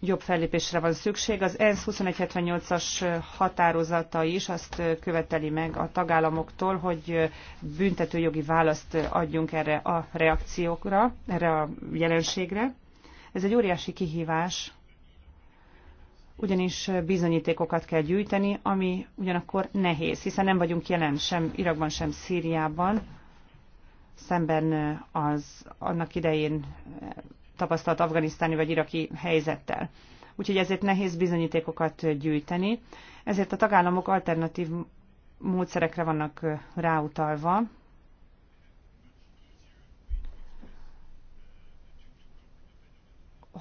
Speaker 2: jobb fellépésre van szükség. Az ENSZ 2178-as határozata is azt követeli meg a tagállamoktól, hogy büntetőjogi választ adjunk erre a reakciókra, erre a jelenségre. Ez egy óriási kihívás ugyanis bizonyítékokat kell gyűjteni, ami ugyanakkor nehéz, hiszen nem vagyunk jelen sem Irakban, sem Szíriában, szemben az annak idején tapasztalt afganisztáni vagy iraki helyzettel. Úgyhogy ezért nehéz bizonyítékokat gyűjteni, ezért a tagállamok alternatív módszerekre vannak ráutalva,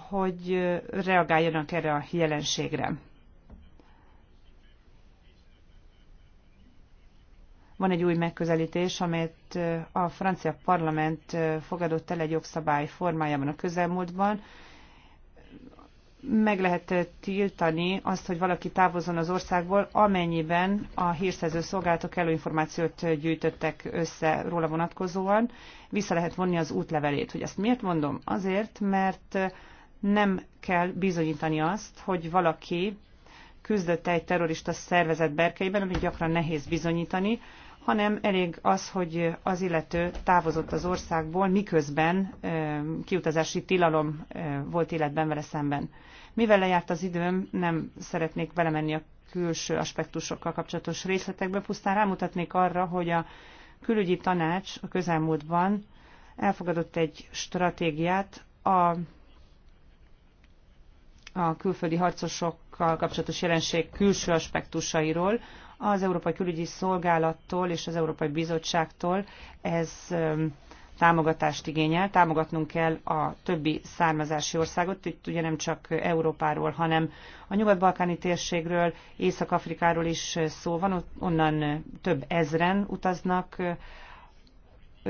Speaker 2: hogy reagáljanak erre a jelenségre. Van egy új megközelítés, amelyet a francia parlament fogadott el egy jogszabály formájában a közelmúltban. Meg lehet tiltani azt, hogy valaki távozzon az országból, amennyiben a hírszerző szolgálatok előinformációt gyűjtöttek össze róla vonatkozóan. Vissza lehet vonni az útlevelét. Hogy ezt miért mondom? Azért, mert nem kell bizonyítani azt, hogy valaki küzdött egy terrorista szervezet berkeiben, amit gyakran nehéz bizonyítani, hanem elég az, hogy az illető távozott az országból, miközben kiutazási tilalom volt életben vele szemben. Mivel lejárt az időm, nem szeretnék belemenni a külső aspektusokkal kapcsolatos részletekbe, pusztán rámutatnék arra, hogy a külügyi tanács a közelmúltban elfogadott egy stratégiát a a külföldi harcosokkal kapcsolatos jelenség külső aspektusairól, az Európai Külügyi Szolgálattól és az Európai Bizottságtól ez támogatást igényel. Támogatnunk kell a többi származási országot, itt ugye nem csak Európáról, hanem a nyugat-balkáni térségről, Észak-Afrikáról is szó van, onnan több ezren utaznak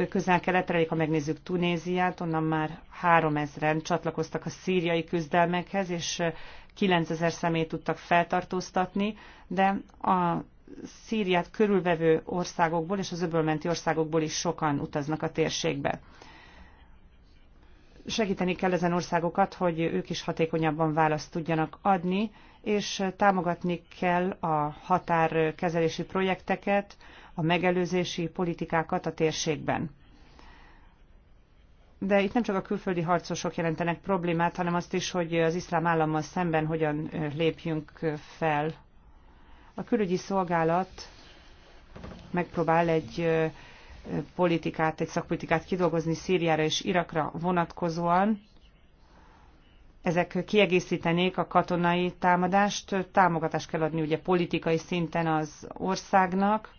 Speaker 2: közel-keletre, ha megnézzük Tunéziát, onnan már 3000-en csatlakoztak a szíriai küzdelmekhez, és 9000 személyt tudtak feltartóztatni, de a Szíriát körülvevő országokból és az öbölmenti országokból is sokan utaznak a térségbe. Segíteni kell ezen országokat, hogy ők is hatékonyabban választ tudjanak adni, és támogatni kell a határkezelési projekteket, a megelőzési politikákat a térségben. De itt nem csak a külföldi harcosok jelentenek problémát, hanem azt is, hogy az iszlám állammal szemben hogyan lépjünk fel. A külügyi szolgálat megpróbál egy politikát, egy szakpolitikát kidolgozni Szíriára és Irakra vonatkozóan. Ezek kiegészítenék a katonai támadást, támogatást kell adni ugye politikai szinten az országnak,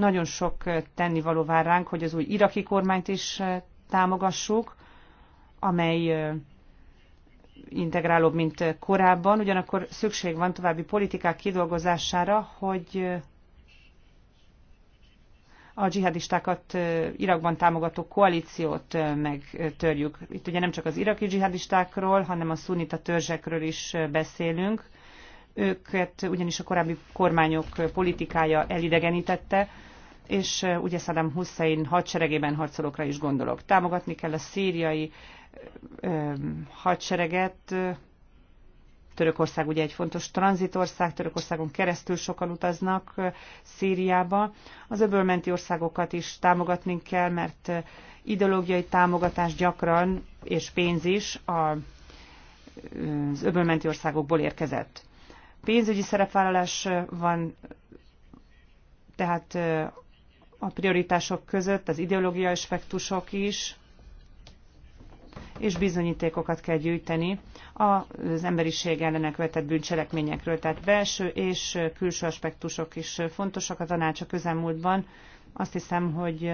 Speaker 2: nagyon sok tennivaló vár ránk, hogy az új iraki kormányt is támogassuk, amely integrálóbb, mint korábban. Ugyanakkor szükség van további politikák kidolgozására, hogy a dzsihadistákat Irakban támogató koalíciót megtörjük. Itt ugye nem csak az iraki dzsihadistákról, hanem a szunita törzsekről is beszélünk. Őket ugyanis a korábbi kormányok politikája elidegenítette, és ugye Saddam Hussein hadseregében harcolókra is gondolok. Támogatni kell a szíriai hadsereget, Törökország ugye egy fontos tranzitország, Törökországon keresztül sokan utaznak Szíriába. Az öbölmenti országokat is támogatni kell, mert ideológiai támogatás gyakran, és pénz is az öbölmenti országokból érkezett. Pénzügyi szerepvállalás van tehát a prioritások között az ideológiai aspektusok is, és bizonyítékokat kell gyűjteni az emberiség ellenek vetett bűncselekményekről. Tehát belső és külső aspektusok is fontosak a tanács a közelmúltban. Azt hiszem, hogy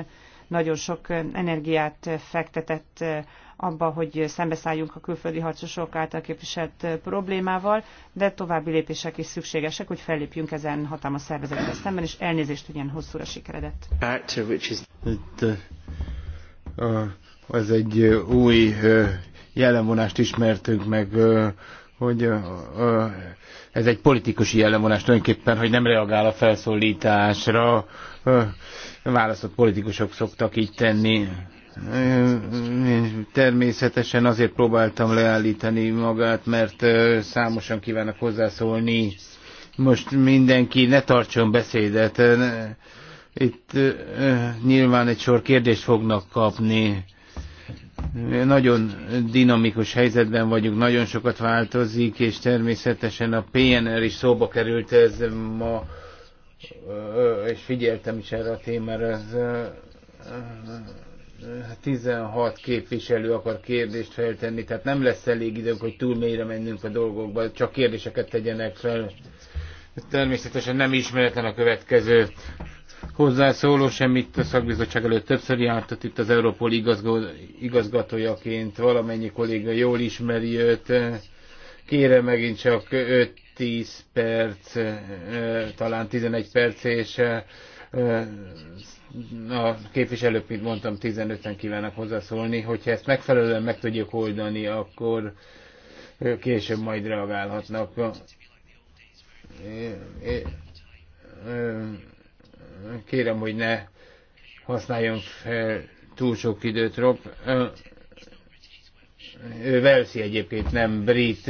Speaker 2: nagyon sok eh, energiát eh, fektetett eh, abba, hogy szembeszálljunk a külföldi harcosok által képviselt problémával, de további lépések is szükségesek, hogy fellépjünk ezen hatalmas szervezetre szemben, és elnézést, hogy ilyen hosszúra sikeredett.
Speaker 1: ez egy új jellemvonást ismertünk meg, hogy ez egy politikusi jellemvonás tulajdonképpen, hogy nem reagál a felszólításra választott politikusok szoktak így tenni. Természetesen azért próbáltam leállítani magát, mert számosan kívánok hozzászólni. Most mindenki ne tartson beszédet. Itt nyilván egy sor kérdést fognak kapni. Nagyon dinamikus helyzetben vagyunk, nagyon sokat változik, és természetesen a PNR is szóba került ez ma és figyeltem is erre a témára, ez 16 hát képviselő akar kérdést feltenni, tehát nem lesz elég időnk, hogy túl mélyre menjünk a dolgokba, csak kérdéseket tegyenek fel. Természetesen nem ismeretlen a következő hozzászóló semmit a szakbizottság előtt többször jártott itt az Európol igazgó, igazgatójaként, valamennyi kolléga jól ismeri őt. Kérem megint csak őt. 10 perc, talán 11 perc, és a képviselők, mint mondtam, 15-en kívánnak hozzászólni. Hogyha ezt megfelelően meg tudjuk oldani, akkor később majd reagálhatnak. Kérem, hogy ne használjon fel túl sok időt, Rob. Velszi egyébként nem brit,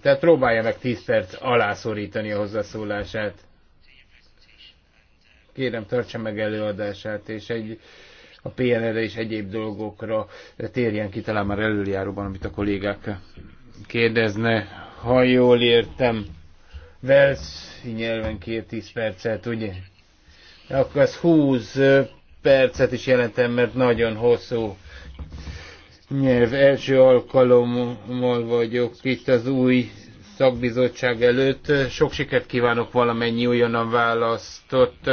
Speaker 1: tehát próbálja meg 10 perc alá szorítani a hozzászólását. Kérem, tartsa meg előadását, és egy, a PNR-re és egyéb dolgokra térjen ki talán már előjáróban, amit a kollégák kérdezne. Ha jól értem, Velsz nyelven kér 10 percet, ugye? Akkor ez 20 percet is jelentem, mert nagyon hosszú nyelv. Első alkalommal vagyok itt az új szakbizottság előtt. Sok sikert kívánok valamennyi újonnan választott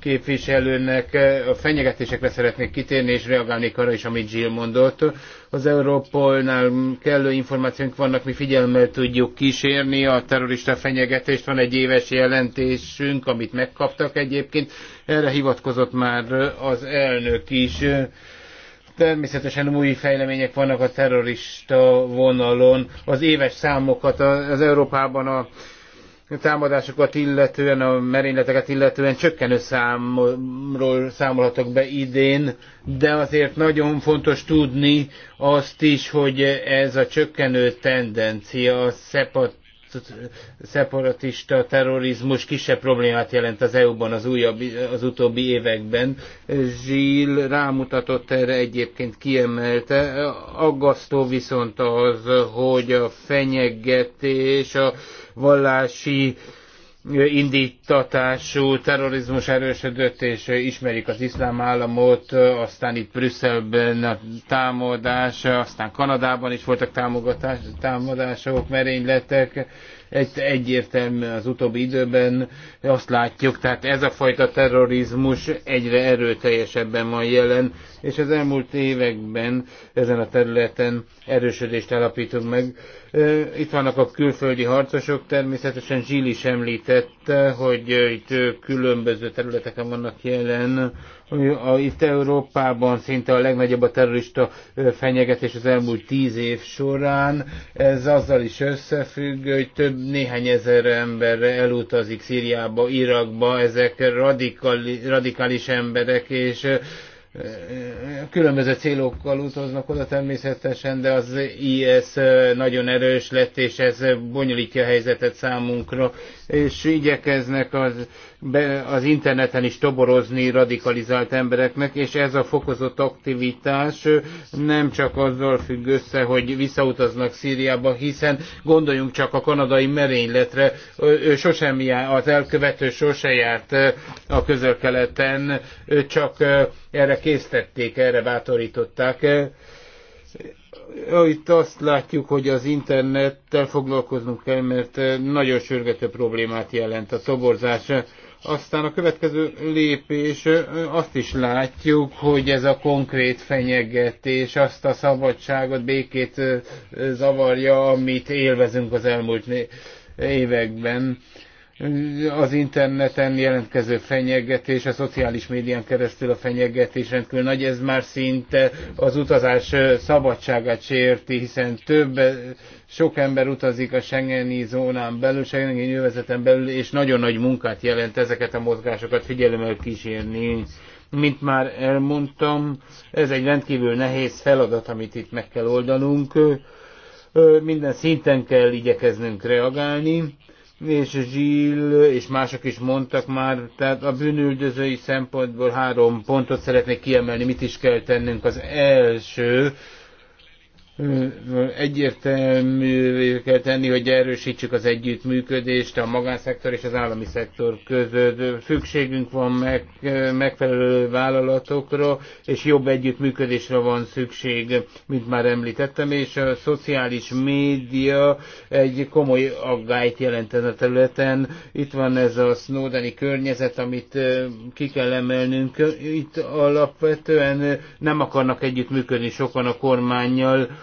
Speaker 1: képviselőnek. A fenyegetésekre szeretnék kitérni és reagálnék arra is, amit Jill mondott. Az Európolnál kellő információink vannak, mi figyelmel tudjuk kísérni a terrorista fenyegetést. Van egy éves jelentésünk, amit megkaptak egyébként. Erre hivatkozott már az elnök is. Természetesen új fejlemények vannak a terrorista vonalon. Az éves számokat az Európában a támadásokat illetően, a merényleteket illetően csökkenő számról számolhatok be idén, de azért nagyon fontos tudni azt is, hogy ez a csökkenő tendencia a SEPA Eh, szeparatista terrorizmus kisebb problémát jelent az EU-ban az, újabb, az utóbbi években. Zsíl rámutatott erre egyébként kiemelte. Aggasztó viszont az, hogy a fenyegetés, a vallási indítatású terrorizmus erősödött, és ismerik az iszlám államot, aztán itt Brüsszelben a támadás, aztán Kanadában is voltak támogatás, támadások, merényletek, egy, egyértelmű az utóbbi időben, azt látjuk, tehát ez a fajta terrorizmus egyre erőteljesebben van jelen, és az elmúlt években ezen a területen erősödést alapítunk meg itt vannak a külföldi harcosok, természetesen Zsili is említette, hogy itt különböző területeken vannak jelen. Itt Európában szinte a legnagyobb a terrorista fenyegetés az elmúlt tíz év során. Ez azzal is összefügg, hogy több néhány ezer ember elutazik Szíriába, Irakba, ezek radikali, radikális emberek, és különböző célokkal utaznak oda természetesen, de az IS nagyon erős lett, és ez bonyolítja a helyzetet számunkra, és igyekeznek az az interneten is toborozni radikalizált embereknek, és ez a fokozott aktivitás nem csak azzal függ össze, hogy visszautaznak Szíriába, hiszen gondoljunk csak a kanadai merényletre, ő sosem jár, az elkövető sose járt a közel-keleten, csak erre késztették, erre bátorították itt azt látjuk, hogy az internettel foglalkoznunk kell, mert nagyon sürgető problémát jelent a toborzás. Aztán a következő lépés, azt is látjuk, hogy ez a konkrét fenyegetés azt a szabadságot, békét zavarja, amit élvezünk az elmúlt években az interneten jelentkező fenyegetés, a szociális médián keresztül a fenyegetés rendkívül nagy, ez már szinte az utazás szabadságát sérti, hiszen több, sok ember utazik a Schengeni zónán belül, Schengeni nyilvezeten belül, és nagyon nagy munkát jelent ezeket a mozgásokat figyelemmel kísérni. Mint már elmondtam, ez egy rendkívül nehéz feladat, amit itt meg kell oldanunk. Minden szinten kell igyekeznünk reagálni és Zsill és mások is mondtak már, tehát a bűnüldözői szempontból három pontot szeretnék kiemelni, mit is kell tennünk. Az első, egyértelművé kell tenni, hogy erősítsük az együttműködést a magánszektor és az állami szektor között. Szükségünk van meg, megfelelő vállalatokra, és jobb együttműködésre van szükség, mint már említettem, és a szociális média egy komoly aggályt jelent ezen a területen. Itt van ez a Snowdeni környezet, amit ki kell emelnünk. Itt alapvetően nem akarnak együttműködni sokan a kormányjal,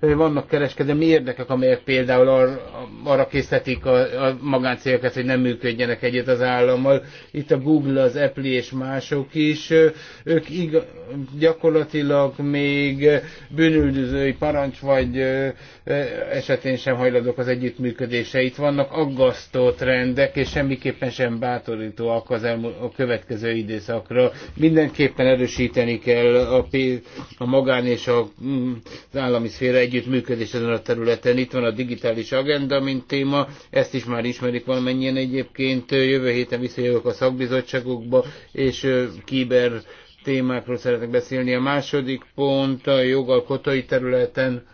Speaker 1: Vannak kereskedelmi érdekek, amelyek például ar, arra készítik a, a magáncégeket, hogy nem működjenek egyet az állammal. Itt a Google, az Apple és mások is. Ők iga, gyakorlatilag még bűnüldözői parancs vagy esetén sem hajladok az együttműködése. Itt vannak aggasztó trendek, és semmiképpen sem bátorítóak az elmúlt, a következő időszakra. Mindenképpen erősíteni kell a, pénz, a magán és a, mm, az állami szféra együttműködés ezen a területen. Itt van a digitális agenda, mint téma, ezt is már ismerik valamennyien egyébként. Jövő héten visszajövök a szakbizottságokba, és kiber témákról szeretnék beszélni. A második pont a jogalkotói területen.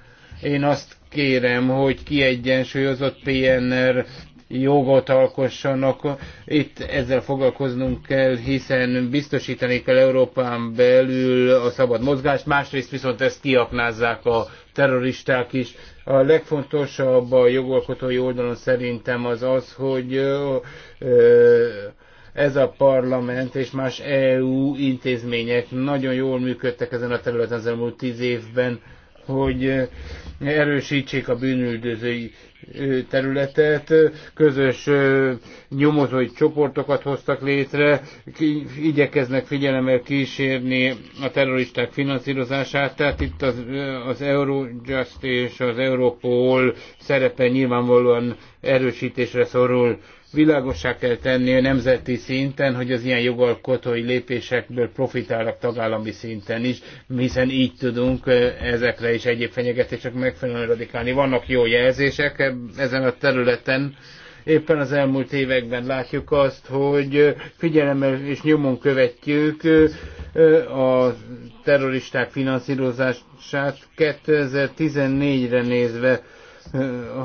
Speaker 1: Én azt kérem, hogy kiegyensúlyozott PNR jogot alkossanak. Itt ezzel foglalkoznunk kell, hiszen biztosítani kell Európán belül a szabad mozgást, másrészt viszont ezt kiaknázzák a terroristák is. A legfontosabb a jogalkotói oldalon szerintem az az, hogy ez a parlament és más EU intézmények nagyon jól működtek ezen a területen az elmúlt tíz évben hogy eh, erősítsék a bűnüldözői eh, területet, közös eh, nyomozói csoportokat hoztak létre, igyekeznek figyelemmel kísérni a terroristák finanszírozását, tehát itt az, az Eurojust és az Europol szerepe nyilvánvalóan erősítésre szorul világosá kell tenni a nemzeti szinten, hogy az ilyen jogalkotói lépésekből profitálnak tagállami szinten is, hiszen így tudunk ezekre és egyéb fenyegetések megfelelően radikálni. Vannak jó jelzések e-, ezen a területen, éppen az elmúlt években látjuk azt, hogy figyelemmel és nyomon követjük a terroristák finanszírozását 2014-re nézve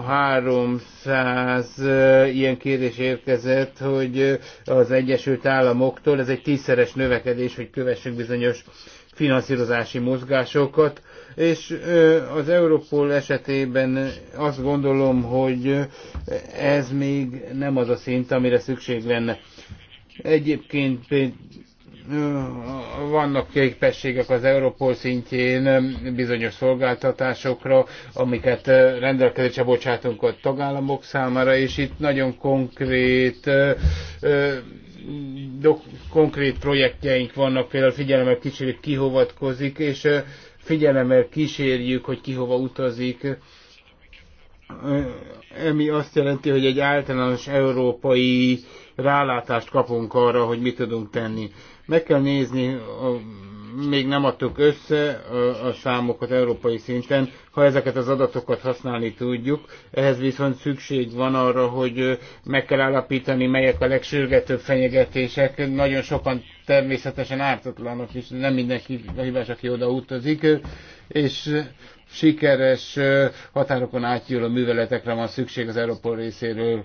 Speaker 1: 300 eh, ilyen kérés érkezett, hogy eh, az Egyesült Államoktól, ez egy tízszeres növekedés, hogy kövessük bizonyos finanszírozási mozgásokat, és eh, az Europol esetében azt gondolom, hogy ez még nem az a szint, amire szükség lenne. Egyébként vannak képességek az Európol szintjén bizonyos szolgáltatásokra, amiket rendelkezésre bocsátunk a tagállamok számára, és itt nagyon konkrét konkrét projektjeink vannak, például figyelemmel kísérjük, ki hovatkozik, és figyelemmel kísérjük, hogy ki hova utazik. Ami azt jelenti, hogy egy általános európai rálátást kapunk arra, hogy mit tudunk tenni. Meg kell nézni, még nem adtuk össze a, számokat európai szinten. Ha ezeket az adatokat használni tudjuk, ehhez viszont szükség van arra, hogy meg kell állapítani, melyek a legsürgetőbb fenyegetések. Nagyon sokan természetesen ártatlanok, és nem mindenki a hibás, aki oda utazik, és sikeres határokon átjúló műveletekre van szükség az Európa részéről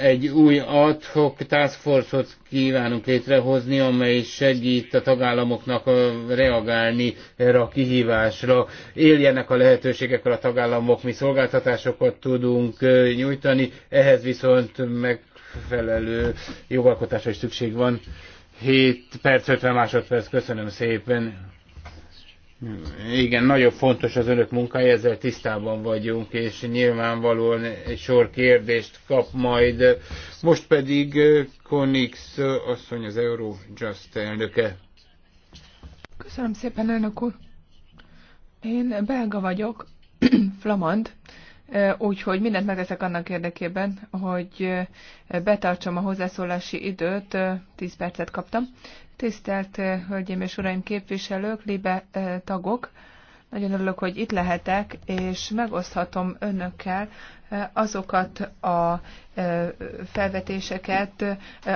Speaker 1: egy új adhok task force-ot kívánunk létrehozni, amely segít a tagállamoknak reagálni erre a kihívásra. Éljenek a lehetőségekkel a tagállamok, mi szolgáltatásokat tudunk nyújtani, ehhez viszont megfelelő jogalkotásra is szükség van. 7 perc 50 másodperc, köszönöm szépen. Igen, nagyon fontos az önök munkája, ezzel tisztában vagyunk, és nyilvánvalóan egy sor kérdést kap majd. Most pedig Konix asszony az Eurojust elnöke.
Speaker 3: Köszönöm szépen, elnök úr. Én belga vagyok, flamand, Úgyhogy mindent megteszek annak érdekében, hogy betartsam a hozzászólási időt, 10 percet kaptam. Tisztelt Hölgyeim és Uraim képviselők, libe tagok, nagyon örülök, hogy itt lehetek, és megoszthatom önökkel azokat a felvetéseket,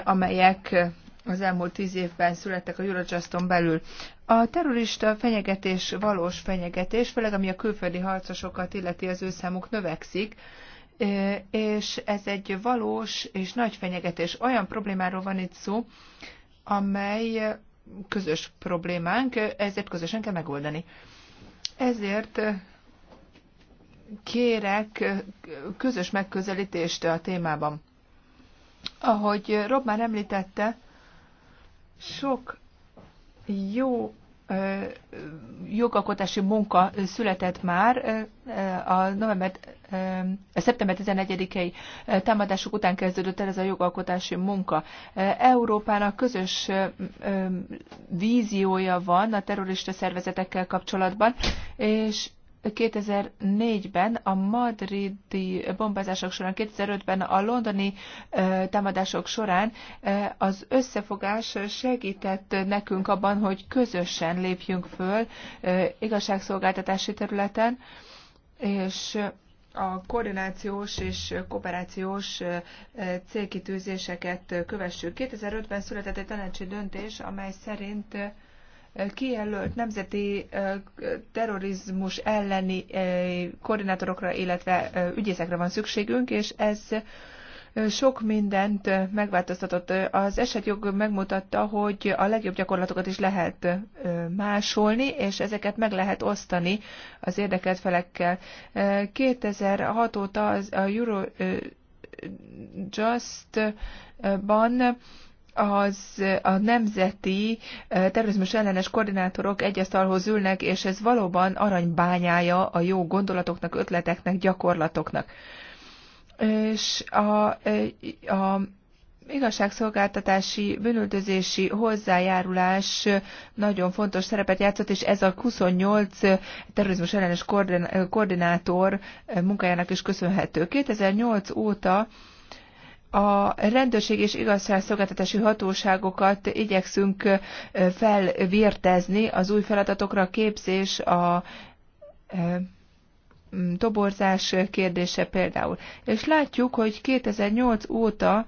Speaker 3: amelyek az elmúlt tíz évben születtek a Eurojuston belül. A terrorista fenyegetés valós fenyegetés, főleg ami a külföldi harcosokat illeti, az ő számuk növekszik, és ez egy valós és nagy fenyegetés. Olyan problémáról van itt szó, amely közös problémánk, ezért közösen kell megoldani. Ezért kérek közös megközelítést a témában. Ahogy Rob már említette, sok jó jogalkotási munka született már a, november, a szeptember 11-i támadások után kezdődött el ez a jogalkotási munka. Európának közös víziója van a terrorista szervezetekkel kapcsolatban, és 2004-ben a madridi bombázások során, 2005-ben a londoni támadások során az összefogás segített nekünk abban, hogy közösen lépjünk föl igazságszolgáltatási területen, és a koordinációs és kooperációs célkitűzéseket kövessük. 2005-ben született egy tanácsi döntés, amely szerint kijelölt nemzeti terrorizmus elleni koordinátorokra, illetve ügyészekre van szükségünk, és ez sok mindent megváltoztatott. Az esetjog megmutatta, hogy a legjobb gyakorlatokat is lehet másolni, és ezeket meg lehet osztani az érdekelt felekkel. 2006 óta az a Eurojust-ban az a nemzeti terrorizmus ellenes koordinátorok egyasztalhoz ülnek, és ez valóban aranybányája a jó gondolatoknak, ötleteknek, gyakorlatoknak. És a, a igazságszolgáltatási, bűnöldözési hozzájárulás nagyon fontos szerepet játszott, és ez a 28 terrorizmus ellenes koordinátor munkájának is köszönhető. 2008 óta a rendőrség és igazságszolgáltatási hatóságokat igyekszünk felvértezni az új feladatokra, a képzés, a toborzás kérdése például. És látjuk, hogy 2008 óta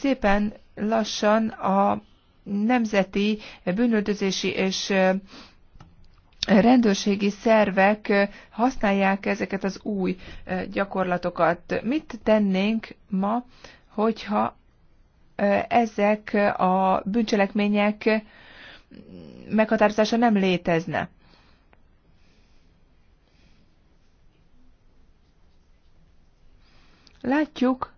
Speaker 3: szépen lassan a nemzeti bűnöldözési és rendőrségi szervek használják ezeket az új gyakorlatokat. Mit tennénk ma, hogyha ezek a bűncselekmények meghatározása nem létezne? Látjuk,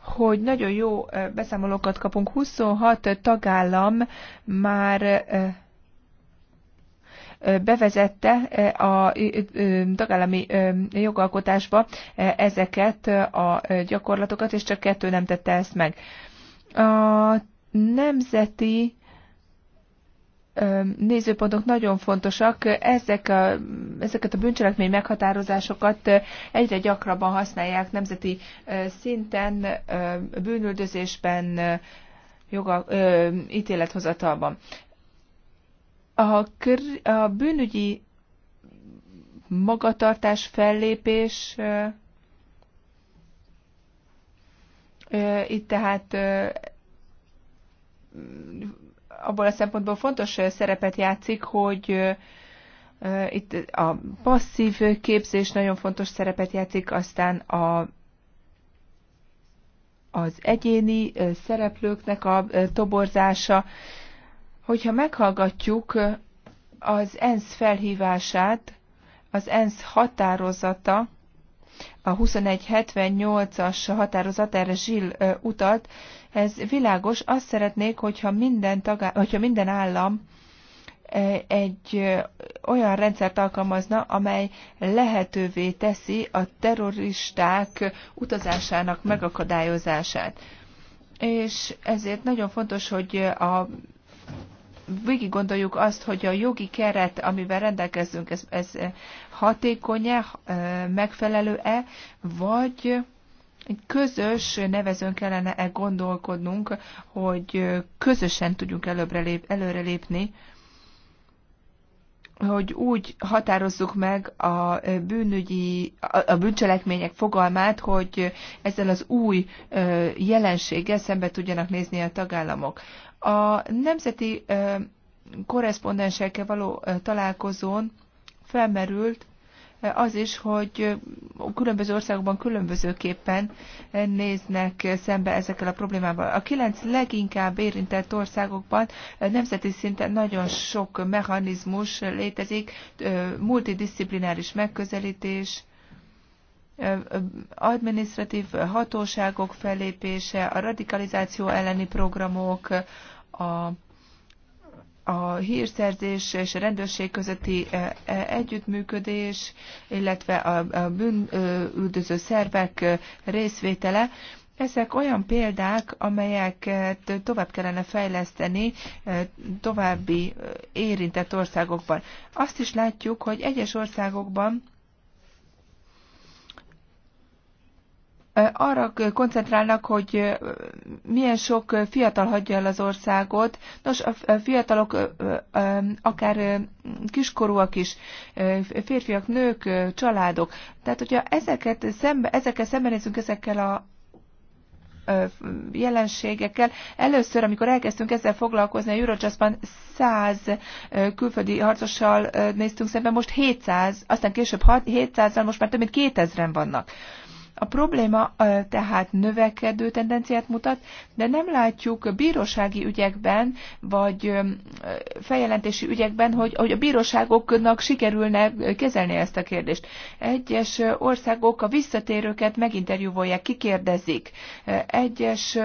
Speaker 3: hogy nagyon jó beszámolókat kapunk. 26 tagállam már bevezette a tagállami jogalkotásba ezeket a gyakorlatokat, és csak kettő nem tette ezt meg. A nemzeti nézőpontok nagyon fontosak. Ezek a, ezeket a bűncselekmény meghatározásokat egyre gyakrabban használják nemzeti szinten, bűnüldözésben, joga, ítélethozatalban. A, kr- a bűnügyi magatartás, fellépés itt tehát abból a szempontból fontos szerepet játszik, hogy itt a passzív képzés nagyon fontos szerepet játszik, aztán a, az egyéni szereplőknek a toborzása hogyha meghallgatjuk az ENSZ felhívását, az ENSZ határozata, a 2178-as határozat, erre Zsill utalt, ez világos, azt szeretnék, hogyha minden, tagá- hogyha minden állam egy olyan rendszert alkalmazna, amely lehetővé teszi a terroristák utazásának megakadályozását. És ezért nagyon fontos, hogy a végig gondoljuk azt, hogy a jogi keret, amivel rendelkezünk, ez, ez eh, hatékony-e, eh, megfelelő-e, vagy egy közös nevezőn kellene -e gondolkodnunk, hogy eh, közösen tudjunk előbbre lép, előre lépni, hogy úgy határozzuk meg a bűnügyi, a bűncselekmények fogalmát, hogy ezzel az új jelenséggel szembe tudjanak nézni a tagállamok. A nemzeti korrespondensekkel való találkozón felmerült az is, hogy különböző országokban különbözőképpen néznek szembe ezekkel a problémával. A kilenc leginkább érintett országokban nemzeti szinten nagyon sok mechanizmus létezik, multidisziplináris megközelítés, administratív hatóságok fellépése, a radikalizáció elleni programok, a a hírszerzés és a rendőrség közötti e, e, együttműködés, illetve a bűnüldöző szervek e, részvétele. Ezek olyan példák, amelyeket tovább kellene fejleszteni további érintett országokban. Azt is látjuk, hogy egyes országokban arra koncentrálnak, hogy milyen sok fiatal hagyja el az országot. Nos, a fiatalok akár kiskorúak is, férfiak, nők, családok. Tehát, hogyha ezeket szembe, ezekkel szembenézünk, ezekkel a jelenségekkel. Először, amikor elkezdtünk ezzel foglalkozni, a Eurojustban 100 külföldi harcossal néztünk szemben, most 700, aztán később 700-al, most már több mint 2000-en vannak. A probléma tehát növekedő tendenciát mutat, de nem látjuk bírósági ügyekben, vagy feljelentési ügyekben, hogy, hogy a bíróságoknak sikerülne kezelni ezt a kérdést. Egyes országok a visszatérőket meginterjúvolják, kikérdezik. Egyes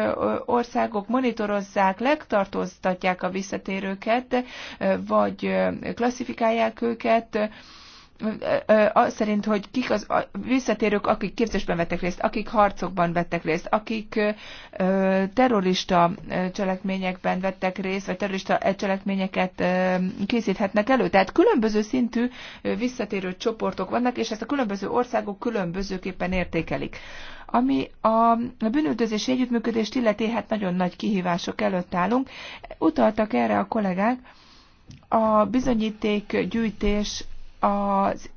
Speaker 3: országok monitorozzák, legtartóztatják a visszatérőket, vagy klasszifikálják őket, szerint, hogy kik az visszatérők, akik képzésben vettek részt, akik harcokban vettek részt, akik terrorista cselekményekben vettek részt, vagy terrorista cselekményeket készíthetnek elő. Tehát különböző szintű visszatérő csoportok vannak, és ezt a különböző országok különbözőképpen értékelik. Ami a bűnöldözési együttműködést illeti, hát nagyon nagy kihívások előtt állunk. Utaltak erre a kollégák, a bizonyíték gyűjtés az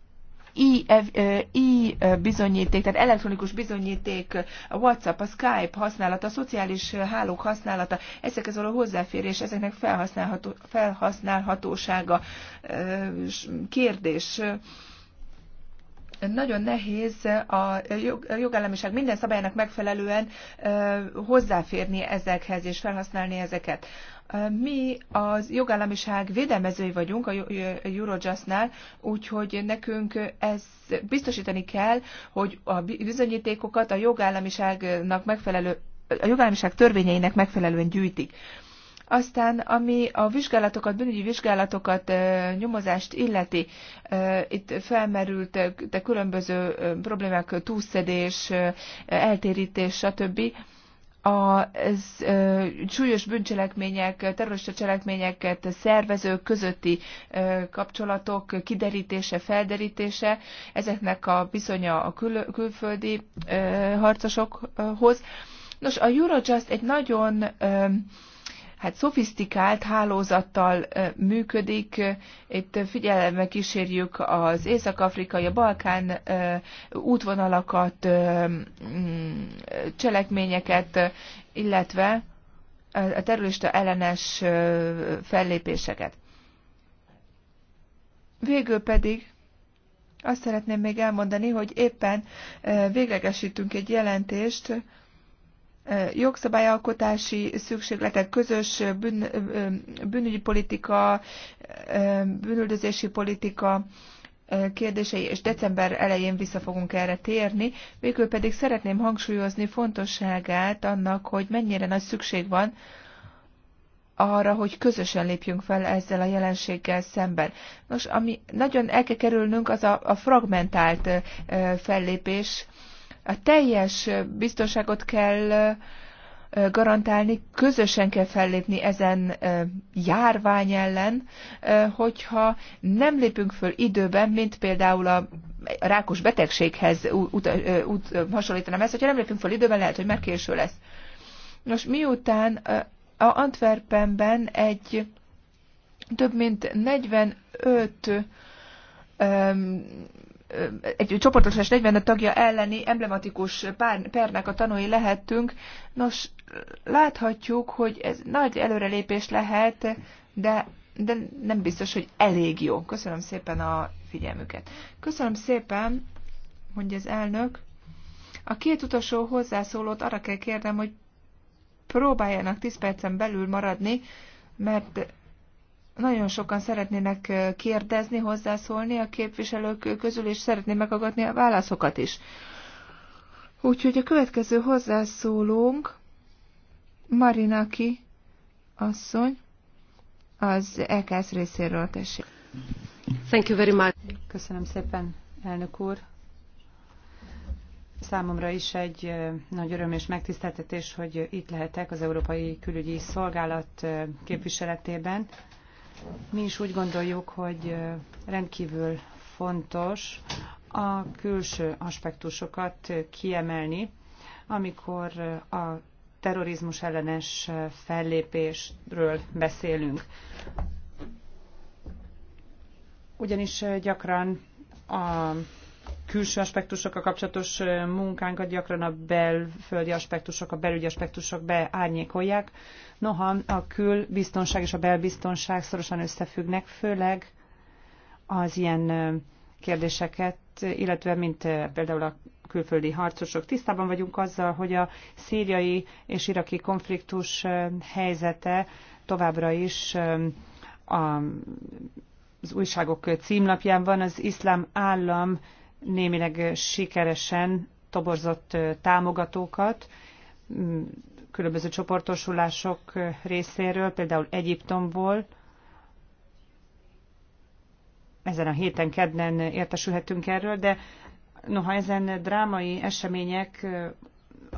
Speaker 3: e-bizonyíték, tehát elektronikus bizonyíték, a WhatsApp, a Skype használata, a szociális hálók használata, ezekhez való hozzáférés, ezeknek felhasználható, felhasználhatósága, kérdés. Nagyon nehéz a jogállamiság minden szabályának megfelelően hozzáférni ezekhez és felhasználni ezeket. Mi az jogállamiság védelmezői vagyunk a Eurojustnál, úgyhogy nekünk ez biztosítani kell, hogy a bizonyítékokat a jogállamiságnak megfelelő, a jogállamiság törvényeinek megfelelően gyűjtik. Aztán, ami a vizsgálatokat, bűnügyi vizsgálatokat, nyomozást illeti, itt felmerült de különböző problémák, túlszedés, eltérítés, stb a súlyos bűncselekmények, terrorista cselekményeket szervezők közötti kapcsolatok kiderítése, felderítése, ezeknek a bizonya a kül- külföldi harcosokhoz. Nos, a Eurojust egy nagyon hát szofisztikált hálózattal működik. Itt figyelembe kísérjük az észak-afrikai, a Balkán útvonalakat, mm, cselekményeket, illetve a terrorista ellenes fellépéseket. Végül pedig azt szeretném még elmondani, hogy éppen véglegesítünk egy jelentést, jogszabályalkotási szükségletek, közös bűn, bűnügyi politika, bűnüldözési politika kérdései, és december elején vissza fogunk erre térni. Végül pedig szeretném hangsúlyozni fontosságát annak, hogy mennyire nagy szükség van arra, hogy közösen lépjünk fel ezzel a jelenséggel szemben. Nos, ami nagyon el kell kerülnünk, az a, a fragmentált fellépés, a teljes biztonságot kell garantálni, közösen kell fellépni ezen járvány ellen, hogyha nem lépünk föl időben, mint például a rákos betegséghez út, út, hasonlítanám ezt, hogyha nem lépünk föl időben, lehet, hogy már késő lesz. Nos, miután a Antwerpenben egy több mint 45 egy csoportosás 40 tagja elleni emblematikus pár, pernek a tanúi lehettünk. Nos, láthatjuk, hogy ez nagy előrelépés lehet, de, de nem biztos, hogy elég jó. Köszönöm szépen a figyelmüket. Köszönöm szépen, hogy az elnök. A két utolsó hozzászólót arra kell kérnem, hogy próbáljanak 10 percen belül maradni, mert nagyon sokan szeretnének kérdezni, hozzászólni a képviselők közül, és szeretném megagadni a válaszokat is. Úgyhogy a következő hozzászólónk Marinaki asszony az EKS részéről tessék. Thank you very much. Köszönöm szépen, elnök úr.
Speaker 2: Számomra is egy nagy öröm és megtiszteltetés, hogy itt lehetek az Európai Külügyi Szolgálat képviseletében. Mi is úgy gondoljuk, hogy rendkívül fontos a külső aspektusokat kiemelni, amikor a terrorizmus ellenes fellépésről beszélünk. Ugyanis gyakran a külső aspektusokkal kapcsolatos munkánkat gyakran a belföldi aspektusok, a belügyi aspektusok beárnyékolják. Noha a külbiztonság és a belbiztonság szorosan összefüggnek, főleg az ilyen kérdéseket, illetve mint például a külföldi harcosok. Tisztában vagyunk azzal, hogy a szíriai és iraki konfliktus helyzete továbbra is a, az újságok címlapján van, az iszlám állam némileg sikeresen toborzott támogatókat, különböző csoportosulások részéről, például Egyiptomból. Ezen a héten kedden értesülhetünk erről, de noha ezen drámai események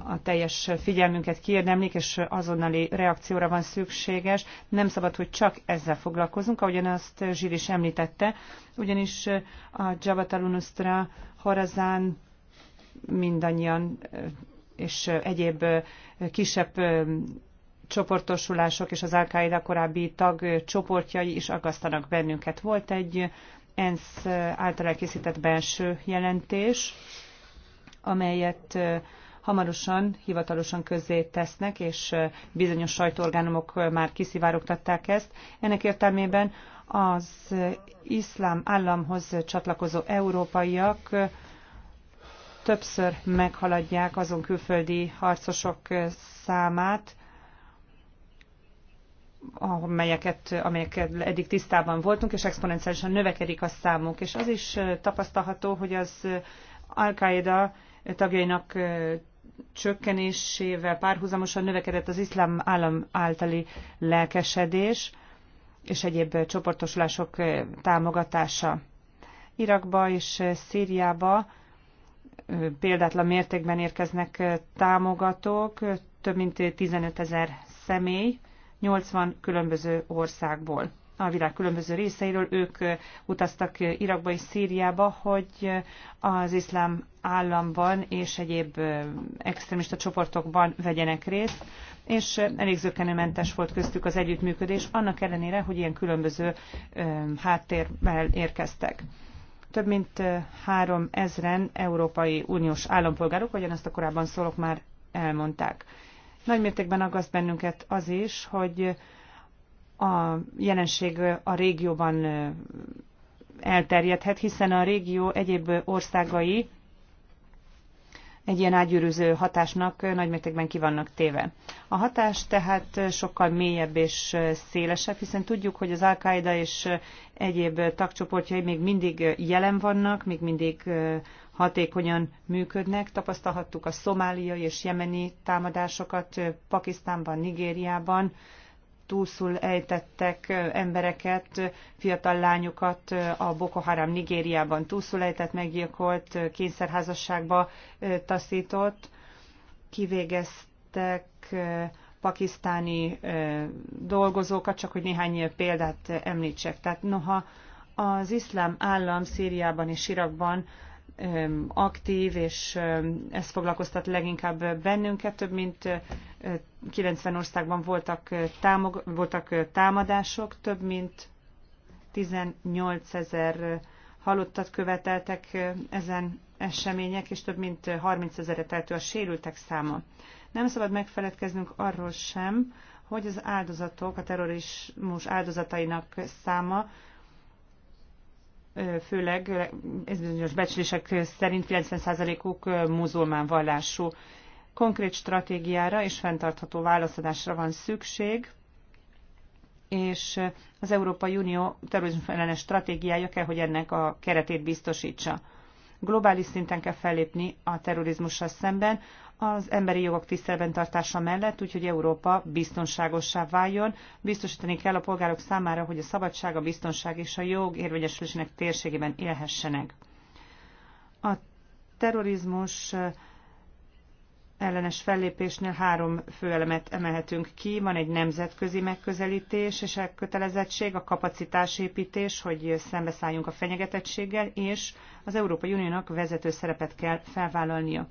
Speaker 2: a teljes figyelmünket kiérdemlik, és azonnali reakcióra van szükséges. Nem szabad, hogy csak ezzel foglalkozunk, ahogyan azt Zsír is említette, ugyanis a Javatalunustra, Horazán mindannyian és egyéb kisebb csoportosulások és az al korábbi tag csoportjai is aggasztanak bennünket. Volt egy ENSZ által elkészített belső jelentés, amelyet hamarosan hivatalosan közzé tesznek, és bizonyos sajtóorgánumok már kiszivárogtatták ezt. Ennek értelmében az iszlám államhoz csatlakozó európaiak többször meghaladják azon külföldi harcosok számát, amelyeket, amelyeket eddig tisztában voltunk, és exponenciálisan növekedik a számuk. És az is tapasztalható, hogy az Al-Qaeda tagjainak csökkenésével párhuzamosan növekedett az iszlám állam általi lelkesedés és egyéb csoportosulások támogatása. Irakba és Szíriába példátlan mértékben érkeznek támogatók, több mint 15 ezer személy, 80 különböző országból a világ különböző részeiről. Ők utaztak Irakba és Szíriába, hogy az iszlám államban és egyéb extremista csoportokban vegyenek részt, és elég zökenőmentes volt köztük az együttműködés, annak ellenére, hogy ilyen különböző háttérvel érkeztek több mint három ezren Európai Uniós állampolgárok, ahogyan azt a korábban szólok már elmondták. Nagy mértékben aggaszt bennünket az is, hogy a jelenség a régióban elterjedhet, hiszen a régió egyéb országai egy ilyen ágyűrűző hatásnak nagymértékben vannak téve. A hatás tehát sokkal mélyebb és szélesebb, hiszen tudjuk, hogy az Al-Qaeda és egyéb tagcsoportjai még mindig jelen vannak, még mindig hatékonyan működnek. Tapasztalhattuk a szomáliai és jemeni támadásokat Pakisztánban, Nigériában, túlszul ejtettek embereket, fiatal lányokat a Boko Haram Nigériában túlszul ejtett, meggyilkolt, kényszerházasságba taszított, kivégeztek pakisztáni dolgozókat, csak hogy néhány példát említsek. Tehát noha az iszlám állam Szíriában és Irakban aktív, és ez foglalkoztat leginkább bennünket. Több mint 90 országban voltak, támog, voltak támadások, több mint 18 ezer halottat követeltek ezen események, és több mint 30 ezerre teltő a sérültek száma. Nem szabad megfeledkeznünk arról sem, hogy az áldozatok, a terrorizmus áldozatainak száma főleg ez bizonyos becslések szerint 90%-uk muzulmán vallású. Konkrét stratégiára és fenntartható válaszadásra van szükség, és az Európai Unió terrorizmus stratégiája kell, hogy ennek a keretét biztosítsa. Globális szinten kell fellépni a terrorizmussal szemben, az emberi jogok tiszteletben tartása mellett, úgyhogy Európa biztonságossá váljon. Biztosítani kell a polgárok számára, hogy a szabadság, a biztonság és a jog érvényesülésének térségében élhessenek. A terrorizmus ellenes fellépésnél három főelemet emelhetünk ki. Van egy nemzetközi megközelítés és elkötelezettség, a kapacitásépítés, hogy szembeszálljunk a fenyegetettséggel, és az Európai Uniónak vezető szerepet kell felvállalnia.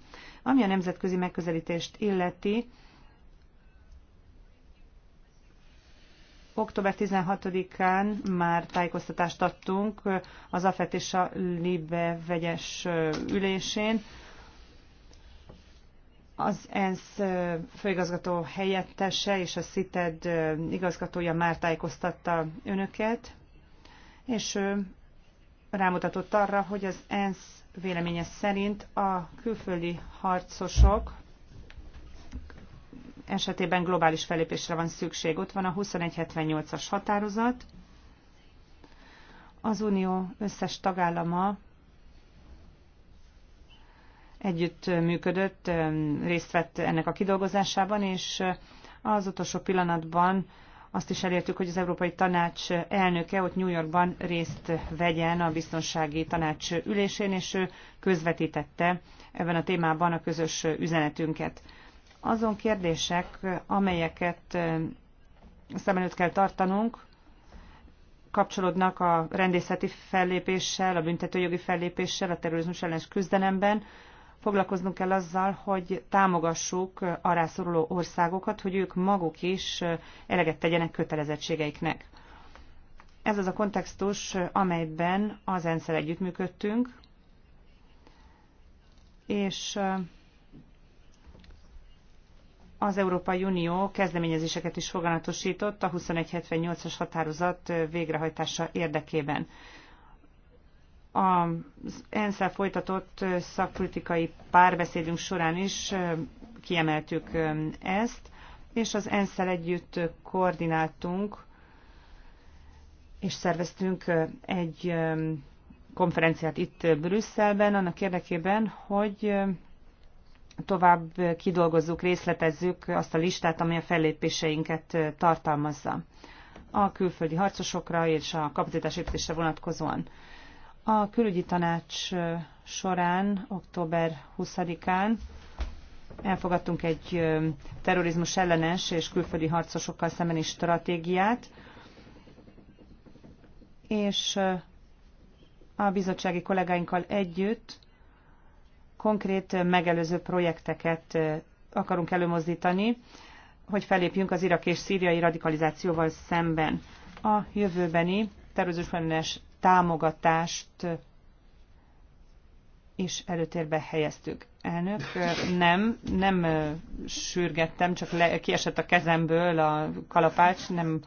Speaker 2: Ami a nemzetközi megközelítést illeti, október 16-án már tájékoztatást adtunk az AFET és a LIBE vegyes ülésén. Az ENSZ főigazgató helyettese és a CITED igazgatója már tájékoztatta önöket, és rámutatott arra, hogy az ENSZ véleménye szerint a külföldi harcosok esetében globális felépésre van szükség. Ott van a 2178-as határozat. Az Unió összes tagállama együtt működött, részt vett ennek a kidolgozásában, és az utolsó pillanatban azt is elértük, hogy az Európai Tanács elnöke ott New Yorkban részt vegyen a biztonsági tanács ülésén, és ő közvetítette ebben a témában a közös üzenetünket. Azon kérdések, amelyeket szem előtt kell tartanunk, kapcsolódnak a rendészeti fellépéssel, a büntetőjogi fellépéssel, a terrorizmus ellenes küzdelemben, foglalkoznunk kell azzal, hogy támogassuk a rászoruló országokat, hogy ők maguk is eleget tegyenek kötelezettségeiknek. Ez az a kontextus, amelyben az ENSZ-el együttműködtünk, és az Európai Unió kezdeményezéseket is foganatosított a 2178-as határozat végrehajtása érdekében. Az ensz folytatott szakpolitikai párbeszédünk során is kiemeltük ezt, és az ensz együtt koordináltunk és szerveztünk egy konferenciát itt Brüsszelben annak érdekében, hogy tovább kidolgozzuk, részletezzük azt a listát, amely a fellépéseinket tartalmazza a külföldi harcosokra és a kapacitásépítésre vonatkozóan. A külügyi tanács során, október 20-án elfogadtunk egy terrorizmus ellenes és külföldi harcosokkal szembeni stratégiát, és a bizottsági kollégáinkkal együtt konkrét megelőző projekteket akarunk előmozdítani, hogy felépjünk az irak és szíriai radikalizációval szemben. A jövőbeni terrorizmus ellenes támogatást és előtérbe helyeztük. Elnök, nem, nem sürgettem, csak le, kiesett a kezemből a kalapács, nem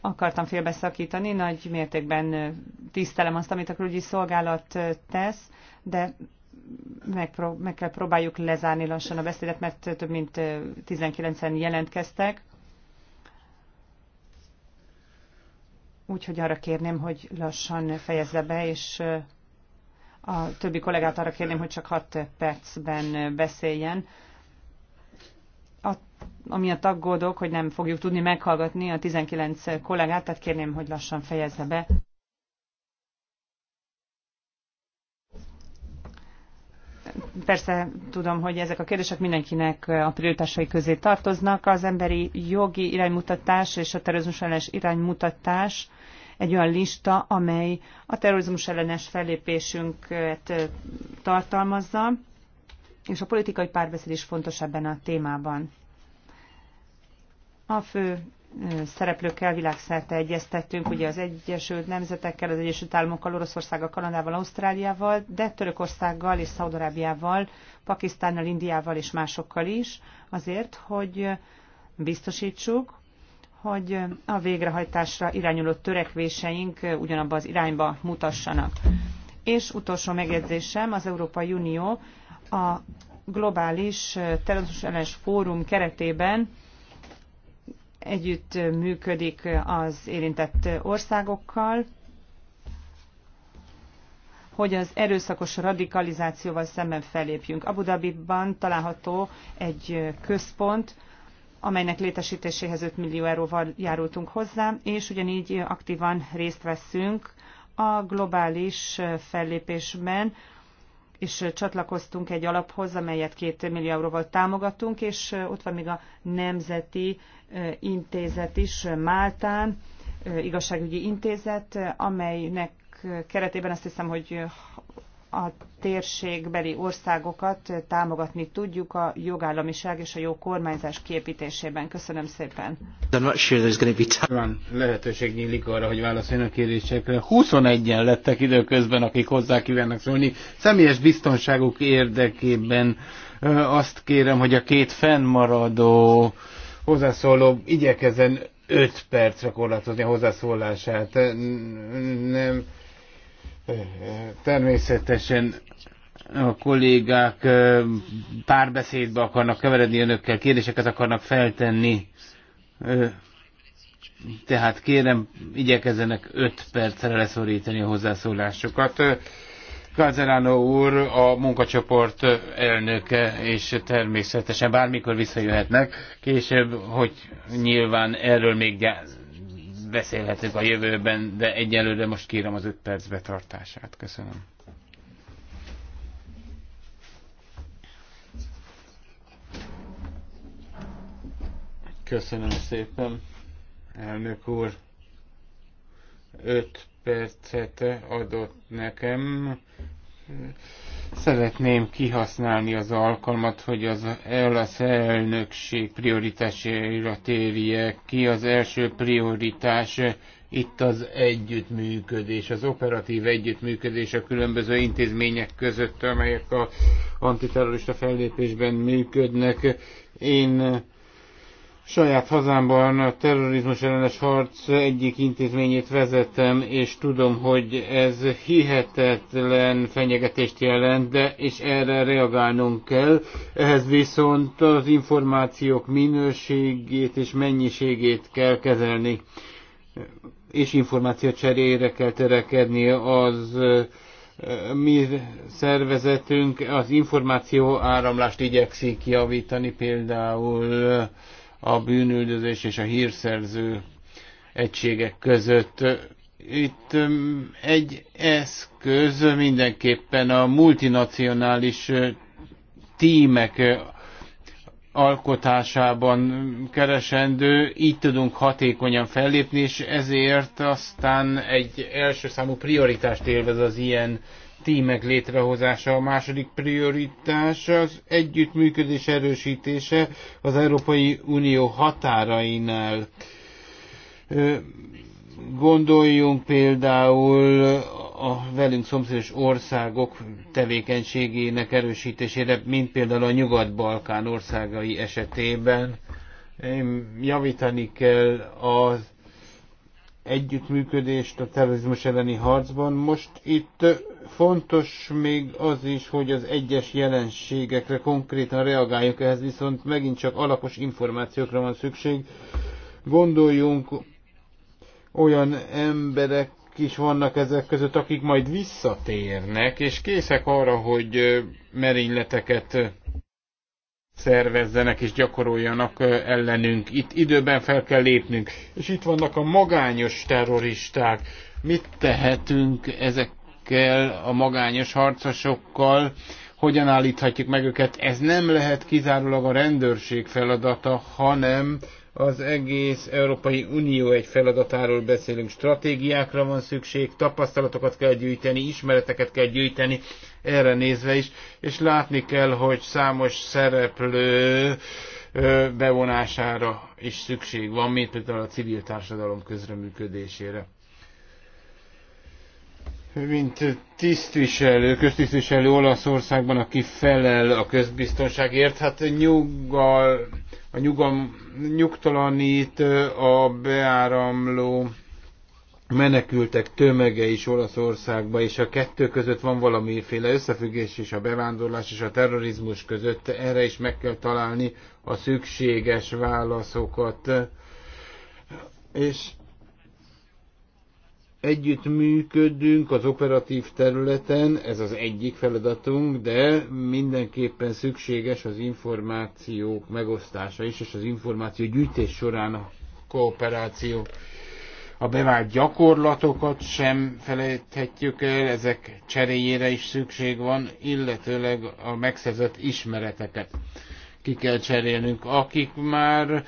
Speaker 2: akartam félbeszakítani, nagy mértékben tisztelem azt, amit a külügyi szolgálat tesz, de meg, meg kell próbáljuk lezárni lassan a beszédet, mert több mint 19-en jelentkeztek. Úgyhogy arra kérném, hogy lassan fejezze be, és a többi kollégát arra kérném, hogy csak 6 percben beszéljen. A, amiatt hogy nem fogjuk tudni meghallgatni a 19 kollégát, tehát kérném, hogy lassan fejezze be. Persze tudom, hogy ezek a kérdések mindenkinek a prioritásai közé tartoznak. Az emberi jogi iránymutatás és a terrorizmus ellenes iránymutatás egy olyan lista, amely a terrorizmus ellenes fellépésünket tartalmazza, és a politikai párbeszéd is fontos ebben a témában. A fő szereplőkkel világszerte egyeztettünk, ugye az Egyesült Nemzetekkel, az Egyesült Államokkal, Oroszországgal, Kanadával, Ausztráliával, de Törökországgal és Szaudarábiával, Pakisztánnal, Indiával és másokkal is, azért, hogy biztosítsuk, hogy a végrehajtásra irányuló törekvéseink ugyanabba az irányba mutassanak. És utolsó megjegyzésem, az Európai Unió a globális terrorizmus ellenes fórum keretében együtt működik az érintett országokkal, hogy az erőszakos radikalizációval szemben fellépjünk. Abu Dhabiban található egy központ, amelynek létesítéséhez 5 millió euróval járultunk hozzá, és ugyanígy aktívan részt veszünk a globális fellépésben, és csatlakoztunk egy alaphoz, amelyet 2 millió euróval támogatunk, és ott van még a Nemzeti Intézet is Máltán, igazságügyi intézet, amelynek keretében azt hiszem, hogy a térségbeli országokat támogatni tudjuk a jogállamiság és a jó kormányzás képítésében Köszönöm szépen.
Speaker 1: Van lehetőség nyílik arra, hogy válaszoljon a kérdésekre. 21-en lettek időközben, akik hozzá kívánnak szólni. Személyes biztonságuk érdekében azt kérem, hogy a két fennmaradó hozzászóló igyekezzen 5 percre korlátozni a hozzászólását. Nem Természetesen a kollégák párbeszédbe akarnak keveredni önökkel, kérdéseket akarnak feltenni. Tehát kérem, igyekezzenek 5 percre leszorítani a hozzászólásokat. Gazelano úr a munkacsoport elnöke, és természetesen bármikor visszajöhetnek. Később, hogy nyilván erről még beszélhetünk a jövőben, de egyelőre most kérem az öt perc betartását. Köszönöm. Köszönöm szépen, elnök úr. Öt percet adott nekem Szeretném kihasználni az alkalmat, hogy az ELASZ elnökség prioritásaira térjek ki. Az első prioritás itt az együttműködés, az operatív együttműködés a különböző intézmények között, amelyek a antiterrorista fellépésben működnek. Én Saját hazámban a terrorizmus ellenes harc egyik intézményét vezetem, és tudom, hogy ez hihetetlen fenyegetést jelent, de és erre reagálnunk kell. Ehhez viszont az információk minőségét és mennyiségét kell kezelni, és információ cserére kell törekedni az eh, mi szervezetünk az információ áramlást igyekszik javítani például a bűnüldözés és a hírszerző egységek között. Itt um, egy eszköz mindenképpen a multinacionális uh, tímek uh, alkotásában keresendő, így tudunk hatékonyan fellépni, és ezért aztán egy első számú prioritást élvez az ilyen tímek létrehozása. A második prioritás az együttműködés erősítése az Európai Unió határainál. Gondoljunk például a velünk szomszédos országok tevékenységének erősítésére, mint például a Nyugat-Balkán országai esetében. Javítani kell az együttműködést a terrorizmus elleni harcban. Most itt Fontos még az is, hogy az egyes jelenségekre konkrétan reagáljunk, ehhez viszont megint csak alapos információkra van szükség. Gondoljunk olyan emberek is vannak ezek között, akik majd visszatérnek, és készek arra, hogy merényleteket szervezzenek és gyakoroljanak ellenünk. Itt időben fel kell lépnünk. És itt vannak a magányos terroristák. Mit tehetünk ezek el a magányos harcosokkal, hogyan állíthatjuk meg őket. Ez nem lehet kizárólag a rendőrség feladata, hanem az egész Európai Unió egy feladatáról beszélünk. Stratégiákra van szükség, tapasztalatokat kell gyűjteni, ismereteket kell gyűjteni, erre nézve is, és látni kell, hogy számos szereplő bevonására is szükség van, mint például a civil társadalom közreműködésére mint tisztviselő, köztisztviselő Olaszországban, aki felel a közbiztonságért, hát nyuggal, a nyugam, nyugtalanít a beáramló menekültek tömege is Olaszországba, és a kettő között van valamiféle összefüggés is a bevándorlás és a terrorizmus között. Erre is meg kell találni a szükséges válaszokat. És együttműködünk az operatív területen, ez az egyik feladatunk, de mindenképpen szükséges az információk megosztása is, és az információ gyűjtés során a kooperáció. A bevált gyakorlatokat sem felejthetjük el, ezek cseréjére is szükség van, illetőleg a megszerzett ismereteket ki kell cserélnünk. Akik már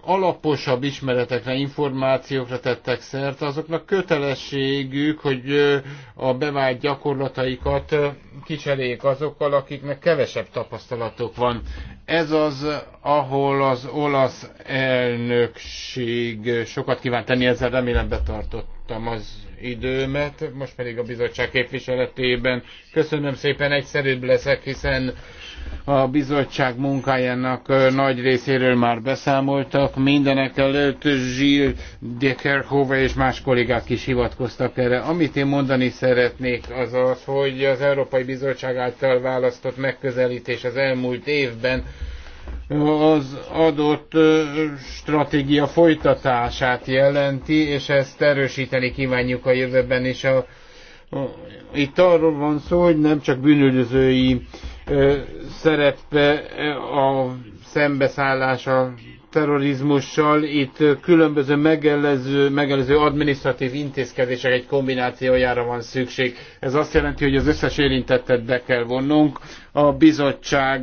Speaker 1: alaposabb ismeretekre, információkra tettek szert, azoknak kötelességük, hogy a bevált gyakorlataikat ö, kicseréljék azokkal, akiknek kevesebb tapasztalatok van. Ez az, ahol az olasz elnökség sokat kíván tenni, ezzel remélem betartottam az időmet, most pedig a bizottság képviseletében. Köszönöm szépen, egyszerűbb leszek, hiszen a bizottság munkájának nagy részéről már beszámoltak. Mindenek előtt Zsíl de és más kollégák is hivatkoztak erre. Amit én mondani szeretnék az az, hogy az Európai Bizottság által választott megközelítés az elmúlt évben az adott stratégia folytatását jelenti, és ezt erősíteni kívánjuk a jövőben is. A, itt arról van szó, hogy nem csak bűnöldözői szerepe a szembeszállás a terrorizmussal. Itt különböző megelező, megelező adminisztratív intézkedések egy kombinációjára van szükség. Ez azt jelenti, hogy az összes érintettet be kell vonnunk. A bizottság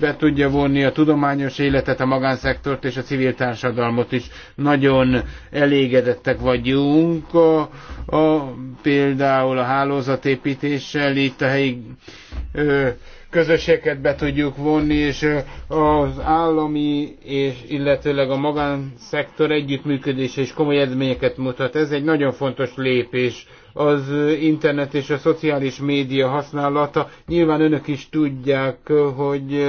Speaker 1: be tudja vonni a tudományos életet, a magánszektort és a civil társadalmot is. Nagyon elégedettek vagyunk a, a, például a hálózatépítéssel, itt a helyi ö, közösségeket be tudjuk vonni, és az állami, és illetőleg a magánszektor együttműködése is komoly eredményeket mutat. Ez egy nagyon fontos lépés. Az internet és a szociális média használata. Nyilván önök is tudják, hogy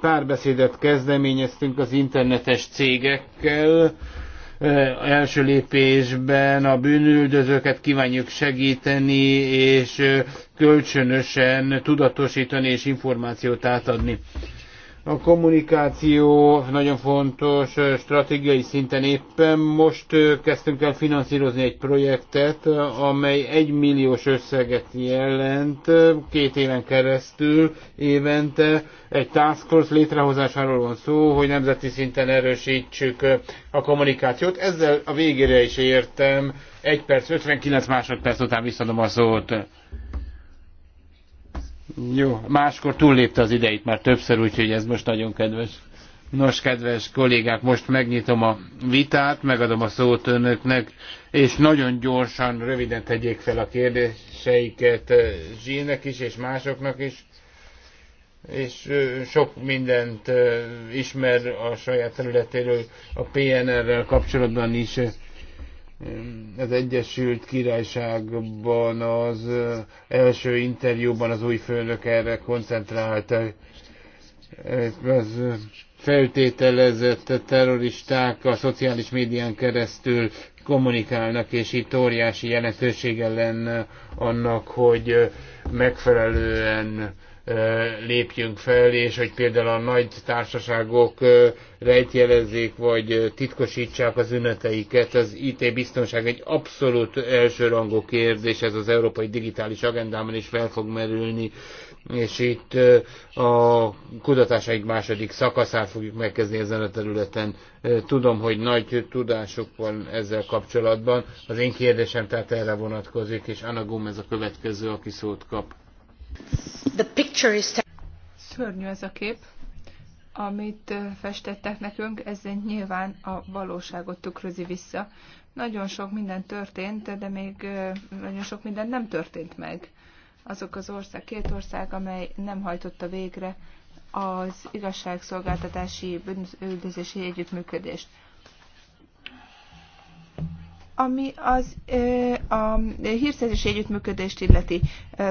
Speaker 1: párbeszédet kezdeményeztünk az internetes cégekkel, első lépésben a bűnüldözőket kívánjuk segíteni, és kölcsönösen tudatosítani és információt átadni. A kommunikáció nagyon fontos eh, stratégiai szinten. Éppen most eh, kezdtünk el finanszírozni egy projektet, eh, amely egy milliós összeget jelent két éven keresztül, évente. Egy task force létrehozásáról van szó, hogy nemzeti szinten erősítsük a kommunikációt. Ezzel a végére is értem. Egy perc, 59 másodperc után visszadom a szót. Jó, máskor túllépte az ideit már többször, úgyhogy ez most nagyon kedves. Nos, kedves kollégák, most megnyitom a vitát, megadom a szót önöknek, és nagyon gyorsan, röviden tegyék fel a kérdéseiket eh, Zsínek is, és másoknak is és eh, sok mindent eh, ismer a saját területéről a PNR-rel kapcsolatban is az Egyesült Királyságban az első interjúban az új főnök erre koncentrált, az feltételezett terroristák a szociális médián keresztül kommunikálnak, és itt óriási jelentősége lenne annak, hogy megfelelően lépjünk fel, és hogy például a nagy társaságok rejtjelezzék, vagy titkosítsák az ünneteiket. Az IT biztonság egy abszolút elsőrangú kérdés, ez az európai digitális agendában is fel fog merülni, és itt a kutatásaink második szakaszát fogjuk megkezdeni ezen a területen. Tudom, hogy nagy tudásuk van ezzel kapcsolatban. Az én kérdésem tehát erre vonatkozik, és Anna Gomez a következő, aki szót kap.
Speaker 3: The picture is Szörnyű ez a kép, amit festettek nekünk, ez nyilván a valóságot tükrözi vissza. Nagyon sok minden történt, de még nagyon sok minden nem történt meg. Azok az ország, két ország, amely nem hajtotta végre az igazságszolgáltatási bűnözési együttműködést. Ami az a hírszerzési együttműködést illeti,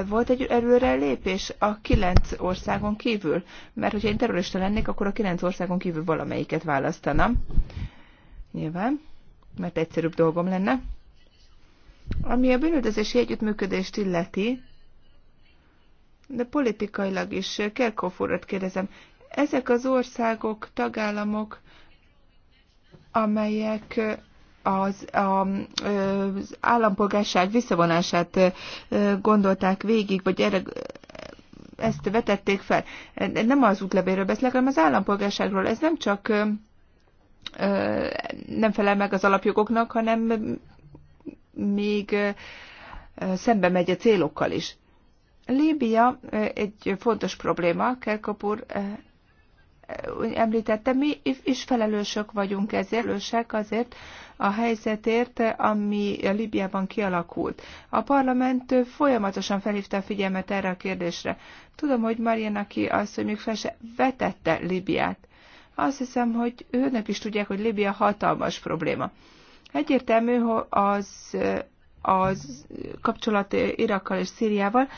Speaker 3: volt egy előre lépés a kilenc országon kívül? Mert hogyha én terrorista lennék, akkor a kilenc országon kívül valamelyiket választanám. Nyilván, mert egyszerűbb dolgom lenne. Ami a bűnöldözési együttműködést illeti, de politikailag is, Kerkhoff urat kérdezem, ezek az országok, tagállamok, amelyek az, a, az állampolgárság visszavonását gondolták végig, vagy erre ezt vetették fel. Nem az útlevéről beszélek, hanem az állampolgárságról. Ez nem csak nem felel meg az alapjogoknak, hanem még szembe megy a célokkal is. Líbia egy fontos probléma, Kerkapur említette, mi is felelősök vagyunk ezért, felelősek azért a helyzetért, ami a Libiában kialakult. A parlament folyamatosan felhívta a figyelmet erre a kérdésre. Tudom, hogy aki azt, hogy még fel se vetette Libiát. Azt hiszem, hogy őnek is tudják, hogy Libia hatalmas probléma. Egyértelmű, hogy az az kapcsolat Irakkal és Szíriával,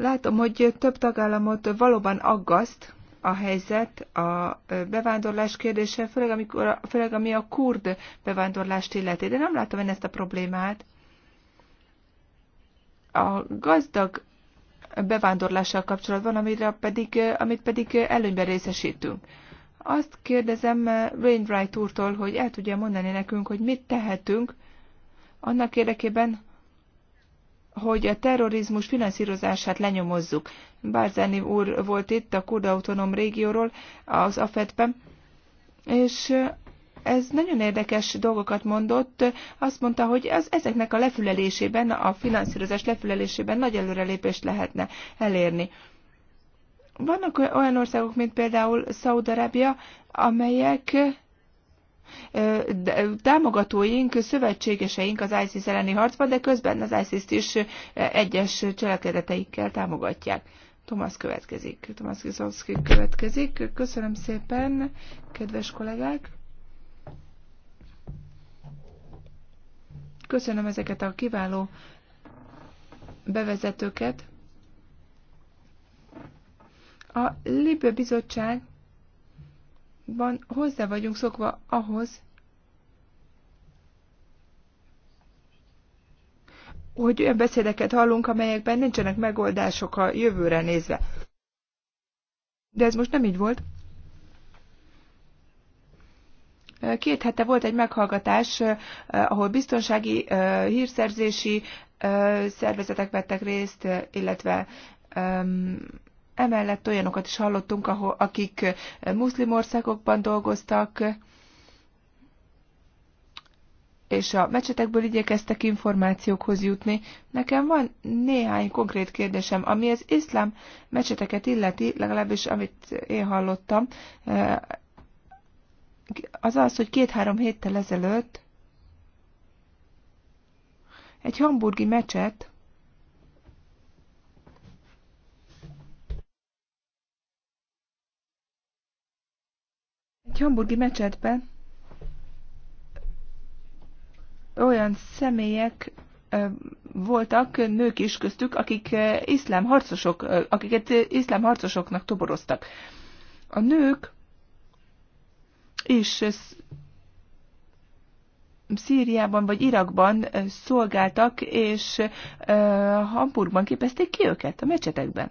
Speaker 3: Látom, hogy több tagállamot valóban aggaszt a helyzet, a bevándorlás kérdése, főleg, amikor, főleg ami a kurd bevándorlást illeti, de nem látom én ezt a problémát. A gazdag bevándorlással kapcsolatban, amire pedig, amit pedig előnyben részesítünk. Azt kérdezem Wainwright úrtól, hogy el tudja mondani nekünk, hogy mit tehetünk annak érdekében, hogy a terrorizmus finanszírozását lenyomozzuk. Bárzáni úr volt itt a Kurda autonóm régióról, az AFED-ben, és ez nagyon érdekes dolgokat mondott. Azt mondta, hogy az, ezeknek a lefülelésében, a finanszírozás lefülelésében nagy előrelépést lehetne elérni. Vannak olyan országok, mint például Szaudarábia, amelyek támogatóink, szövetségeseink az ISIS elleni harcban, de közben az isis is egyes cselekedeteikkel támogatják. Tomasz következik. Tomasz Gizowski következik. Köszönöm szépen, kedves kollégák! Köszönöm ezeket a kiváló bevezetőket. A Libe Bizottság van hozzá vagyunk szokva ahhoz, hogy olyan beszédeket hallunk, amelyekben nincsenek megoldások a jövőre nézve. De ez most nem így volt. Két hete volt egy meghallgatás, eh, ahol biztonsági eh, hírszerzési eh, szervezetek vettek részt, illetve Emellett olyanokat is hallottunk, ahol, akik eh, muszlim országokban dolgoztak, és a mecsetekből igyekeztek információkhoz jutni. Nekem van néhány konkrét kérdésem, ami az iszlám mecseteket illeti, legalábbis amit én hallottam, eh, az az, hogy két-három héttel ezelőtt egy hamburgi mecset egy hamburgi mecsetben olyan személyek voltak, nők is köztük, akik iszlám harcosok, akiket iszlám harcosoknak toboroztak. A nők is Szíriában vagy Irakban szolgáltak, és Hamburgban képezték ki őket a mecsetekben.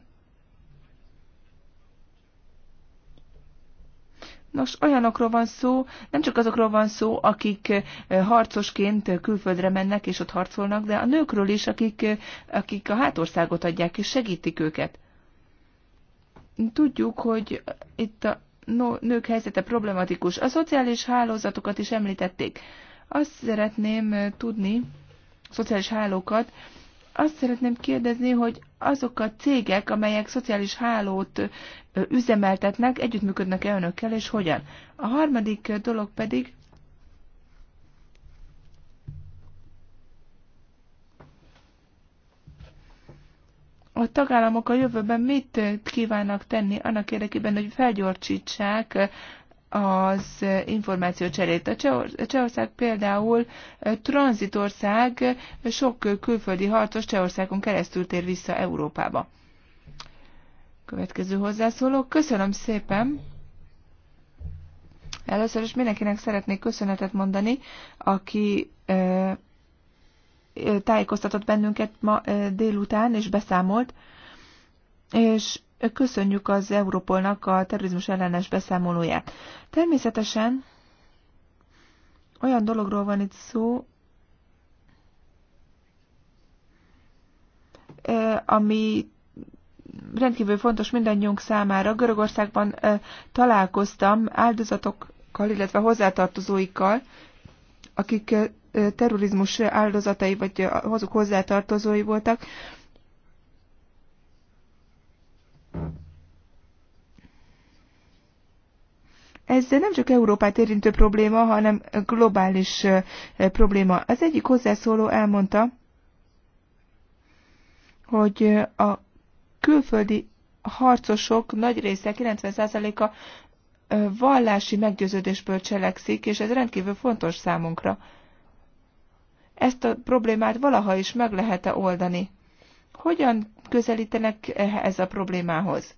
Speaker 3: Nos, olyanokról van szó, nem csak azokról van szó, akik eh, harcosként külföldre mennek és ott harcolnak, de a nőkről is, akik, eh, akik a hátországot adják és segítik őket. Tudjuk, hogy itt a nők helyzete problematikus. A szociális hálózatokat is említették. Azt szeretném eh, tudni, szociális hálókat, azt szeretném kérdezni, hogy azok a cégek, amelyek szociális hálót üzemeltetnek, együttműködnek-e önökkel, és hogyan? A harmadik dolog pedig, a tagállamok a jövőben mit kívánnak tenni annak érdekében, hogy felgyorsítsák az információcserét. A Csehország például tranzitország, sok külföldi harcos Csehországon keresztül tér vissza Európába. Következő hozzászóló. Köszönöm szépen! Először is mindenkinek szeretnék köszönetet mondani, aki tájékoztatott bennünket ma délután, és beszámolt. És Köszönjük az Európolnak a terrorizmus ellenes beszámolóját. Természetesen olyan dologról van itt szó, ami rendkívül fontos mindannyiunk számára. Görögországban találkoztam áldozatokkal, illetve hozzátartozóikkal, akik terrorizmus áldozatai vagy azok hozzátartozói voltak, ez nem csak Európát érintő probléma, hanem globális probléma. Az egyik hozzászóló elmondta, hogy a külföldi harcosok nagy része, 90%-a vallási meggyőződésből cselekszik, és ez rendkívül fontos számunkra. Ezt a problémát valaha is meg lehet-e oldani? Hogyan közelítenek ez a problémához?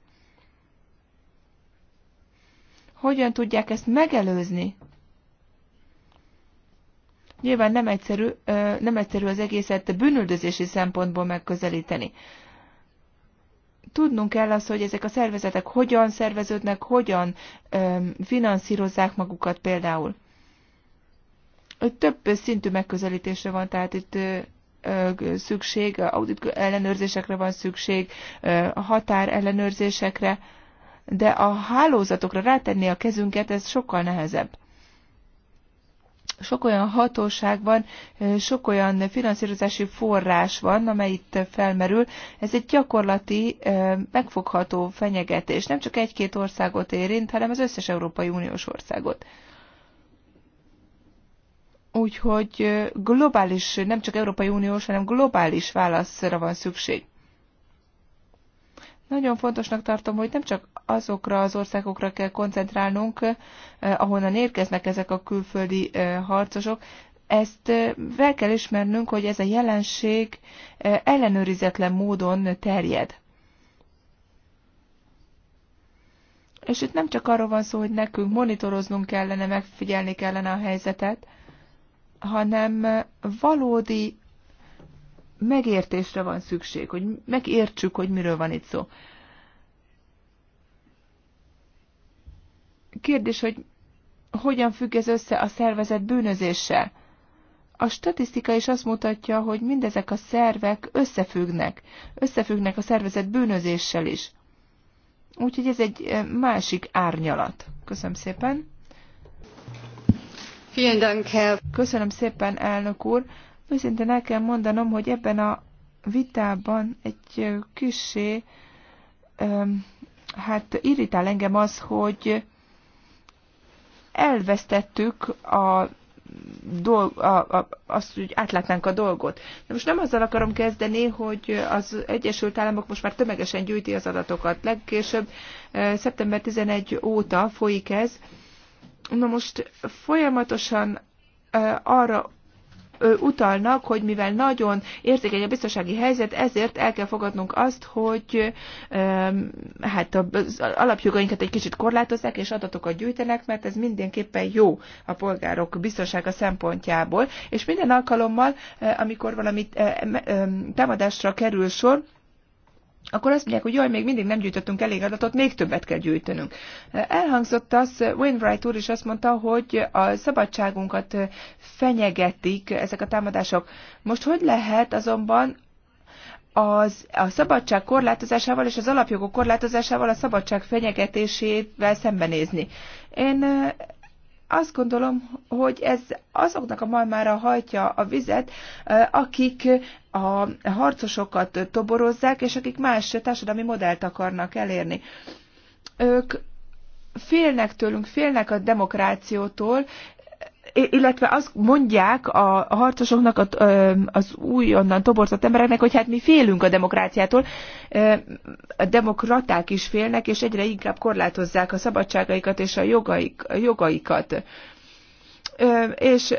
Speaker 3: Hogyan tudják ezt megelőzni? Nyilván nem egyszerű, nem egyszerű az egészet bűnüldözési szempontból megközelíteni. Tudnunk kell azt, hogy ezek a szervezetek hogyan szerveződnek, hogyan finanszírozzák magukat például. Több szintű megközelítésre van tehát itt szükség, audit ellenőrzésekre van szükség, a határ ellenőrzésekre, de a hálózatokra rátenni a kezünket, ez sokkal nehezebb. Sok olyan hatóság van, sok olyan finanszírozási forrás van, amely itt felmerül. Ez egy gyakorlati, megfogható fenyegetés. Nem csak egy-két országot érint, hanem az összes Európai Uniós országot. Úgyhogy globális, nem csak Európai Uniós, hanem globális válaszra van szükség. Nagyon fontosnak tartom, hogy nem csak azokra az országokra kell koncentrálnunk, ahonnan érkeznek ezek a külföldi harcosok, ezt fel kell ismernünk, hogy ez a jelenség ellenőrizetlen módon terjed. És itt nem csak arról van szó, hogy nekünk monitoroznunk kellene, megfigyelni kellene a helyzetet, hanem valódi megértésre van szükség, hogy megértsük, hogy miről van itt szó. Kérdés, hogy hogyan függ ez össze a szervezet bűnözéssel? A statisztika is azt mutatja, hogy mindezek a szervek összefüggnek, összefüggnek a szervezet bűnözéssel is. Úgyhogy ez egy másik árnyalat. Köszönöm szépen. Köszönöm szépen, elnök úr. Őszintén el kell mondanom, hogy ebben a vitában egy kisé, hát irritál engem az, hogy elvesztettük a dolg, a, a, azt, hogy átlátnánk a dolgot. De most nem azzal akarom kezdeni, hogy az Egyesült Államok most már tömegesen gyűjti az adatokat. Legkésőbb szeptember 11 óta folyik ez, Na most folyamatosan arra utalnak, hogy mivel nagyon érzékeny a biztonsági helyzet, ezért el kell fogadnunk azt, hogy hát az alapjogainkat egy kicsit korlátozzák, és adatokat gyűjtenek, mert ez mindenképpen jó a polgárok biztonsága szempontjából. És minden alkalommal, amikor valami támadásra kerül sor, akkor azt mondják, hogy jaj, még mindig nem gyűjtöttünk elég adatot, még többet kell gyűjtenünk. Elhangzott az, Wainwright úr is azt mondta, hogy a szabadságunkat fenyegetik ezek a támadások. Most hogy lehet azonban az, a szabadság korlátozásával és az alapjogok korlátozásával a szabadság fenyegetésével szembenézni. Én azt gondolom, hogy ez azoknak a majmára hajtja a vizet, akik a harcosokat toborozzák, és akik más társadalmi modellt akarnak elérni. Ők félnek tőlünk, félnek a demokrációtól, illetve azt mondják a harcosoknak, az újonnan toborzott embereknek, hogy hát mi félünk a demokráciától, a demokraták is félnek, és egyre inkább korlátozzák a szabadságaikat és a jogaik, a jogaikat. És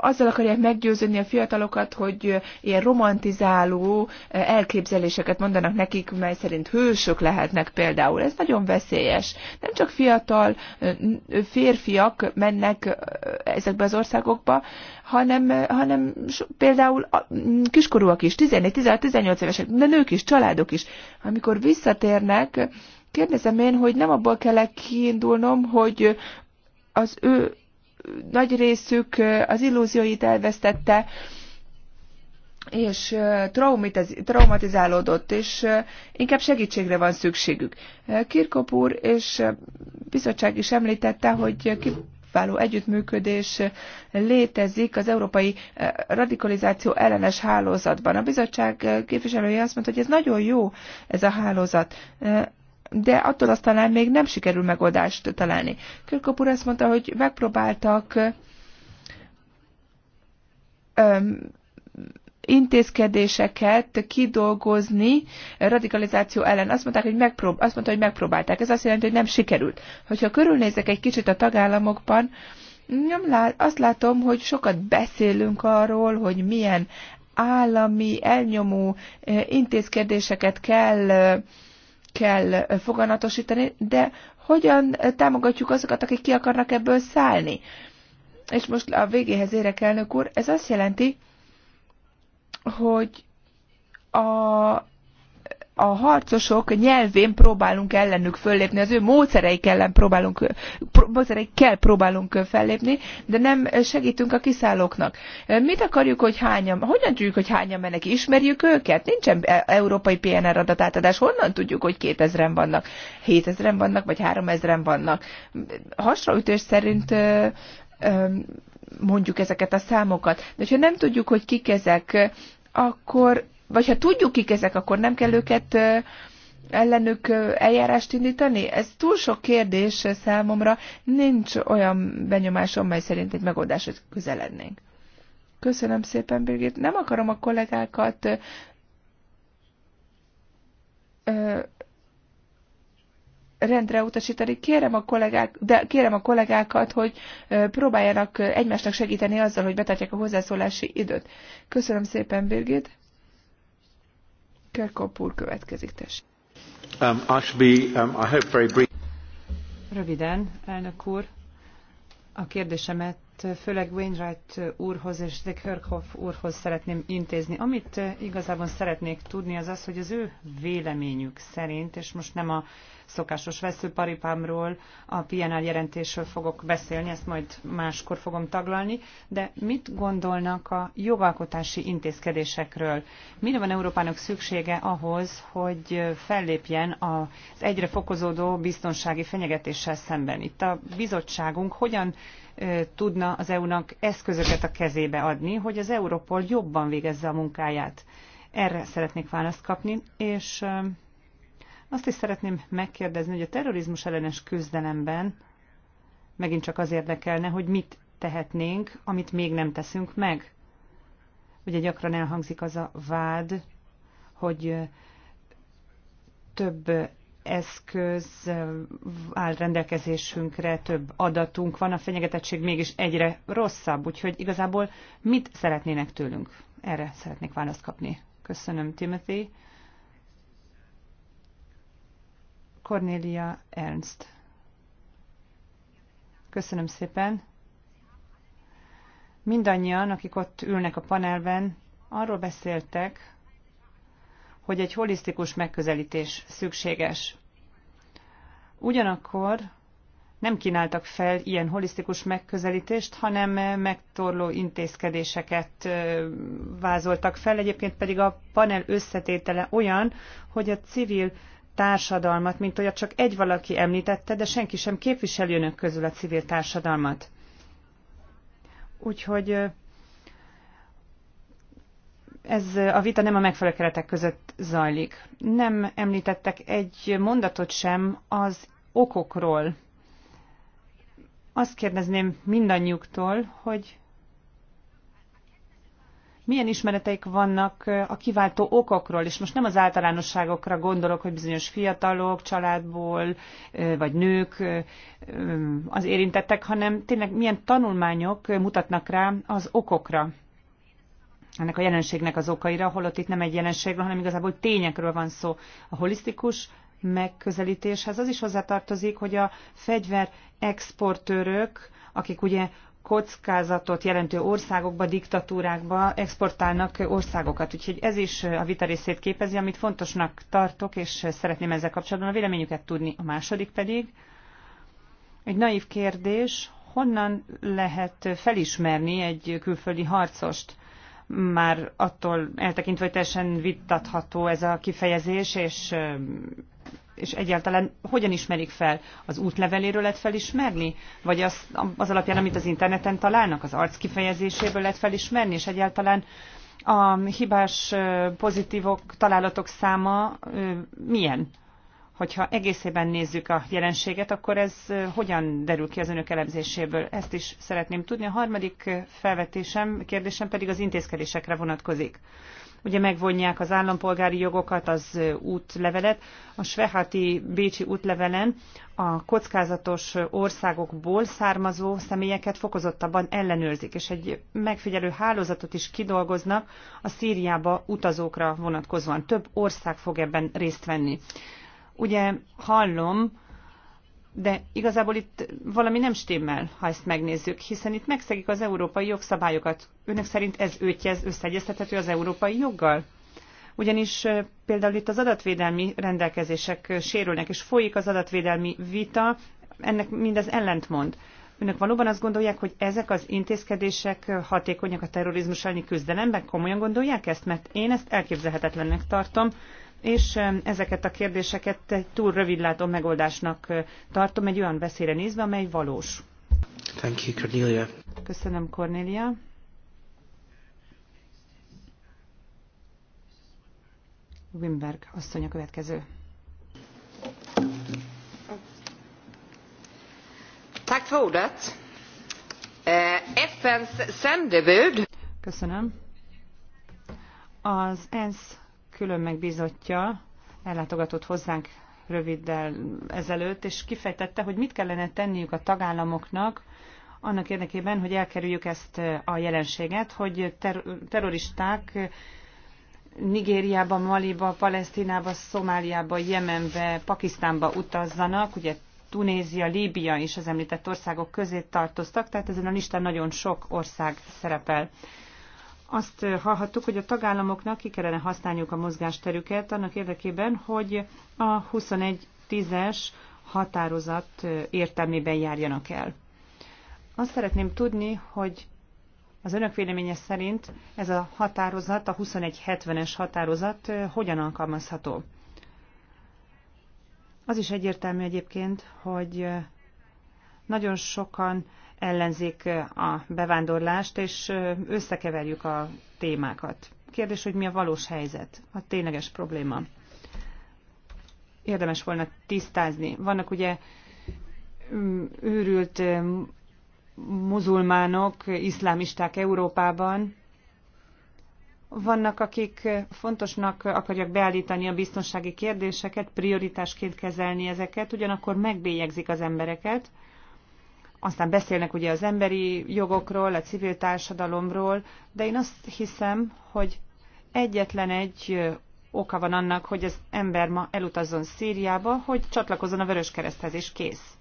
Speaker 3: azzal akarják meggyőződni a fiatalokat, hogy ilyen romantizáló eh, elképzeléseket mondanak nekik, mely szerint hősök lehetnek például. Ez nagyon veszélyes. Nem csak fiatal eh, eh, férfiak mennek ezekbe az országokba, hanem, hanem például mm, kiskorúak is, 14, 16, 18 évesek, de nők is, családok is. Amikor visszatérnek, kérdezem én, hogy nem abból kell kiindulnom, hogy az ő nagy részük az illúzióit elvesztette, és traumatizálódott, és inkább segítségre van szükségük. Kirkop úr és bizottság is említette, hogy kiváló együttműködés létezik az európai radikalizáció ellenes hálózatban. A bizottság képviselője azt mondta, hogy ez nagyon jó, ez a hálózat de attól aztán még nem sikerül megoldást találni. Kirkop úr azt mondta, hogy megpróbáltak intézkedéseket kidolgozni radikalizáció ellen. Azt, mondták, hogy megprób- azt mondta, hogy megpróbálták. Ez azt jelenti, hogy nem sikerült. Hogyha körülnézek egy kicsit a tagállamokban, nem lát, azt látom, hogy sokat beszélünk arról, hogy milyen állami, elnyomó eh, intézkedéseket kell eh, kell foganatosítani, de hogyan támogatjuk azokat, akik ki akarnak ebből szállni? És most a végéhez érek, elnök úr, ez azt jelenti, hogy a a harcosok nyelvén próbálunk ellenük föllépni, az ő módszereik ellen próbálunk, módszereikkel próbálunk fellépni, de nem segítünk a kiszállóknak. Mit akarjuk, hogy hányan, hogyan tudjuk, hogy hányan mennek, ismerjük őket? Nincsen e-, európai PNR adatátadás, honnan tudjuk, hogy 2000-en vannak, 7000-en vannak, vagy 3000-en vannak? Hasraütés szerint mondjuk ezeket a számokat. De ha nem tudjuk, hogy kik ezek, akkor vagy ha tudjuk, kik ezek, akkor nem kell őket ellenük eljárást indítani? Ez túl sok kérdés számomra, nincs olyan benyomásom, mely szerint egy megoldáshoz közelednénk. Köszönöm szépen, Birgit. Nem akarom a kollégákat rendre utasítani. Kérem a, kollégák, de kérem a kollégákat, hogy próbáljanak egymásnak segíteni azzal, hogy betartják a hozzászólási időt. Köszönöm szépen, Birgit. Kerkop úr következik, tessék.
Speaker 4: Um, I be, um, I hope very brief.
Speaker 2: Röviden, elnök úr. A kérdésemet főleg Wainwright úrhoz és de Kirchhoff úrhoz szeretném intézni. Amit igazából szeretnék tudni, az az, hogy az ő véleményük szerint, és most nem a szokásos veszőparipámról, a PNL jelentésről fogok beszélni, ezt majd máskor fogom taglalni, de mit gondolnak a jogalkotási intézkedésekről? Mire van Európának szüksége ahhoz, hogy fellépjen az egyre fokozódó biztonsági fenyegetéssel szemben? Itt a bizottságunk hogyan tudna az EU-nak eszközöket a kezébe adni, hogy az Europol jobban végezze a munkáját. Erre szeretnék választ kapni, és azt is szeretném megkérdezni, hogy a terrorizmus ellenes küzdelemben megint csak az érdekelne, hogy mit tehetnénk, amit még nem teszünk meg. Ugye gyakran elhangzik az a vád, hogy több eszköz áll rendelkezésünkre, több adatunk van, a fenyegetettség mégis egyre rosszabb, úgyhogy igazából mit szeretnének tőlünk? Erre szeretnék választ kapni. Köszönöm, Timothy. Cornelia Ernst. Köszönöm szépen. Mindannyian, akik ott ülnek a panelben, arról beszéltek, hogy egy holisztikus megközelítés szükséges. Ugyanakkor nem kínáltak fel ilyen holisztikus megközelítést, hanem megtorló intézkedéseket vázoltak fel. Egyébként pedig a panel összetétele olyan, hogy a civil társadalmat, mint olyat csak egy valaki említette, de senki sem képviseli önök közül a civil társadalmat. Úgyhogy ez a vita nem a megfelelő keretek között zajlik. Nem említettek egy mondatot sem az okokról. Azt kérdezném mindannyiuktól, hogy milyen ismereteik vannak a kiváltó okokról, és most nem az általánosságokra gondolok, hogy bizonyos fiatalok, családból, vagy nők az érintettek, hanem tényleg milyen tanulmányok mutatnak rá az okokra, ennek a jelenségnek az okaira, holott itt nem egy jelenségről, hanem igazából tényekről van szó. A holisztikus megközelítéshez az is hozzátartozik, hogy a fegyver exportőrök, akik ugye kockázatot jelentő országokba, diktatúrákba exportálnak országokat. Úgyhogy ez is a vita részét képezi, amit fontosnak tartok, és szeretném ezzel kapcsolatban a véleményüket tudni. A második pedig egy naív kérdés, honnan lehet felismerni egy külföldi harcost? Már attól eltekintve, hogy teljesen vitatható ez a kifejezés, és és egyáltalán hogyan ismerik fel? Az útleveléről lehet felismerni? Vagy az, az alapján, amit az interneten találnak, az arc kifejezéséből lehet felismerni, és egyáltalán a hibás pozitívok, találatok száma milyen? Hogyha egészében nézzük a jelenséget, akkor ez hogyan derül ki az önök elemzéséből? Ezt is szeretném tudni. A harmadik felvetésem, kérdésem pedig az intézkedésekre vonatkozik ugye megvonják az állampolgári jogokat, az útlevelet. A Svehati Bécsi útlevelen a kockázatos országokból származó személyeket fokozottabban ellenőrzik, és egy megfigyelő hálózatot is kidolgoznak a Szíriába utazókra vonatkozóan. Több ország fog ebben részt venni. Ugye hallom, de igazából itt valami nem stimmel, ha ezt megnézzük, hiszen itt megszegik az európai jogszabályokat. Önök szerint ez őtjez összeegyeztethető az európai joggal? Ugyanis például itt az adatvédelmi rendelkezések sérülnek, és folyik az adatvédelmi vita, ennek mindez ellentmond. Önök valóban azt gondolják, hogy ezek az intézkedések hatékonyak a terrorizmus elleni küzdelemben? Komolyan gondolják ezt? Mert én ezt elképzelhetetlennek tartom, és ezeket a kérdéseket túl rövidlátó megoldásnak tartom, egy olyan veszélyre nézve, amely valós. Thank you, Cornelia. Köszönöm, Cornelia. Wimberg asszony a következő. Tack för ordet.
Speaker 3: Eh, FNs
Speaker 2: sändebud. Köszönöm. Az ENSZ külön megbízottja ellátogatott hozzánk röviddel ezelőtt, és kifejtette, hogy mit kellene tenniük a tagállamoknak annak érdekében, hogy elkerüljük ezt a jelenséget, hogy ter- terroristák Nigériába, Maliba, Palesztinába, Szomáliába, Jemenbe, Pakisztánba utazzanak, ugye Tunézia, Líbia is az említett országok közé tartoztak, tehát ezen a listán nagyon sok ország szerepel azt hallhattuk, hogy a tagállamoknak ki kellene használniuk a mozgásterüket annak érdekében, hogy a 21.10-es határozat értelmében járjanak el. Azt szeretném tudni, hogy az önök véleménye szerint ez a határozat, a 2170-es határozat hogyan alkalmazható? Az is egyértelmű egyébként, hogy nagyon sokan ellenzik a bevándorlást, és összekeverjük a témákat. Kérdés, hogy mi a valós helyzet, a tényleges probléma. Érdemes volna tisztázni. Vannak ugye őrült muzulmánok, iszlámisták Európában, vannak, akik fontosnak akarják beállítani a biztonsági kérdéseket, prioritásként kezelni ezeket, ugyanakkor megbélyegzik az embereket, aztán beszélnek ugye az emberi jogokról, a civil társadalomról, de én azt hiszem, hogy egyetlen egy oka van annak, hogy az ember ma elutazzon Szíriába, hogy csatlakozzon a Vörös Kereszthez, és kész.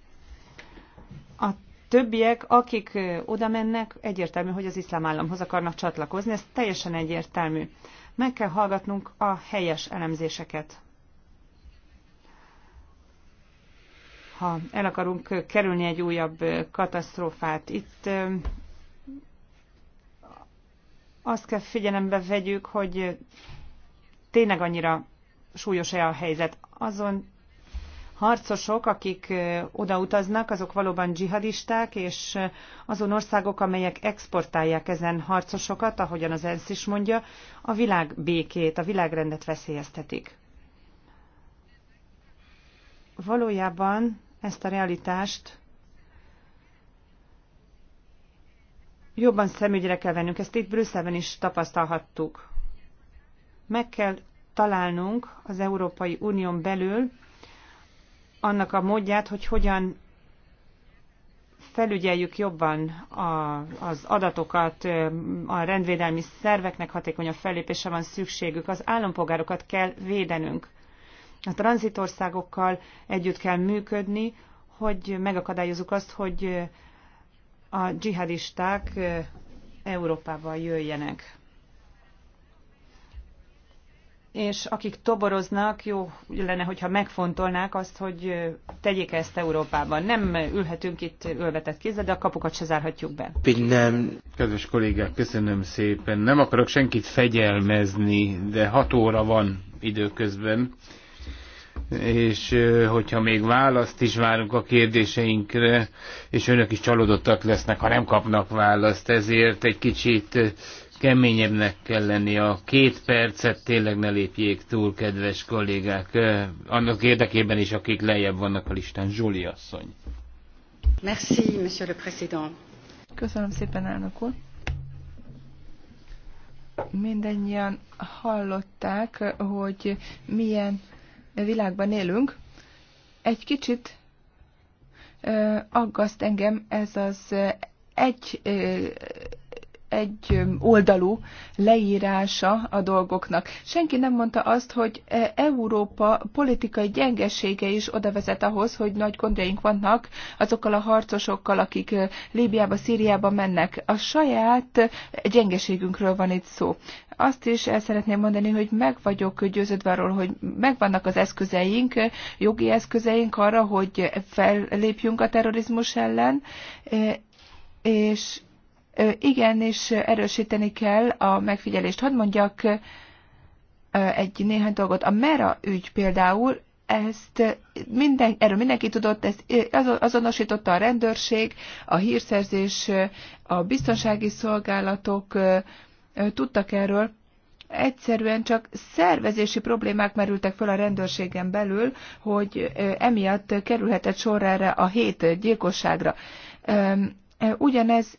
Speaker 2: A többiek, akik oda mennek, egyértelmű, hogy az iszlám államhoz akarnak csatlakozni, ez teljesen egyértelmű. Meg kell hallgatnunk a helyes elemzéseket. ha el akarunk kerülni egy újabb katasztrófát. Itt azt kell figyelembe vegyük, hogy tényleg annyira súlyos-e a helyzet. Azon harcosok, akik odautaznak, azok valóban dzsihadisták, és azon országok, amelyek exportálják ezen harcosokat, ahogyan az ENSZ is mondja, a világ békét, a világrendet veszélyeztetik. Valójában ezt a realitást jobban szemügyre kell vennünk. Ezt itt Brüsszelben is tapasztalhattuk. Meg kell találnunk az Európai Unión belül annak a módját, hogy hogyan felügyeljük jobban a, az adatokat, a rendvédelmi szerveknek hatékonyabb fellépése van szükségük, az állampolgárokat kell védenünk a tranzitországokkal együtt kell működni, hogy megakadályozzuk azt, hogy a dzsihadisták Európába jöjjenek. És akik toboroznak, jó lenne, hogyha megfontolnák azt, hogy tegyék ezt Európában. Nem ülhetünk itt ölvetett kézzel, de a kapukat se zárhatjuk be.
Speaker 1: Nem. Kedves kollégák, köszönöm szépen. Nem akarok senkit fegyelmezni, de hat óra van időközben és hogyha még választ is várunk a kérdéseinkre, és önök is csalódottak lesznek, ha nem kapnak választ, ezért egy kicsit keményebbnek kell lenni. A két percet tényleg ne lépjék túl, kedves kollégák. Annak érdekében is, akik lejjebb vannak a listán. Zsoli asszony.
Speaker 3: Merci, monsieur le président. Köszönöm szépen, elnök úr. Mindennyian hallották, hogy milyen világban élünk. Egy kicsit aggaszt engem ez az egy egy oldalú leírása a dolgoknak. Senki nem mondta azt, hogy e, Európa politikai gyengesége is oda vezet ahhoz, hogy nagy gondjaink vannak azokkal a harcosokkal, akik Líbiába, Szíriába mennek. A saját gyengeségünkről van itt szó. Azt is el szeretném mondani, hogy meg vagyok győződve arról, hogy megvannak az eszközeink, jogi eszközeink arra, hogy fellépjünk a terrorizmus ellen, és igen, és erősíteni kell a megfigyelést. Hadd mondjak egy néhány dolgot. A MERA ügy például ezt minden, erről mindenki tudott, ezt azonosította a rendőrség, a hírszerzés, a biztonsági szolgálatok tudtak erről. Egyszerűen csak szervezési problémák merültek fel a rendőrségen belül, hogy emiatt kerülhetett sor erre a hét gyilkosságra. Ugyanez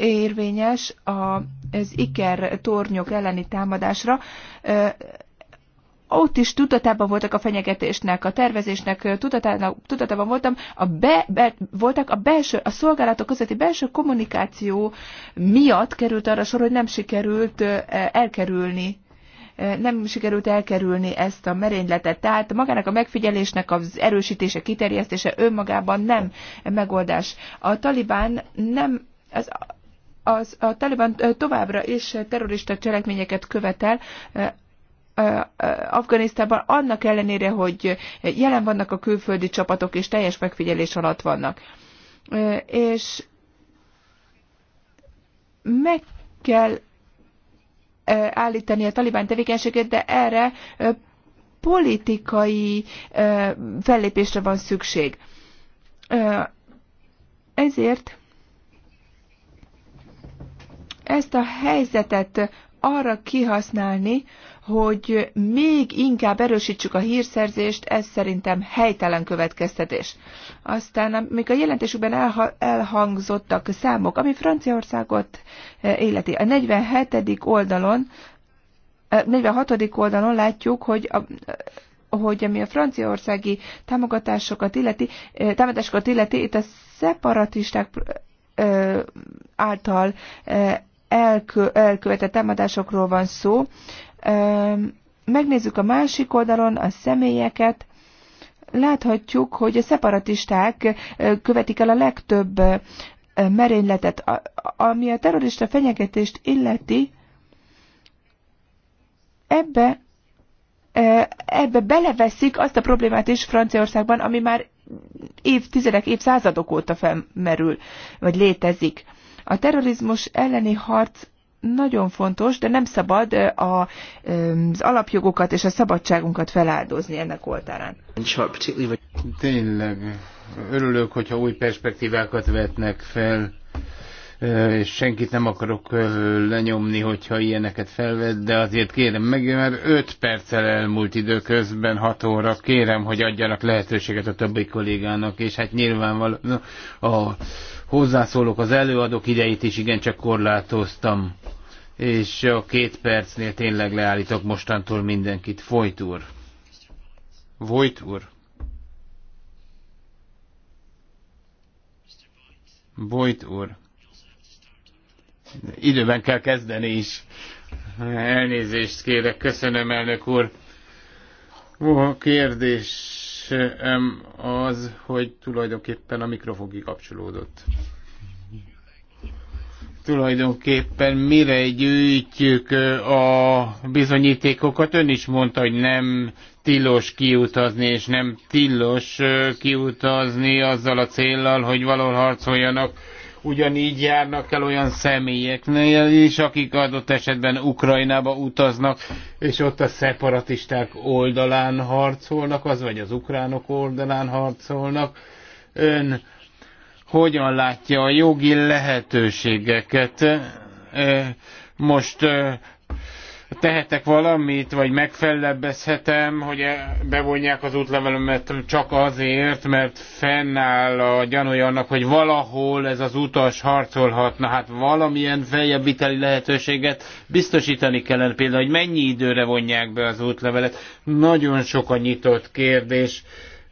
Speaker 3: érvényes az Iker tornyok elleni támadásra. Ott is tudatában voltak a fenyegetésnek, a tervezésnek, tudatában voltam, a be, be, voltak a belső, a szolgálatok közötti belső kommunikáció miatt került arra sor, hogy nem sikerült elkerülni nem sikerült elkerülni ezt a merényletet. Tehát magának a megfigyelésnek az erősítése, kiterjesztése önmagában nem megoldás. A talibán nem az az, a Taliban továbbra is terrorista cselekményeket követel, Afganisztánban annak ellenére, hogy jelen vannak a külföldi csapatok, és teljes megfigyelés alatt vannak. És meg kell állítani a talibán tevékenységet, de erre politikai fellépésre van szükség. Ezért ezt a helyzetet arra kihasználni, hogy még inkább erősítsük a hírszerzést, ez szerintem helytelen következtetés. Aztán, amik a jelentésükben elhangzottak számok, ami Franciaországot eh, életi, a 47. oldalon, 46. Eh, oldalon látjuk, hogy a, hogy ami a franciaországi támogatásokat illeti, eh, támadásokat illeti, itt a szeparatisták által elkö, elkövetett támadásokról van szó. Megnézzük a másik oldalon a személyeket. Láthatjuk, hogy a szeparatisták követik el a legtöbb merényletet. Ami a terrorista fenyegetést illeti, ebbe, ebbe beleveszik azt a problémát is Franciaországban, ami már évtizedek, évszázadok óta felmerül, vagy létezik. A terrorizmus elleni harc nagyon fontos, de nem szabad az alapjogokat és a szabadságunkat feláldozni ennek oltárán.
Speaker 1: Tényleg, örülök, hogyha új perspektívákat vetnek fel, és senkit nem akarok lenyomni, hogyha ilyeneket felvett, de azért kérem meg, mert 5 perccel elmúlt időközben, 6 óra, kérem, hogy adjanak lehetőséget a többi kollégának, és hát nyilvánvalóan a hozzászólók, az előadók idejét is igencsak korlátoztam, és a két percnél tényleg leállítok mostantól mindenkit. Folyt úr. Folyt úr. Bojt úr. Időben kell kezdeni is. Elnézést kérek, köszönöm elnök úr. Ó, kérdés az, hogy tulajdonképpen a mikrofon kikapcsolódott. Tulajdonképpen mire gyűjtjük a bizonyítékokat? Ön is mondta, hogy nem tilos kiutazni, és nem tilos kiutazni azzal a céllal, hogy valahol harcoljanak ugyanígy járnak el olyan személyeknél is, akik adott esetben Ukrajnába utaznak, és ott a szeparatisták oldalán harcolnak, az vagy az ukránok oldalán harcolnak. Ön hogyan látja a jogi lehetőségeket? Most tehetek valamit, vagy megfellebbezhetem, hogy e- bevonják az útlevelemet csak azért, mert fennáll a gyanúja annak, hogy valahol ez az utas harcolhatna. Hát valamilyen viteli lehetőséget biztosítani kellene például, hogy mennyi időre vonják be az útlevelet. Nagyon sok a nyitott kérdés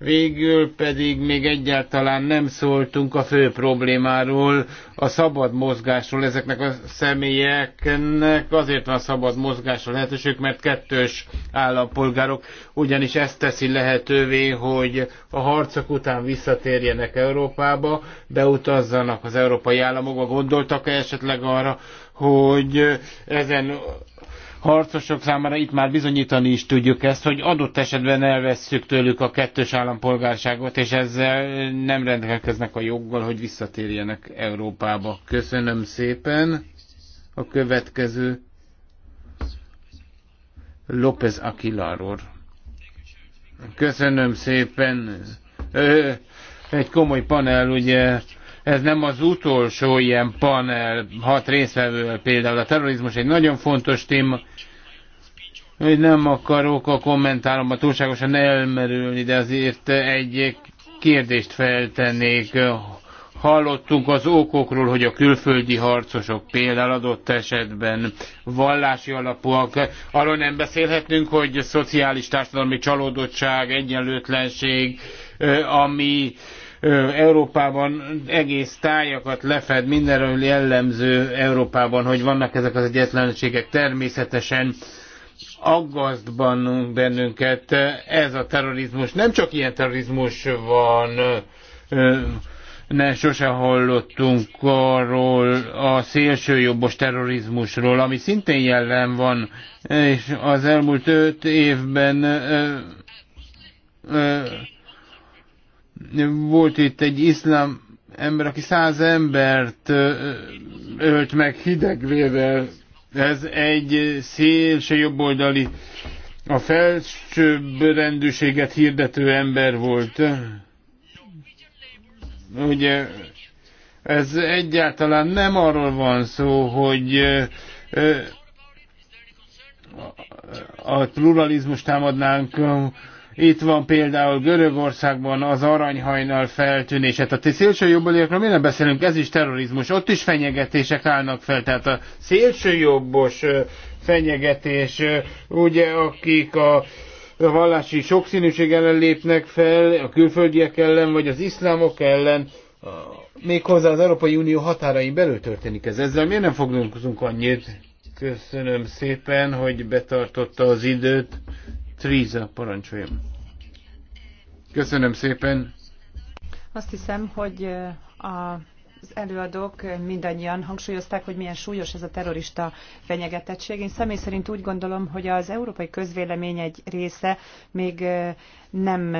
Speaker 1: Végül pedig még egyáltalán nem szóltunk a fő problémáról, a szabad mozgásról. Ezeknek a személyeknek azért van szabad mozgásra lehetőség, mert kettős állampolgárok, ugyanis ezt teszi lehetővé, hogy a harcok után visszatérjenek Európába, beutazzanak az európai államokba. Gondoltak-e esetleg arra, hogy ezen harcosok számára itt már bizonyítani is tudjuk ezt, hogy adott esetben elvesszük tőlük a kettős állampolgárságot, és ezzel nem rendelkeznek a joggal, hogy visszatérjenek Európába. Köszönöm szépen. A következő López Aquilaror. Köszönöm szépen. egy komoly panel, ugye ez nem az utolsó ilyen panel, hat részvevővel például. A terrorizmus egy nagyon fontos téma, hogy nem akarok a kommentáromba túlságosan elmerülni, de azért egy kérdést feltennék. Hallottunk az okokról, hogy a külföldi harcosok például adott esetben vallási alapúak. Arról nem beszélhetünk, hogy szociális társadalmi csalódottság, egyenlőtlenség, ami Európában egész tájakat lefed, mindenről jellemző Európában, hogy vannak ezek az egyetlenségek. Természetesen aggasztban bennünket ez a terrorizmus. Nem csak ilyen terrorizmus van, ne sose hallottunk arról a szélsőjobbos terrorizmusról, ami szintén jelen van, és az elmúlt öt évben ö, ö, volt itt egy iszlám ember, aki száz embert ölt meg hidegvével. Ez egy szélső jobboldali, a felsőbb rendőséget hirdető ember volt. Ugye ez egyáltalán nem arról van szó, hogy a pluralizmus támadnánk, itt van például Görögországban az aranyhajnal feltűnés. Tehát a szélső jobboldaliakról miért nem beszélünk? Ez is terrorizmus. Ott is fenyegetések állnak fel. Tehát a szélső jobbos fenyegetés, ugye akik a a vallási sokszínűség ellen lépnek fel, a külföldiek ellen, vagy az iszlámok ellen, méghozzá az Európai Unió határain belül történik ez. Ezzel miért nem foglalkozunk annyit? Köszönöm szépen, hogy betartotta az időt. Tríza, parancsoljon. Köszönöm szépen.
Speaker 2: Azt hiszem, hogy a az előadók mindannyian hangsúlyozták, hogy milyen súlyos ez a terrorista fenyegetettség. Én személy szerint úgy gondolom, hogy az európai közvélemény egy része még nem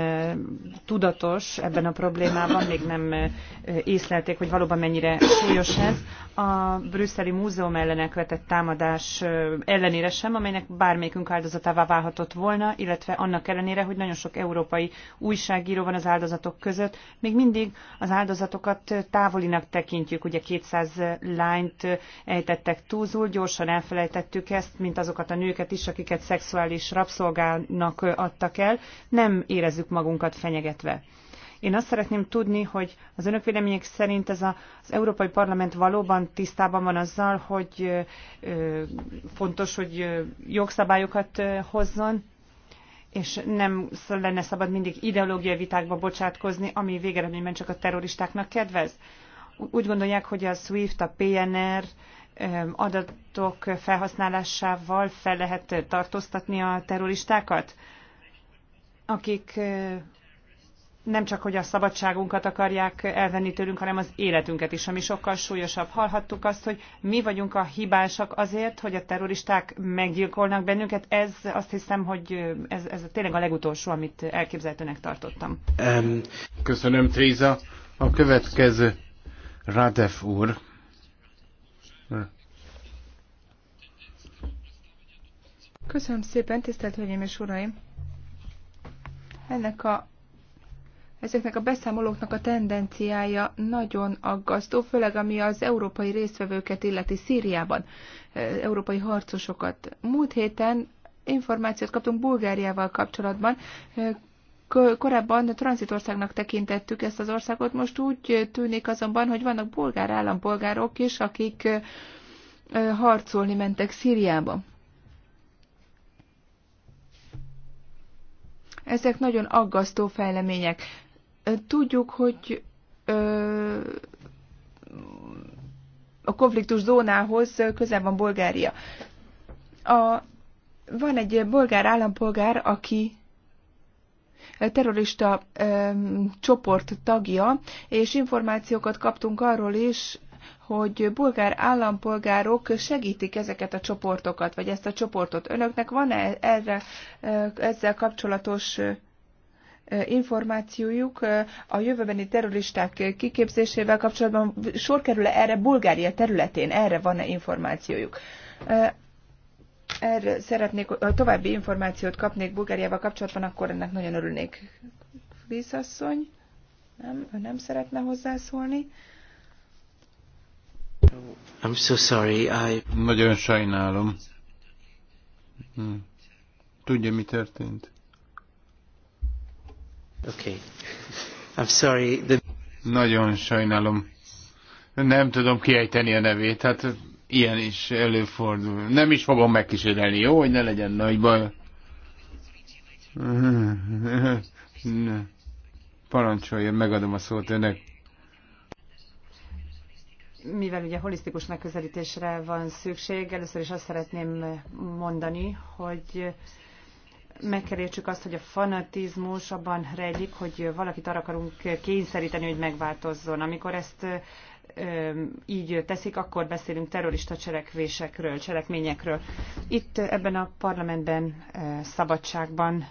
Speaker 2: tudatos ebben a problémában, még nem észlelték, hogy valóban mennyire súlyos ez. A brüsszeli múzeum ellenek vetett támadás ellenére sem, amelynek bármelyikünk áldozatává válhatott volna, illetve annak ellenére, hogy nagyon sok európai újságíró van az áldozatok között, még mindig az áldozatokat távolinak tekintjük. Ugye 200 lányt ejtettek túlzul, gyorsan elfelejtettük ezt, mint azokat a nőket is, akiket szexuális rabszolgálnak adtak el. Nem érezzük magunkat fenyegetve. Én azt szeretném tudni, hogy az önök vélemények szerint ez a, az Európai Parlament valóban tisztában van azzal, hogy ö, fontos, hogy jogszabályokat ö, hozzon, és nem lenne szabad mindig ideológiai vitákba bocsátkozni, ami végeredményben csak a terroristáknak kedvez. Úgy gondolják, hogy a SWIFT, a PNR adatok felhasználásával fel lehet tartóztatni a terroristákat? akik nem csak hogy a szabadságunkat akarják elvenni tőlünk, hanem az életünket is, ami sokkal súlyosabb. Hallhattuk azt, hogy mi vagyunk a hibásak azért, hogy a terroristák meggyilkolnak bennünket. Ez azt hiszem, hogy ez, ez tényleg a legutolsó, amit elképzelhetőnek tartottam.
Speaker 1: Köszönöm, Tríza. A következő Radev úr.
Speaker 3: Köszönöm szépen, tisztelt Hölgyeim és Uraim! Ennek a, ezeknek a beszámolóknak a tendenciája nagyon aggasztó, főleg ami az európai résztvevőket illeti Szíriában, eh, európai harcosokat. Múlt héten információt kaptunk Bulgáriával kapcsolatban, eh, Korábban tranzitországnak tekintettük ezt az országot, most úgy tűnik azonban, hogy vannak bolgár állampolgárok is, akik eh, harcolni mentek Szíriába. Ezek nagyon aggasztó fejlemények. Tudjuk, hogy ö, a konfliktus zónához közel van Bulgária. A, van egy bolgár állampolgár, aki terrorista ö, csoport tagja, és információkat kaptunk arról is, hogy bulgár állampolgárok segítik ezeket a csoportokat, vagy ezt a csoportot. Önöknek van-e erre, ezzel kapcsolatos információjuk a jövőbeni terroristák kiképzésével kapcsolatban sor kerül -e erre Bulgária területén, erre van-e információjuk? Erre szeretnék, további információt kapnék Bulgáriával kapcsolatban, akkor ennek nagyon örülnék. Vízasszony, nem, ő nem szeretne hozzászólni.
Speaker 1: I'm so sorry, I... Nagyon sajnálom. Hm. Tudja, mi történt? Okay. I'm sorry. The... Nagyon sajnálom. Nem tudom kiejteni a nevét, hát ilyen is előfordul. Nem is fogom megkísérelni, jó, hogy ne legyen nagy baj. Hm. Hm. Parancsoljon, megadom a szót önnek
Speaker 2: mivel ugye holisztikus megközelítésre van szükség, először is azt szeretném mondani, hogy meg azt, hogy a fanatizmus abban rejlik, hogy valakit arra akarunk kényszeríteni, hogy megváltozzon. Amikor ezt így teszik, akkor beszélünk terrorista cselekvésekről, cselekményekről. Itt ebben a parlamentben szabadságban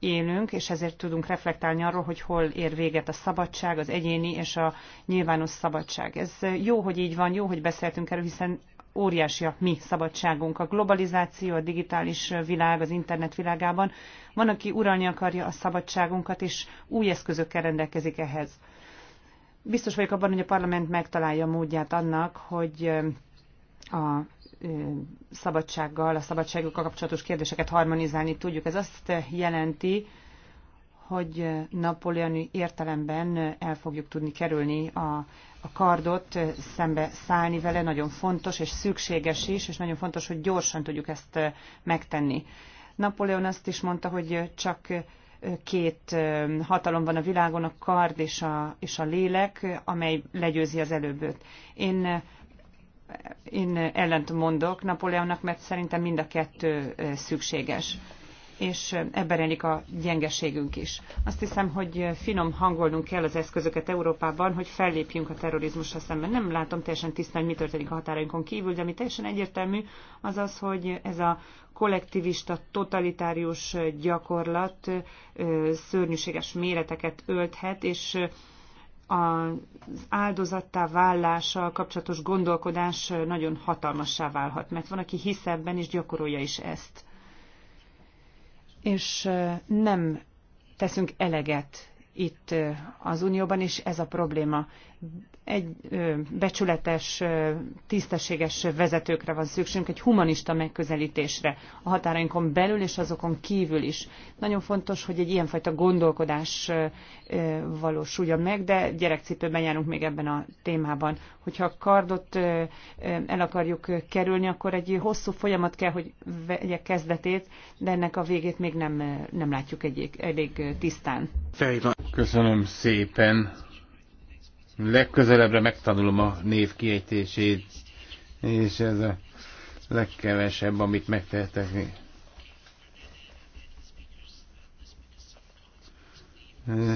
Speaker 2: élünk, és ezért tudunk reflektálni arról, hogy hol ér véget a szabadság, az egyéni és a nyilvános szabadság. Ez jó, hogy így van, jó, hogy beszéltünk erről, hiszen óriási a mi szabadságunk. A globalizáció, a digitális világ, az internet világában van, aki uralni akarja a szabadságunkat, és új eszközökkel rendelkezik ehhez. Biztos vagyok abban, hogy a parlament megtalálja a módját annak, hogy a szabadsággal, a szabadságokkal kapcsolatos kérdéseket harmonizálni tudjuk. Ez azt jelenti, hogy napoleoni értelemben el fogjuk tudni kerülni a, a kardot, szembe szállni vele, nagyon fontos és szükséges is, és nagyon fontos, hogy gyorsan tudjuk ezt megtenni. Napóleon azt is mondta, hogy csak két hatalom van a világon, a kard és a, és a lélek, amely legyőzi az előbböt. Én én ellent mondok Napóleonnak, mert szerintem mind a kettő szükséges és ebben rejlik a gyengeségünk is. Azt hiszem, hogy finom hangolnunk kell az eszközöket Európában, hogy fellépjünk a terrorizmusra szemben. Nem látom teljesen tisztán, hogy mi történik a határainkon kívül, de ami teljesen egyértelmű, az az, hogy ez a kollektivista, totalitárius gyakorlat szörnyűséges méreteket ölthet, és az áldozattá vállással kapcsolatos gondolkodás nagyon hatalmassá válhat, mert van, aki hisz ebben és gyakorolja is ezt. És nem teszünk eleget itt az Unióban, és ez a probléma egy becsületes, tisztességes vezetőkre van szükségünk, egy humanista megközelítésre a határainkon belül és azokon kívül is. Nagyon fontos, hogy egy ilyenfajta gondolkodás valósulja meg, de gyerekcipőben járunk még ebben a témában. Hogyha a kardot el akarjuk kerülni, akkor egy hosszú folyamat kell, hogy vegye kezdetét, de ennek a végét még nem, nem látjuk egyik, elég tisztán.
Speaker 1: Köszönöm szépen legközelebbre megtanulom a név kiejtését, és ez a legkevesebb, amit megtehetek.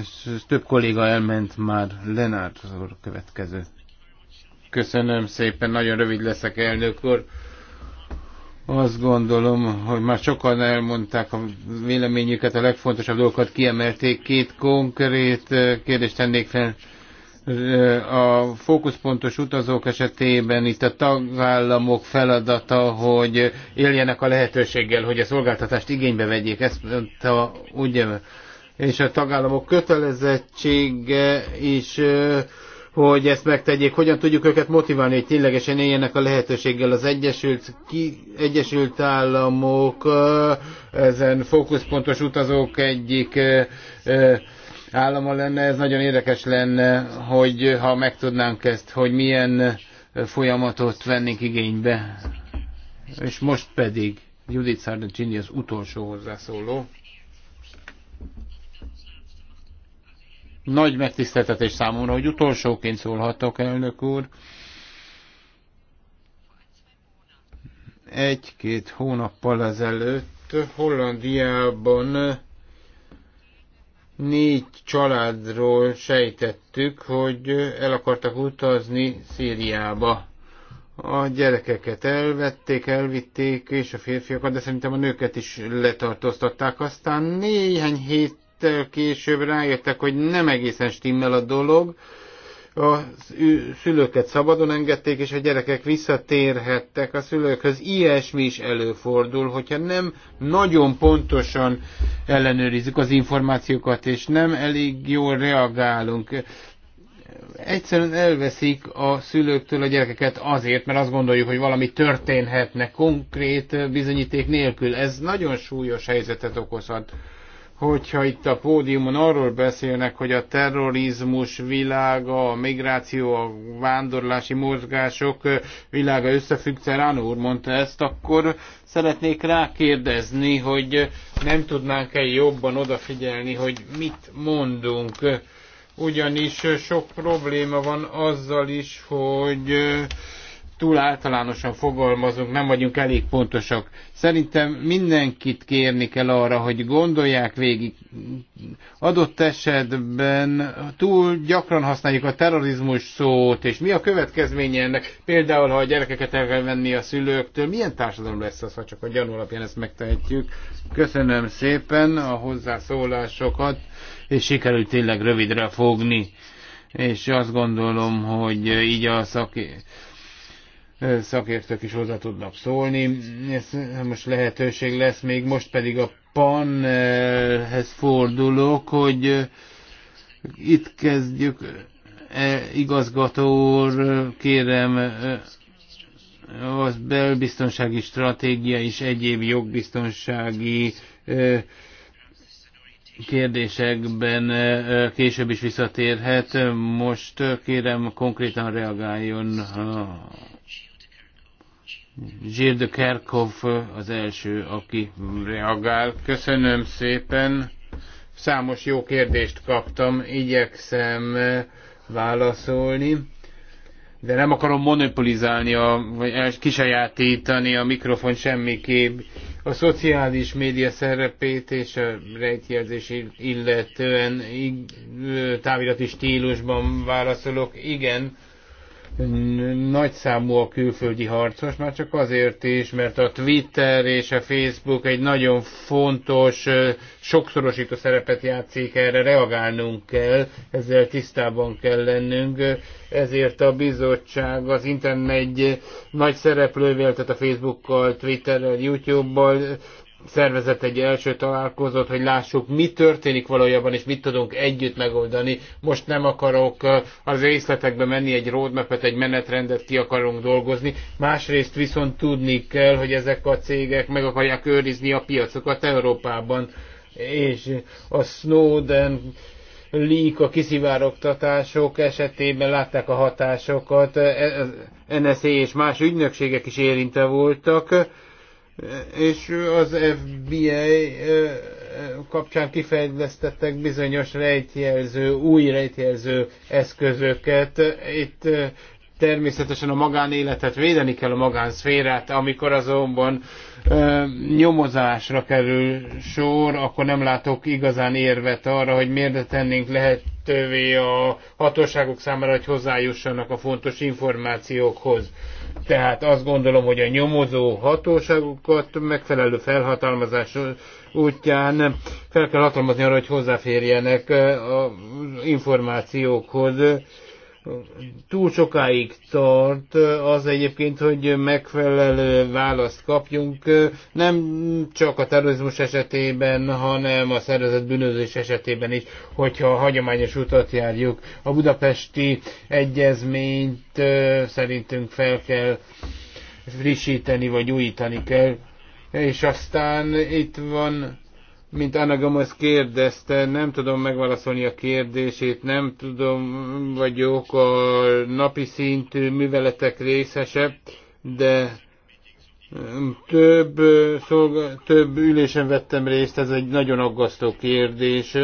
Speaker 1: És több kolléga elment már, Lenárd úr következő. Köszönöm szépen, nagyon rövid leszek elnök úr. Azt gondolom, hogy már sokan elmondták a véleményüket, a legfontosabb dolgokat kiemelték. Két konkrét eh, kérdést tennék fel a fókuszpontos utazók esetében itt a tagállamok feladata, hogy éljenek a lehetőséggel, hogy a szolgáltatást igénybe vegyék, ezt mondta, ugye, és a tagállamok kötelezettsége is, hogy ezt megtegyék. Hogyan tudjuk őket motiválni, hogy ténylegesen éljenek a lehetőséggel az Egyesült, ki, Egyesült Államok, ezen fókuszpontos utazók egyik állama lenne, ez nagyon érdekes lenne, hogy ha megtudnánk ezt, hogy milyen folyamatot vennénk igénybe. És most pedig Judith Sargentini az utolsó hozzászóló. Nagy megtiszteltetés számomra, hogy utolsóként szólhatok, elnök úr. Egy-két hónappal ezelőtt Hollandiában négy családról sejtettük, hogy el akartak utazni Szíriába. A gyerekeket elvették, elvitték, és a férfiakat, de szerintem a nőket is letartóztatták. Aztán néhány héttel később rájöttek, hogy nem egészen stimmel a dolog, a szülőket szabadon engedték, és a gyerekek visszatérhettek a szülőkhöz. Ilyesmi is előfordul, hogyha nem nagyon pontosan ellenőrizzük az információkat, és nem elég jól reagálunk. Egyszerűen elveszik a szülőktől a gyerekeket azért, mert azt gondoljuk, hogy valami történhetne konkrét bizonyíték nélkül. Ez nagyon súlyos helyzetet okozhat hogyha itt a pódiumon arról beszélnek, hogy a terrorizmus világa, a migráció, a vándorlási mozgások világa összefügg, Cerán úr mondta ezt, akkor szeretnék rákérdezni, hogy nem tudnánk-e jobban odafigyelni, hogy mit mondunk. Ugyanis sok probléma van azzal is, hogy túl általánosan fogalmazunk, nem vagyunk elég pontosak. Szerintem mindenkit kérni kell arra, hogy gondolják végig. Adott esetben túl gyakran használjuk a terrorizmus szót, és mi a következménye ennek? Például, ha a gyerekeket el kell venni a szülőktől, milyen társadalom lesz az, ha csak a gyanú alapján ezt megtehetjük? Köszönöm szépen a hozzászólásokat, és sikerült tényleg rövidre fogni. És azt gondolom, hogy így a szaki szakértők is hozzá tudnak szólni. Ez most lehetőség lesz még, most pedig a panelhez fordulok, hogy itt kezdjük. E, igazgató úr, kérem, az belbiztonsági stratégia és egyéb jogbiztonsági kérdésekben később is visszatérhet. Most kérem konkrétan reagáljon Gilles de Kerkov az első, aki reagál. Köszönöm szépen. Számos jó kérdést kaptam, igyekszem eh, válaszolni, de nem akarom monopolizálni, a, vagy kisajátítani a mikrofon semmiképp. A szociális média szerepét és a rejtjelzés illetően eh, távirati stílusban válaszolok. Igen, nagy számú a külföldi harcos, már csak azért is, mert a Twitter és a Facebook egy nagyon fontos, sokszorosító szerepet játszik, erre reagálnunk kell, ezzel tisztában kell lennünk, ezért a bizottság az internet egy nagy szereplővel, tehát a Facebookkal, Twitterrel, YouTube-bal szervezett egy első találkozót, hogy lássuk, mi történik valójában, és mit tudunk együtt megoldani. Most nem akarok az részletekbe menni, egy roadmapet, egy menetrendet ki akarunk dolgozni. Másrészt viszont tudni kell, hogy ezek a cégek meg akarják őrizni a piacokat Európában. És a Snowden leak, a kiszivárogtatások esetében látták a hatásokat, e, e, NSZ és más ügynökségek is érintve voltak és az FBI kapcsán kifejlesztettek bizonyos rejtjelző, új rejtjelző eszközöket. Itt természetesen a magánéletet védeni kell a magánszférát, amikor azonban nyomozásra kerül sor, akkor nem látok igazán érvet arra, hogy miért tennénk lehet lehetővé a hatóságok számára, hogy hozzájussanak a fontos információkhoz. Tehát azt gondolom, hogy a nyomozó hatóságokat megfelelő felhatalmazás útján fel kell hatalmazni arra, hogy hozzáférjenek eh, az információkhoz túl sokáig tart az egyébként, hogy megfelelő választ kapjunk, nem csak a terrorizmus esetében, hanem a szervezett bűnözés esetében is, hogyha a hagyományos utat járjuk. A budapesti egyezményt szerintünk fel kell frissíteni, vagy újítani kell. És aztán itt van mint Anna Gomez kérdezte, nem tudom megválaszolni a kérdését, nem tudom, vagyok a napi szintű műveletek részese, de mm, több, szolga, több ülésen vettem részt, ez egy nagyon aggasztó kérdés.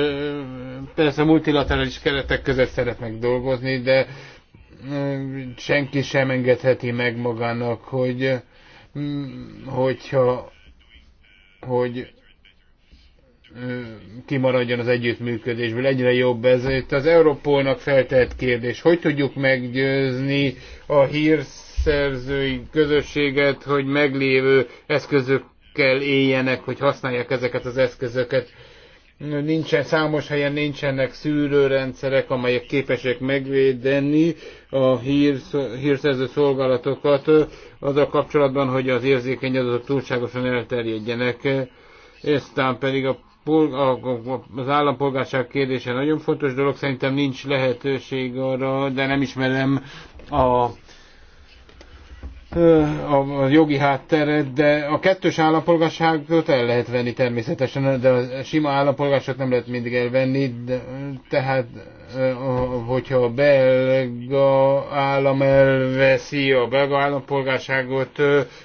Speaker 1: Persze multilaterális keretek között szeretnek dolgozni, de senki sem engedheti meg magának, hogy mm, hogyha hogy kimaradjon az együttműködésből, egyre jobb ez. Itt az Európolnak feltett kérdés, hogy tudjuk meggyőzni a hírszerzői közösséget, hogy meglévő eszközökkel éljenek, hogy használják ezeket az eszközöket. Nincsen, számos helyen nincsenek szűrőrendszerek, amelyek képesek megvédeni a hírszerző szolgálatokat azzal kapcsolatban, hogy az érzékeny adatok túlságosan elterjedjenek. Eztán pedig a az állampolgárság kérdése nagyon fontos dolog, szerintem nincs lehetőség arra, de nem ismerem a a, jogi hátteret, de a kettős állampolgárságot el lehet venni természetesen, de a sima állampolgárságot nem lehet mindig elvenni, de, tehát hogyha a belga állam elveszi a belga állampolgárságot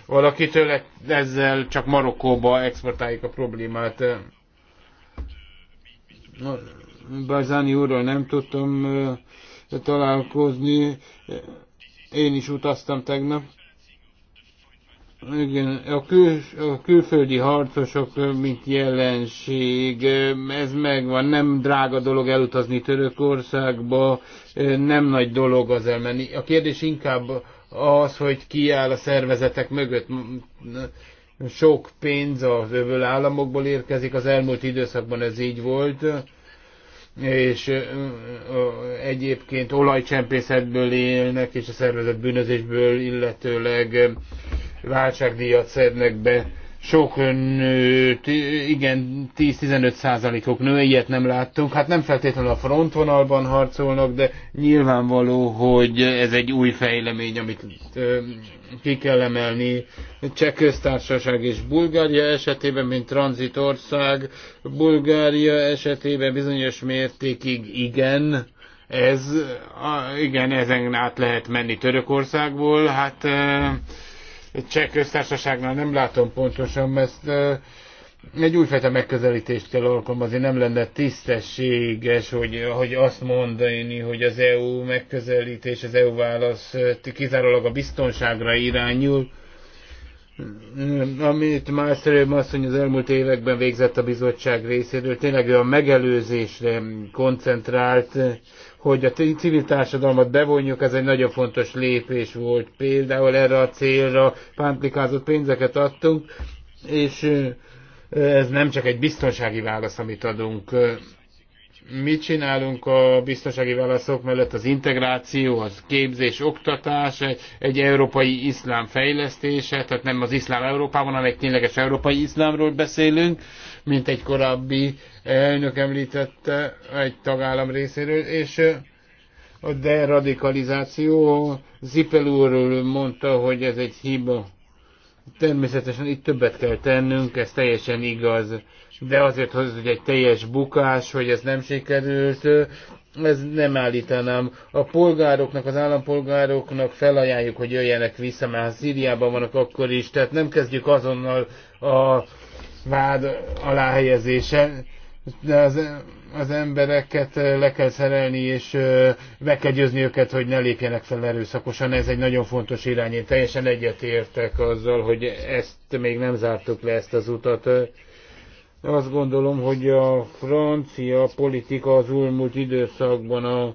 Speaker 1: valakitől, e- ezzel csak Marokkóba exportáljuk a problémát. Barzáni úrral nem tudtam találkozni. Én is utaztam tegnap. Igen, a, kül, a külföldi harcosok, mint jelenség, ez megvan, nem drága dolog elutazni Törökországba, nem nagy dolog az elmenni. A kérdés inkább az, hogy ki áll a szervezetek mögött. Sok pénz az övöl államokból érkezik, az elmúlt időszakban ez így volt, és egyébként olajcsempészetből élnek, és a szervezet bűnözésből illetőleg válságdíjat szednek be sok nő, igen, 10-15 százalékok nő, ilyet nem láttunk. Hát nem feltétlenül a frontvonalban harcolnak, de nyilvánvaló, hogy ez egy új fejlemény, amit ki kell emelni. Cseh köztársaság és Bulgária esetében, mint tranzitország, Bulgária esetében bizonyos mértékig igen, ez, igen, ezen át lehet menni Törökországból, hát cseh köztársaságnál nem látom pontosan, mert egy újfajta megközelítést kell alkalmazni, nem lenne tisztességes, hogy, hogy azt mondani, hogy az EU megközelítés, az EU válasz kizárólag a biztonságra irányul, amit Mászterőm asszony az elmúlt években végzett a bizottság részéről, tényleg a megelőzésre koncentrált, hogy a civil társadalmat bevonjuk, ez egy nagyon fontos lépés volt. Például erre a célra pántlikázott pénzeket adtunk, és ez nem csak egy biztonsági válasz, amit adunk. Mit csinálunk a biztonsági válaszok mellett? Az integráció, az képzés, oktatás, egy, egy európai iszlám fejlesztése, tehát nem az iszlám Európában, hanem egy tényleges európai iszlámról beszélünk, mint egy korábbi elnök említette egy tagállam részéről, és a deradikalizáció, Zipel úr mondta, hogy ez egy hiba. Természetesen itt többet kell tennünk, ez teljesen igaz, de azért hoz, hogy egy teljes bukás, hogy ez nem sikerült, ez nem állítanám. A polgároknak, az állampolgároknak felajánljuk, hogy jöjjenek vissza, mert Szíriában vannak akkor is, tehát nem kezdjük azonnal a vád aláhelyezése de az, az embereket le kell szerelni, és meg kell győzni őket, hogy ne lépjenek fel erőszakosan. Ez egy nagyon fontos irány. Én teljesen egyetértek azzal, hogy ezt még nem zártuk le, ezt az utat. Azt gondolom, hogy a francia politika az elmúlt időszakban a,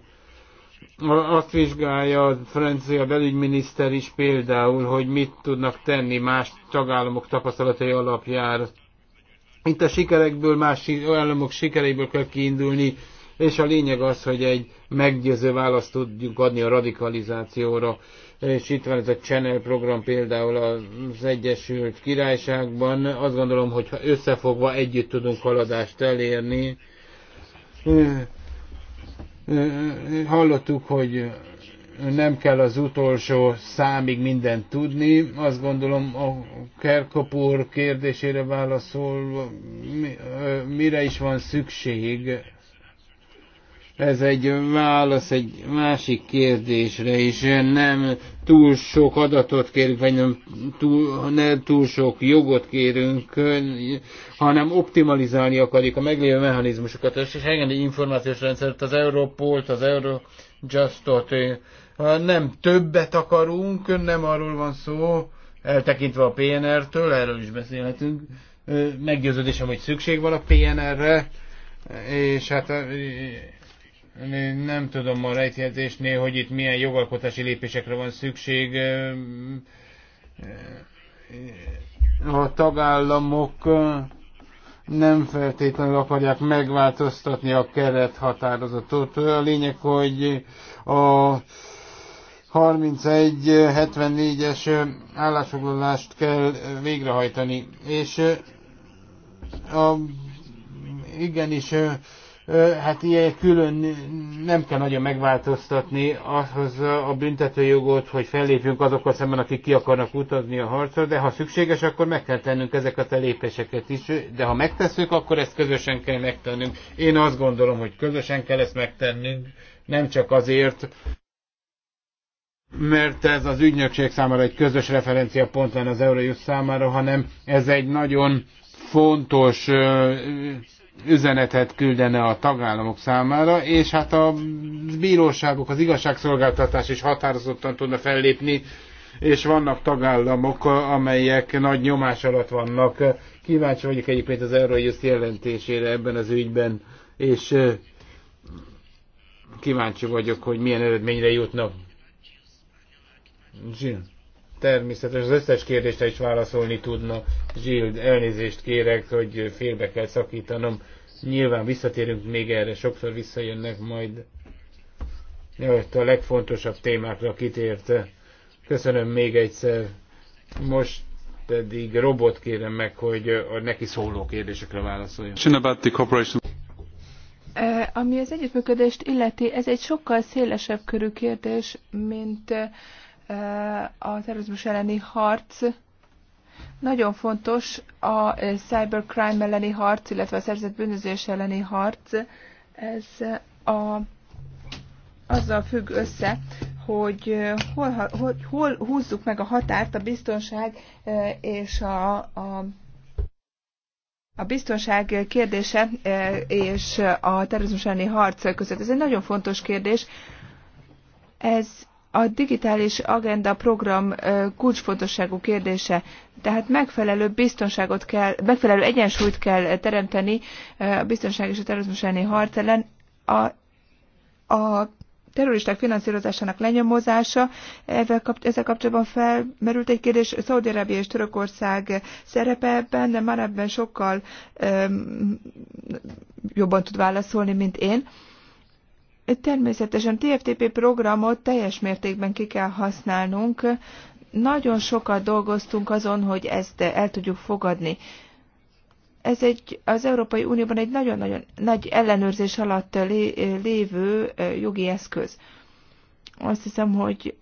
Speaker 1: azt vizsgálja a francia belügyminiszter is például, hogy mit tudnak tenni más tagállamok tapasztalatai alapjára itt a sikerekből, más államok sikereiből kell kiindulni, és a lényeg az, hogy egy meggyőző választ tudjuk adni a radikalizációra. És itt van ez a Channel program például az Egyesült Királyságban. Azt gondolom, hogy ha összefogva együtt tudunk haladást elérni. Hallottuk, hogy nem kell az utolsó számig mindent tudni. Azt gondolom a Kerkopúr kérdésére válaszol. mire is van szükség. Ez egy válasz egy másik kérdésre is. Nem túl sok adatot kérünk, vagy nem túl, nem túl sok jogot kérünk, hanem optimalizálni akarjuk a meglévő mechanizmusokat. És engedi információs rendszert, az európolt, az Eurojustot, nem többet akarunk, nem arról van szó, eltekintve a PNR-től, erről is beszélhetünk. Meggyőződésem, hogy szükség van a PNR-re, és hát nem tudom a rejtjegyzésnél, hogy itt milyen jogalkotási lépésekre van szükség. A tagállamok nem feltétlenül akarják megváltoztatni a kerethatározatot. A lényeg, hogy a 31-74-es állásfoglalást kell végrehajtani, és a, igenis, hát ilyen külön nem kell nagyon megváltoztatni ahhoz a büntetőjogot, hogy fellépjünk azokkal szemben, akik ki akarnak utazni a harcra, de ha szükséges, akkor meg kell tennünk ezeket a lépéseket is, de ha megtesszük, akkor ezt közösen kell megtennünk. Én azt gondolom, hogy közösen kell ezt megtennünk, nem csak azért, mert ez az ügynökség számára egy közös pont lenne az Eurojust számára, hanem ez egy nagyon fontos üzenetet küldene a tagállamok számára, és hát a bíróságok, az igazságszolgáltatás is határozottan tudna fellépni, és vannak tagállamok, amelyek nagy nyomás alatt vannak. Kíváncsi vagyok egyébként az Eurojust jelentésére ebben az ügyben, és kíváncsi vagyok, hogy milyen eredményre jutnak. Jill. Természetesen az összes kérdésre is válaszolni tudna. Jill, elnézést kérek, hogy félbe kell szakítanom. Nyilván visszatérünk még erre, sokszor visszajönnek majd. Jaj, a legfontosabb témákra kitért. Köszönöm még egyszer. Most pedig robot kérem meg, hogy a neki szóló kérdésekre válaszoljon.
Speaker 3: Ami az együttműködést illeti, ez egy sokkal szélesebb körű kérdés, mint a terrorizmus elleni harc nagyon fontos a eh, cybercrime elleni harc, illetve a szerzett bűnözés elleni harc. Ez eh, a, azzal függ össze, hogy eh, hol, hogy hol húzzuk meg a határt a biztonság és a, a a biztonság kérdése és a terrorizmus elleni harc között. Ez egy nagyon fontos kérdés. Ez a digitális agenda program kulcsfontosságú kérdése, tehát megfelelő biztonságot kell, megfelelő egyensúlyt kell teremteni a biztonság és a terrorizmus elleni harc ellen. A, a terroristák finanszírozásának lenyomozása, ezzel kapcsolatban felmerült egy kérdés, Szaudi-Arábia és Törökország szerepe ebben, de már ebben sokkal öm, jobban tud válaszolni, mint én. Öm, Természetesen TFTP programot teljes mértékben ki kell használnunk. Nagyon sokat dolgoztunk azon, hogy ezt el tudjuk fogadni. Ez egy, az Európai Unióban egy nagyon-nagyon nagy ellenőrzés alatt lévő jogi eszköz. Azt hiszem, hogy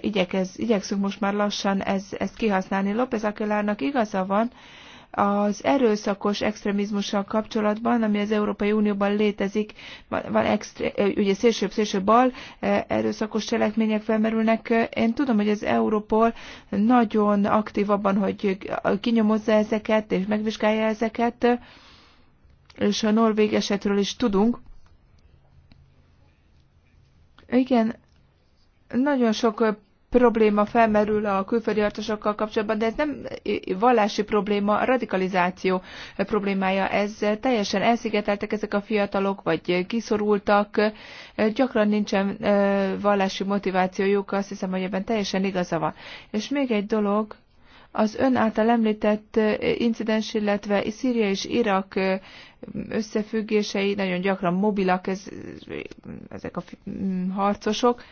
Speaker 3: igyekez, igyekszünk most már lassan ez, ezt kihasználni. López Akelárnak igaza van, az erőszakos extrémizmussal kapcsolatban, ami az Európai Unióban létezik, van extré, ugye szélsőbb, szélső bal erőszakos cselekmények felmerülnek. Én tudom, hogy az Európol nagyon aktív abban, hogy kinyomozza ezeket és megvizsgálja ezeket, és a norvég esetről is tudunk. Igen, nagyon sok probléma felmerül a külföldi harcosokkal kapcsolatban, de ez nem vallási probléma, a radikalizáció problémája. Ez teljesen elszigeteltek ezek a fiatalok, vagy kiszorultak, gyakran nincsen vallási motivációjuk, azt hiszem, hogy ebben teljesen igaza van. És még egy dolog, az ön által említett incidens, illetve Szíria és Irak összefüggései nagyon gyakran mobilak ez, ezek a harcosok,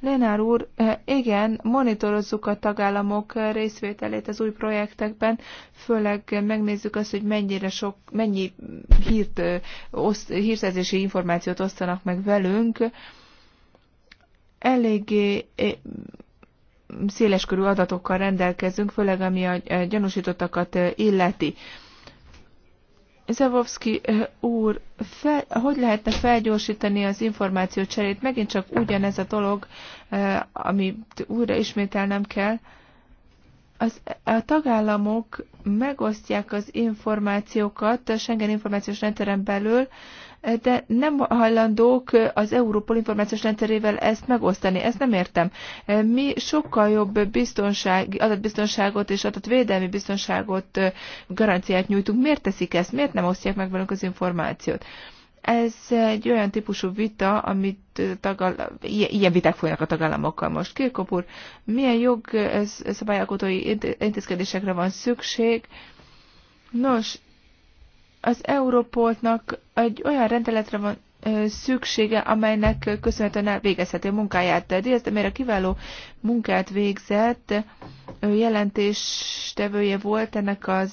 Speaker 3: Lénár úr, eh, igen, monitorozzuk a tagállamok részvételét az új projektekben, főleg megnézzük azt, hogy mennyire sok, mennyi hírt, eh, oszt, hírszerzési információt osztanak meg velünk. Eléggé eh, széleskörű adatokkal rendelkezünk, főleg ami a gyanúsítottakat illeti. Zavovszki eh, úr, fe, hogy lehetne felgyorsítani az információ cserét? Megint csak ugyanez a dolog, eh, amit újra ismételnem kell. Az, a tagállamok megosztják az információkat a Schengen információs rendszeren belül, de nem hajlandók az Európol információs rendszerével ezt megosztani. Ezt nem értem. Mi sokkal jobb biztonság, adatbiztonságot és adatvédelmi biztonságot, garanciát nyújtunk. Miért teszik ezt? Miért nem osztják meg velünk az információt? Ez egy olyan típusú vita, amit tagal... ilyen viták folynak a tagállamokkal most. Kirkop úr, milyen jogszabályalkotói intézkedésekre van szükség? Nos, az Európoltnak egy olyan rendeletre van szüksége, amelynek köszönhetően elvégezheti a munkáját. De mert a kiváló munkát végzett, jelentéstevője volt ennek az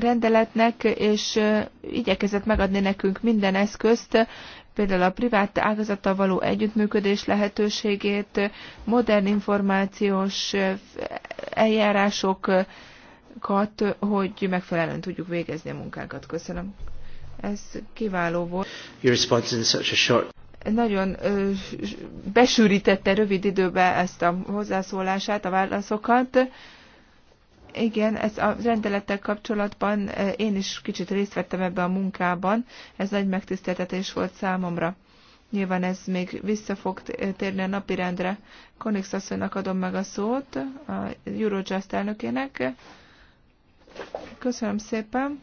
Speaker 3: rendeletnek, és igyekezett megadni nekünk minden eszközt, például a privát ágazattal való együttműködés lehetőségét, modern információs eljárások munkákat, hogy megfelelően tudjuk végezni a munkánkat. Köszönöm. Ez kiváló volt. Your response in such a short nagyon ö, besűrítette rövid időben ezt a hozzászólását, a válaszokat. Igen, ez a rendelettel kapcsolatban én is kicsit részt vettem ebbe a munkában. Ez nagy megtiszteltetés volt számomra. Nyilván ez még vissza fog térni a napirendre. Konix asszonynak adom meg a szót, a Eurojust elnökének. Köszönöm szépen,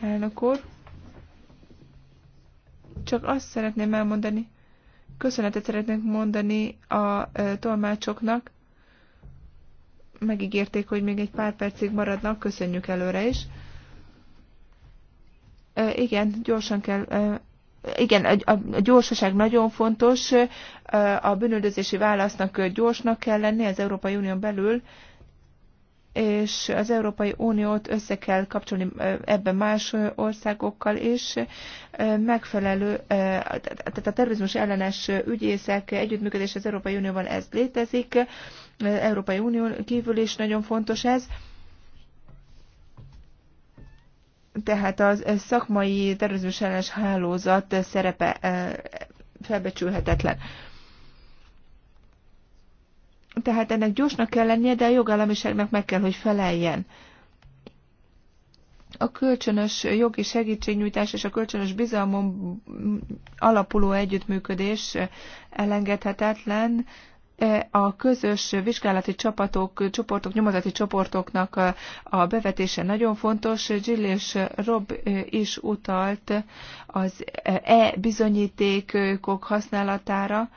Speaker 3: elnök úr. Csak azt szeretném elmondani, köszönetet szeretnék mondani a tolmácsoknak. Megígérték, hogy még egy pár percig maradnak, köszönjük előre is. Igen, gyorsan kell igen, a, a gyorsaság nagyon fontos, a bűnöldözési válasznak gyorsnak kell lenni az Európai Unión belül, és az Európai Uniót össze kell kapcsolni ebben más országokkal, és megfelelő, tehát a terrorizmus ellenes ügyészek együttműködés az Európai Unióban ez létezik, az Európai Unión kívül is nagyon fontos ez. Tehát az szakmai terrorizmus ellenes hálózat szerepe felbecsülhetetlen. Tehát ennek gyorsnak kell lennie, de a jogállamiságnak meg kell, hogy feleljen. A kölcsönös jogi segítségnyújtás és a kölcsönös bizalmon alapuló együttműködés elengedhetetlen, a közös vizsgálati csapatok, csoportok, nyomozati csoportoknak a bevetése nagyon fontos. Jill és Rob is utalt az e-bizonyítékok használatára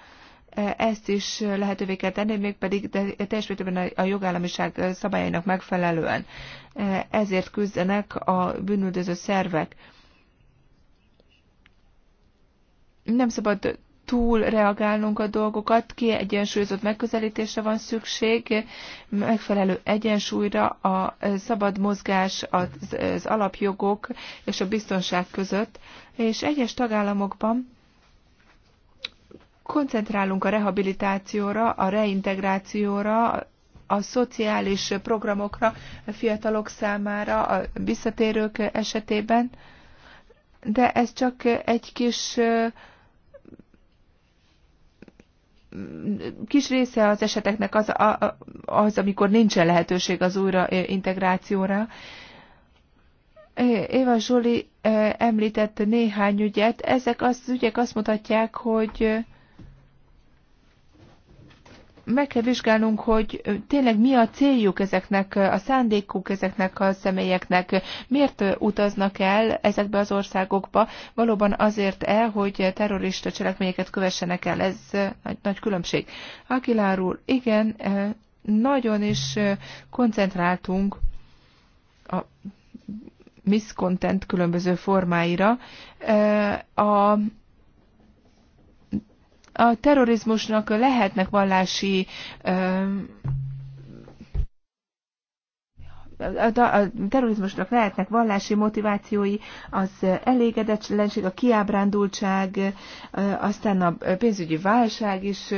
Speaker 3: ezt is lehetővé kell tenni, mégpedig teljes mértékben a jogállamiság szabályainak megfelelően. Ezért küzdenek a bűnüldöző szervek. Nem szabad túl reagálnunk a dolgokat, egyensúlyozott megközelítésre van szükség, megfelelő egyensúlyra a szabad mozgás, az alapjogok és a biztonság között, és egyes tagállamokban koncentrálunk a rehabilitációra, a reintegrációra, a szociális programokra a fiatalok számára, a visszatérők esetében, de ez csak egy kis kis része az eseteknek az, az amikor nincsen lehetőség az újraintegrációra. Éva Zsoli említett néhány ügyet. Ezek az ügyek azt mutatják, hogy meg kell vizsgálnunk, hogy tényleg mi a céljuk ezeknek, a szándékuk ezeknek a személyeknek, miért utaznak el ezekbe az országokba, valóban azért el, hogy terrorista cselekményeket kövessenek el, ez nagy, nagy különbség. Akilár igen, nagyon is koncentráltunk a miscontent különböző formáira. A a terrorizmusnak lehetnek vallási a terrorizmusnak lehetnek vallási motivációi, az elégedetlenség, a kiábrándultság, aztán a pénzügyi válság is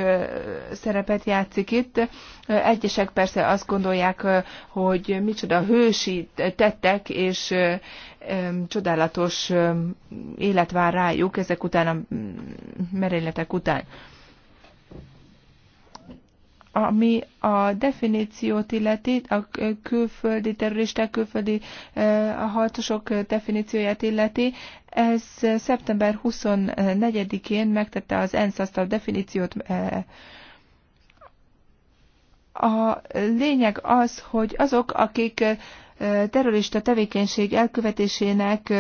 Speaker 3: szerepet játszik itt. Egyesek persze azt gondolják, hogy micsoda hősi tettek, és csodálatos élet vár rájuk ezek után a mm, merényletek után ami a definíciót illeti, a külföldi terroristák, külföldi eh, a harcosok definícióját illeti, ez szeptember 24-én megtette az ENSZ azt a definíciót. Eh. A lényeg az, hogy azok, akik terrorista tevékenység elkövetésének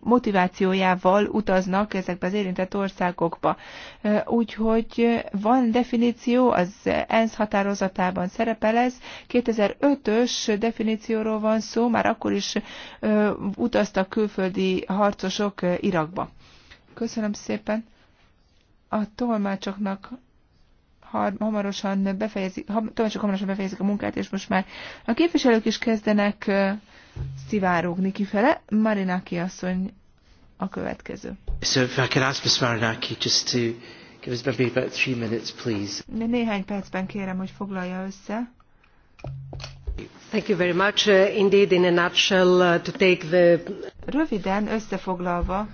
Speaker 3: motivációjával utaznak ezekbe az érintett országokba. Úgyhogy van definíció, az ENSZ határozatában szerepel ez. 2005-ös definícióról van szó, már akkor is utaztak külföldi harcosok Irakba. Köszönöm szépen. A tolmácsoknak hamarosan befejezik, csak hamarosan befejezik a munkát, és most már a képviselők is kezdenek szivárogni kifele. Marinaki asszony a következő. So if I could ask Ms. Marinaki just to give us maybe about three minutes, please. Néhány percben kérem, hogy foglalja össze. Thank you very much. Uh, indeed, in a nutshell, uh, to take the... Röviden összefoglalva,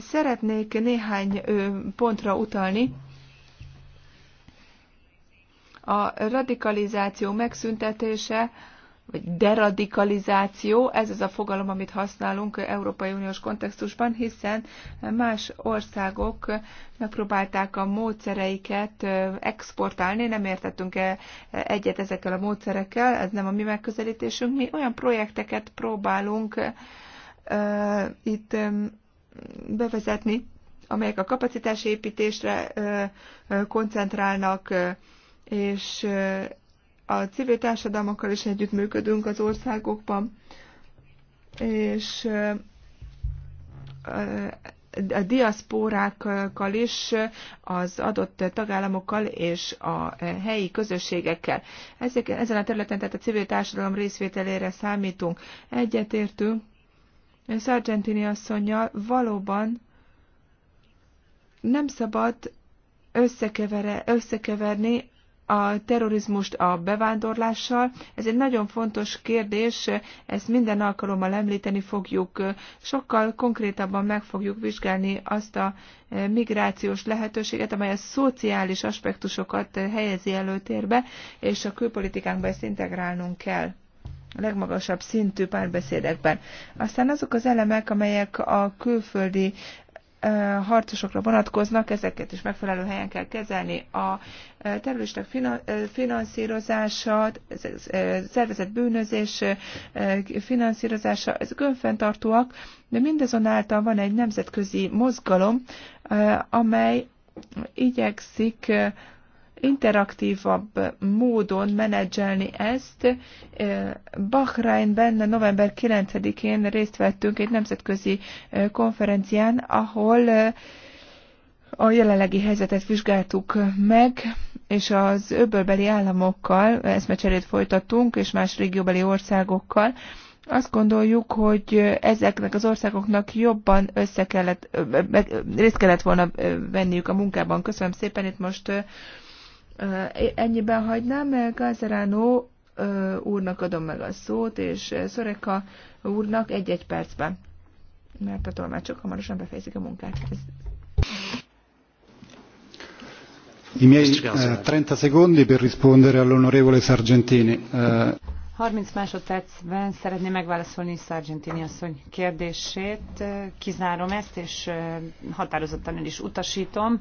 Speaker 3: Szeretnék néhány pontra utalni. A radikalizáció megszüntetése, vagy deradikalizáció, ez az a fogalom, amit használunk Európai Uniós kontextusban, hiszen más országok megpróbálták a módszereiket exportálni, nem értettünk -e egyet ezekkel a módszerekkel, ez nem a mi megközelítésünk, mi olyan projekteket próbálunk itt bevezetni, amelyek a kapacitásépítésre koncentrálnak, és a civil társadalmakkal is együttműködünk az országokban, és a diaszpórákkal is, az adott tagállamokkal és a helyi közösségekkel. Ezek, ezen a területen, tehát a civil társadalom részvételére számítunk. Egyetértünk Sargentini asszonynal valóban nem szabad összekevere, összekeverni a terrorizmust a bevándorlással. Ez egy nagyon fontos kérdés, ezt minden alkalommal említeni fogjuk. Sokkal konkrétabban meg fogjuk vizsgálni azt a e, migrációs lehetőséget, amely a szociális aspektusokat helyezi előtérbe, és a külpolitikánkba ezt integrálnunk kell a legmagasabb szintű párbeszédekben. Aztán azok az elemek, amelyek a külföldi harcosokra vonatkoznak, ezeket is megfelelő helyen kell kezelni. A terroristák finanszírozása, szervezett bűnözés finanszírozása, ezek önfenntartóak, de mindazonáltal van egy nemzetközi mozgalom, amely igyekszik interaktívabb módon menedzselni ezt. Bahreinben november 9-én részt vettünk egy nemzetközi konferencián, ahol a jelenlegi helyzetet vizsgáltuk meg, és az öbölbeli államokkal eszmecserét folytattunk, és más régióbeli országokkal. Azt gondoljuk, hogy ezeknek az országoknak jobban össze kellett, részt kellett volna venniük a munkában. Köszönöm szépen, itt most Ennyiben hagynám, Gázeránó úrnak adom meg a szót, és Szoreka úrnak egy-egy percben, mert a tolmácsok hamarosan befejezik a munkát. Ez...
Speaker 1: I miei eh, 30 secondi per rispondere all'onorevole Sargentini. Eh...
Speaker 2: 30 másodpercben szeretném megválaszolni Sargentini asszony kérdését. Kizárom ezt, és eh, határozottan el is utasítom. Eh,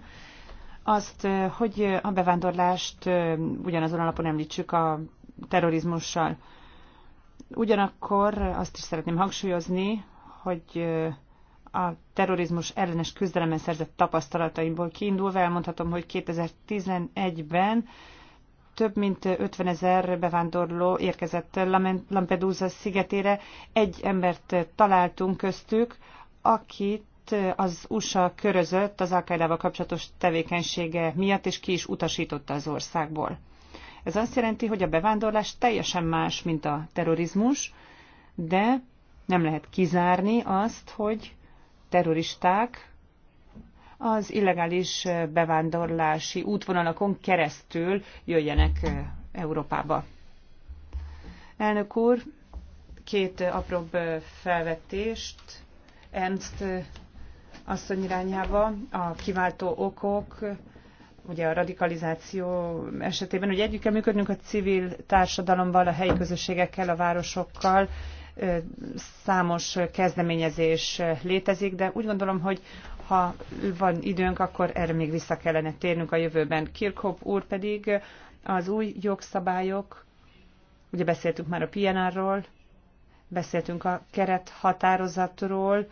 Speaker 2: azt, hogy a bevándorlást ugyanazon alapon említsük a terrorizmussal. Ugyanakkor azt is szeretném hangsúlyozni, hogy a terrorizmus ellenes küzdelemen szerzett tapasztalataimból kiindulva elmondhatom, hogy 2011-ben több mint 50 ezer bevándorló érkezett Lampedusa szigetére. Egy embert találtunk köztük, akit Hát, az USA körözött az al kapcsolatos tevékenysége miatt, és ki is utasította az országból. Ez azt jelenti, hogy a bevándorlás teljesen más, mint a terrorizmus, de nem lehet kizárni azt, hogy terroristák az illegális bevándorlási útvonalakon keresztül jöjjenek Európába. Elnök úr, két apróbb felvetést. Ernst asszony irányába, a kiváltó okok, ugye a radikalizáció esetében, hogy együtt kell működnünk a civil társadalommal, a helyi közösségekkel, a városokkal, számos kezdeményezés létezik, de úgy gondolom, hogy ha van időnk, akkor erre még vissza kellene térnünk a jövőben. Kirkhop úr pedig az új jogszabályok, ugye beszéltünk már a PNR-ról, beszéltünk a kerethatározatról,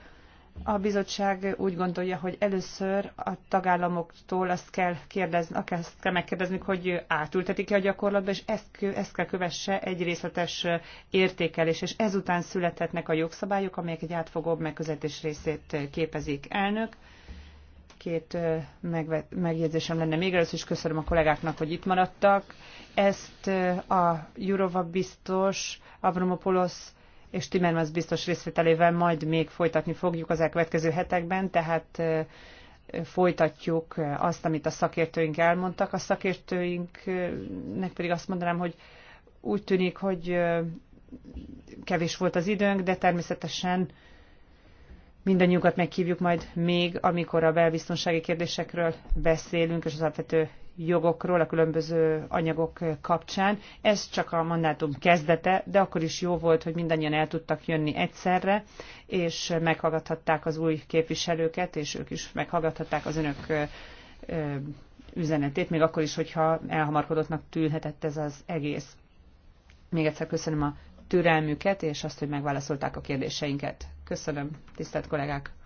Speaker 2: a bizottság úgy gondolja, hogy először a tagállamoktól azt kell, kérdezni, azt kell megkérdezni, hogy átültetik-e a gyakorlatba, és ezt, ezt kell kövesse egy részletes értékelés, és ezután születhetnek a jogszabályok, amelyek egy átfogóbb megközelítés részét képezik. Elnök, két megjegyzésem lenne még először, is köszönöm a kollégáknak, hogy itt maradtak. Ezt a Jurova biztos, Avramopoulos és Timmermans biztos részvételével majd még folytatni fogjuk az elkövetkező hetekben, tehát folytatjuk azt, amit a szakértőink elmondtak. A szakértőinknek pedig azt mondanám, hogy úgy tűnik, hogy kevés volt az időnk, de természetesen nyugat meghívjuk majd még, amikor a belbiztonsági kérdésekről beszélünk, és az alapvető jogokról a különböző anyagok kapcsán. Ez csak a mandátum kezdete, de akkor is jó volt, hogy mindannyian el tudtak jönni egyszerre, és meghallgathatták az új képviselőket, és ők is meghallgathatták az önök üzenetét, még akkor is, hogyha elhamarkodottnak tűnhetett ez az egész. Még egyszer köszönöm a türelmüket, és azt, hogy megválaszolták a kérdéseinket. Köszönöm, tisztelt kollégák!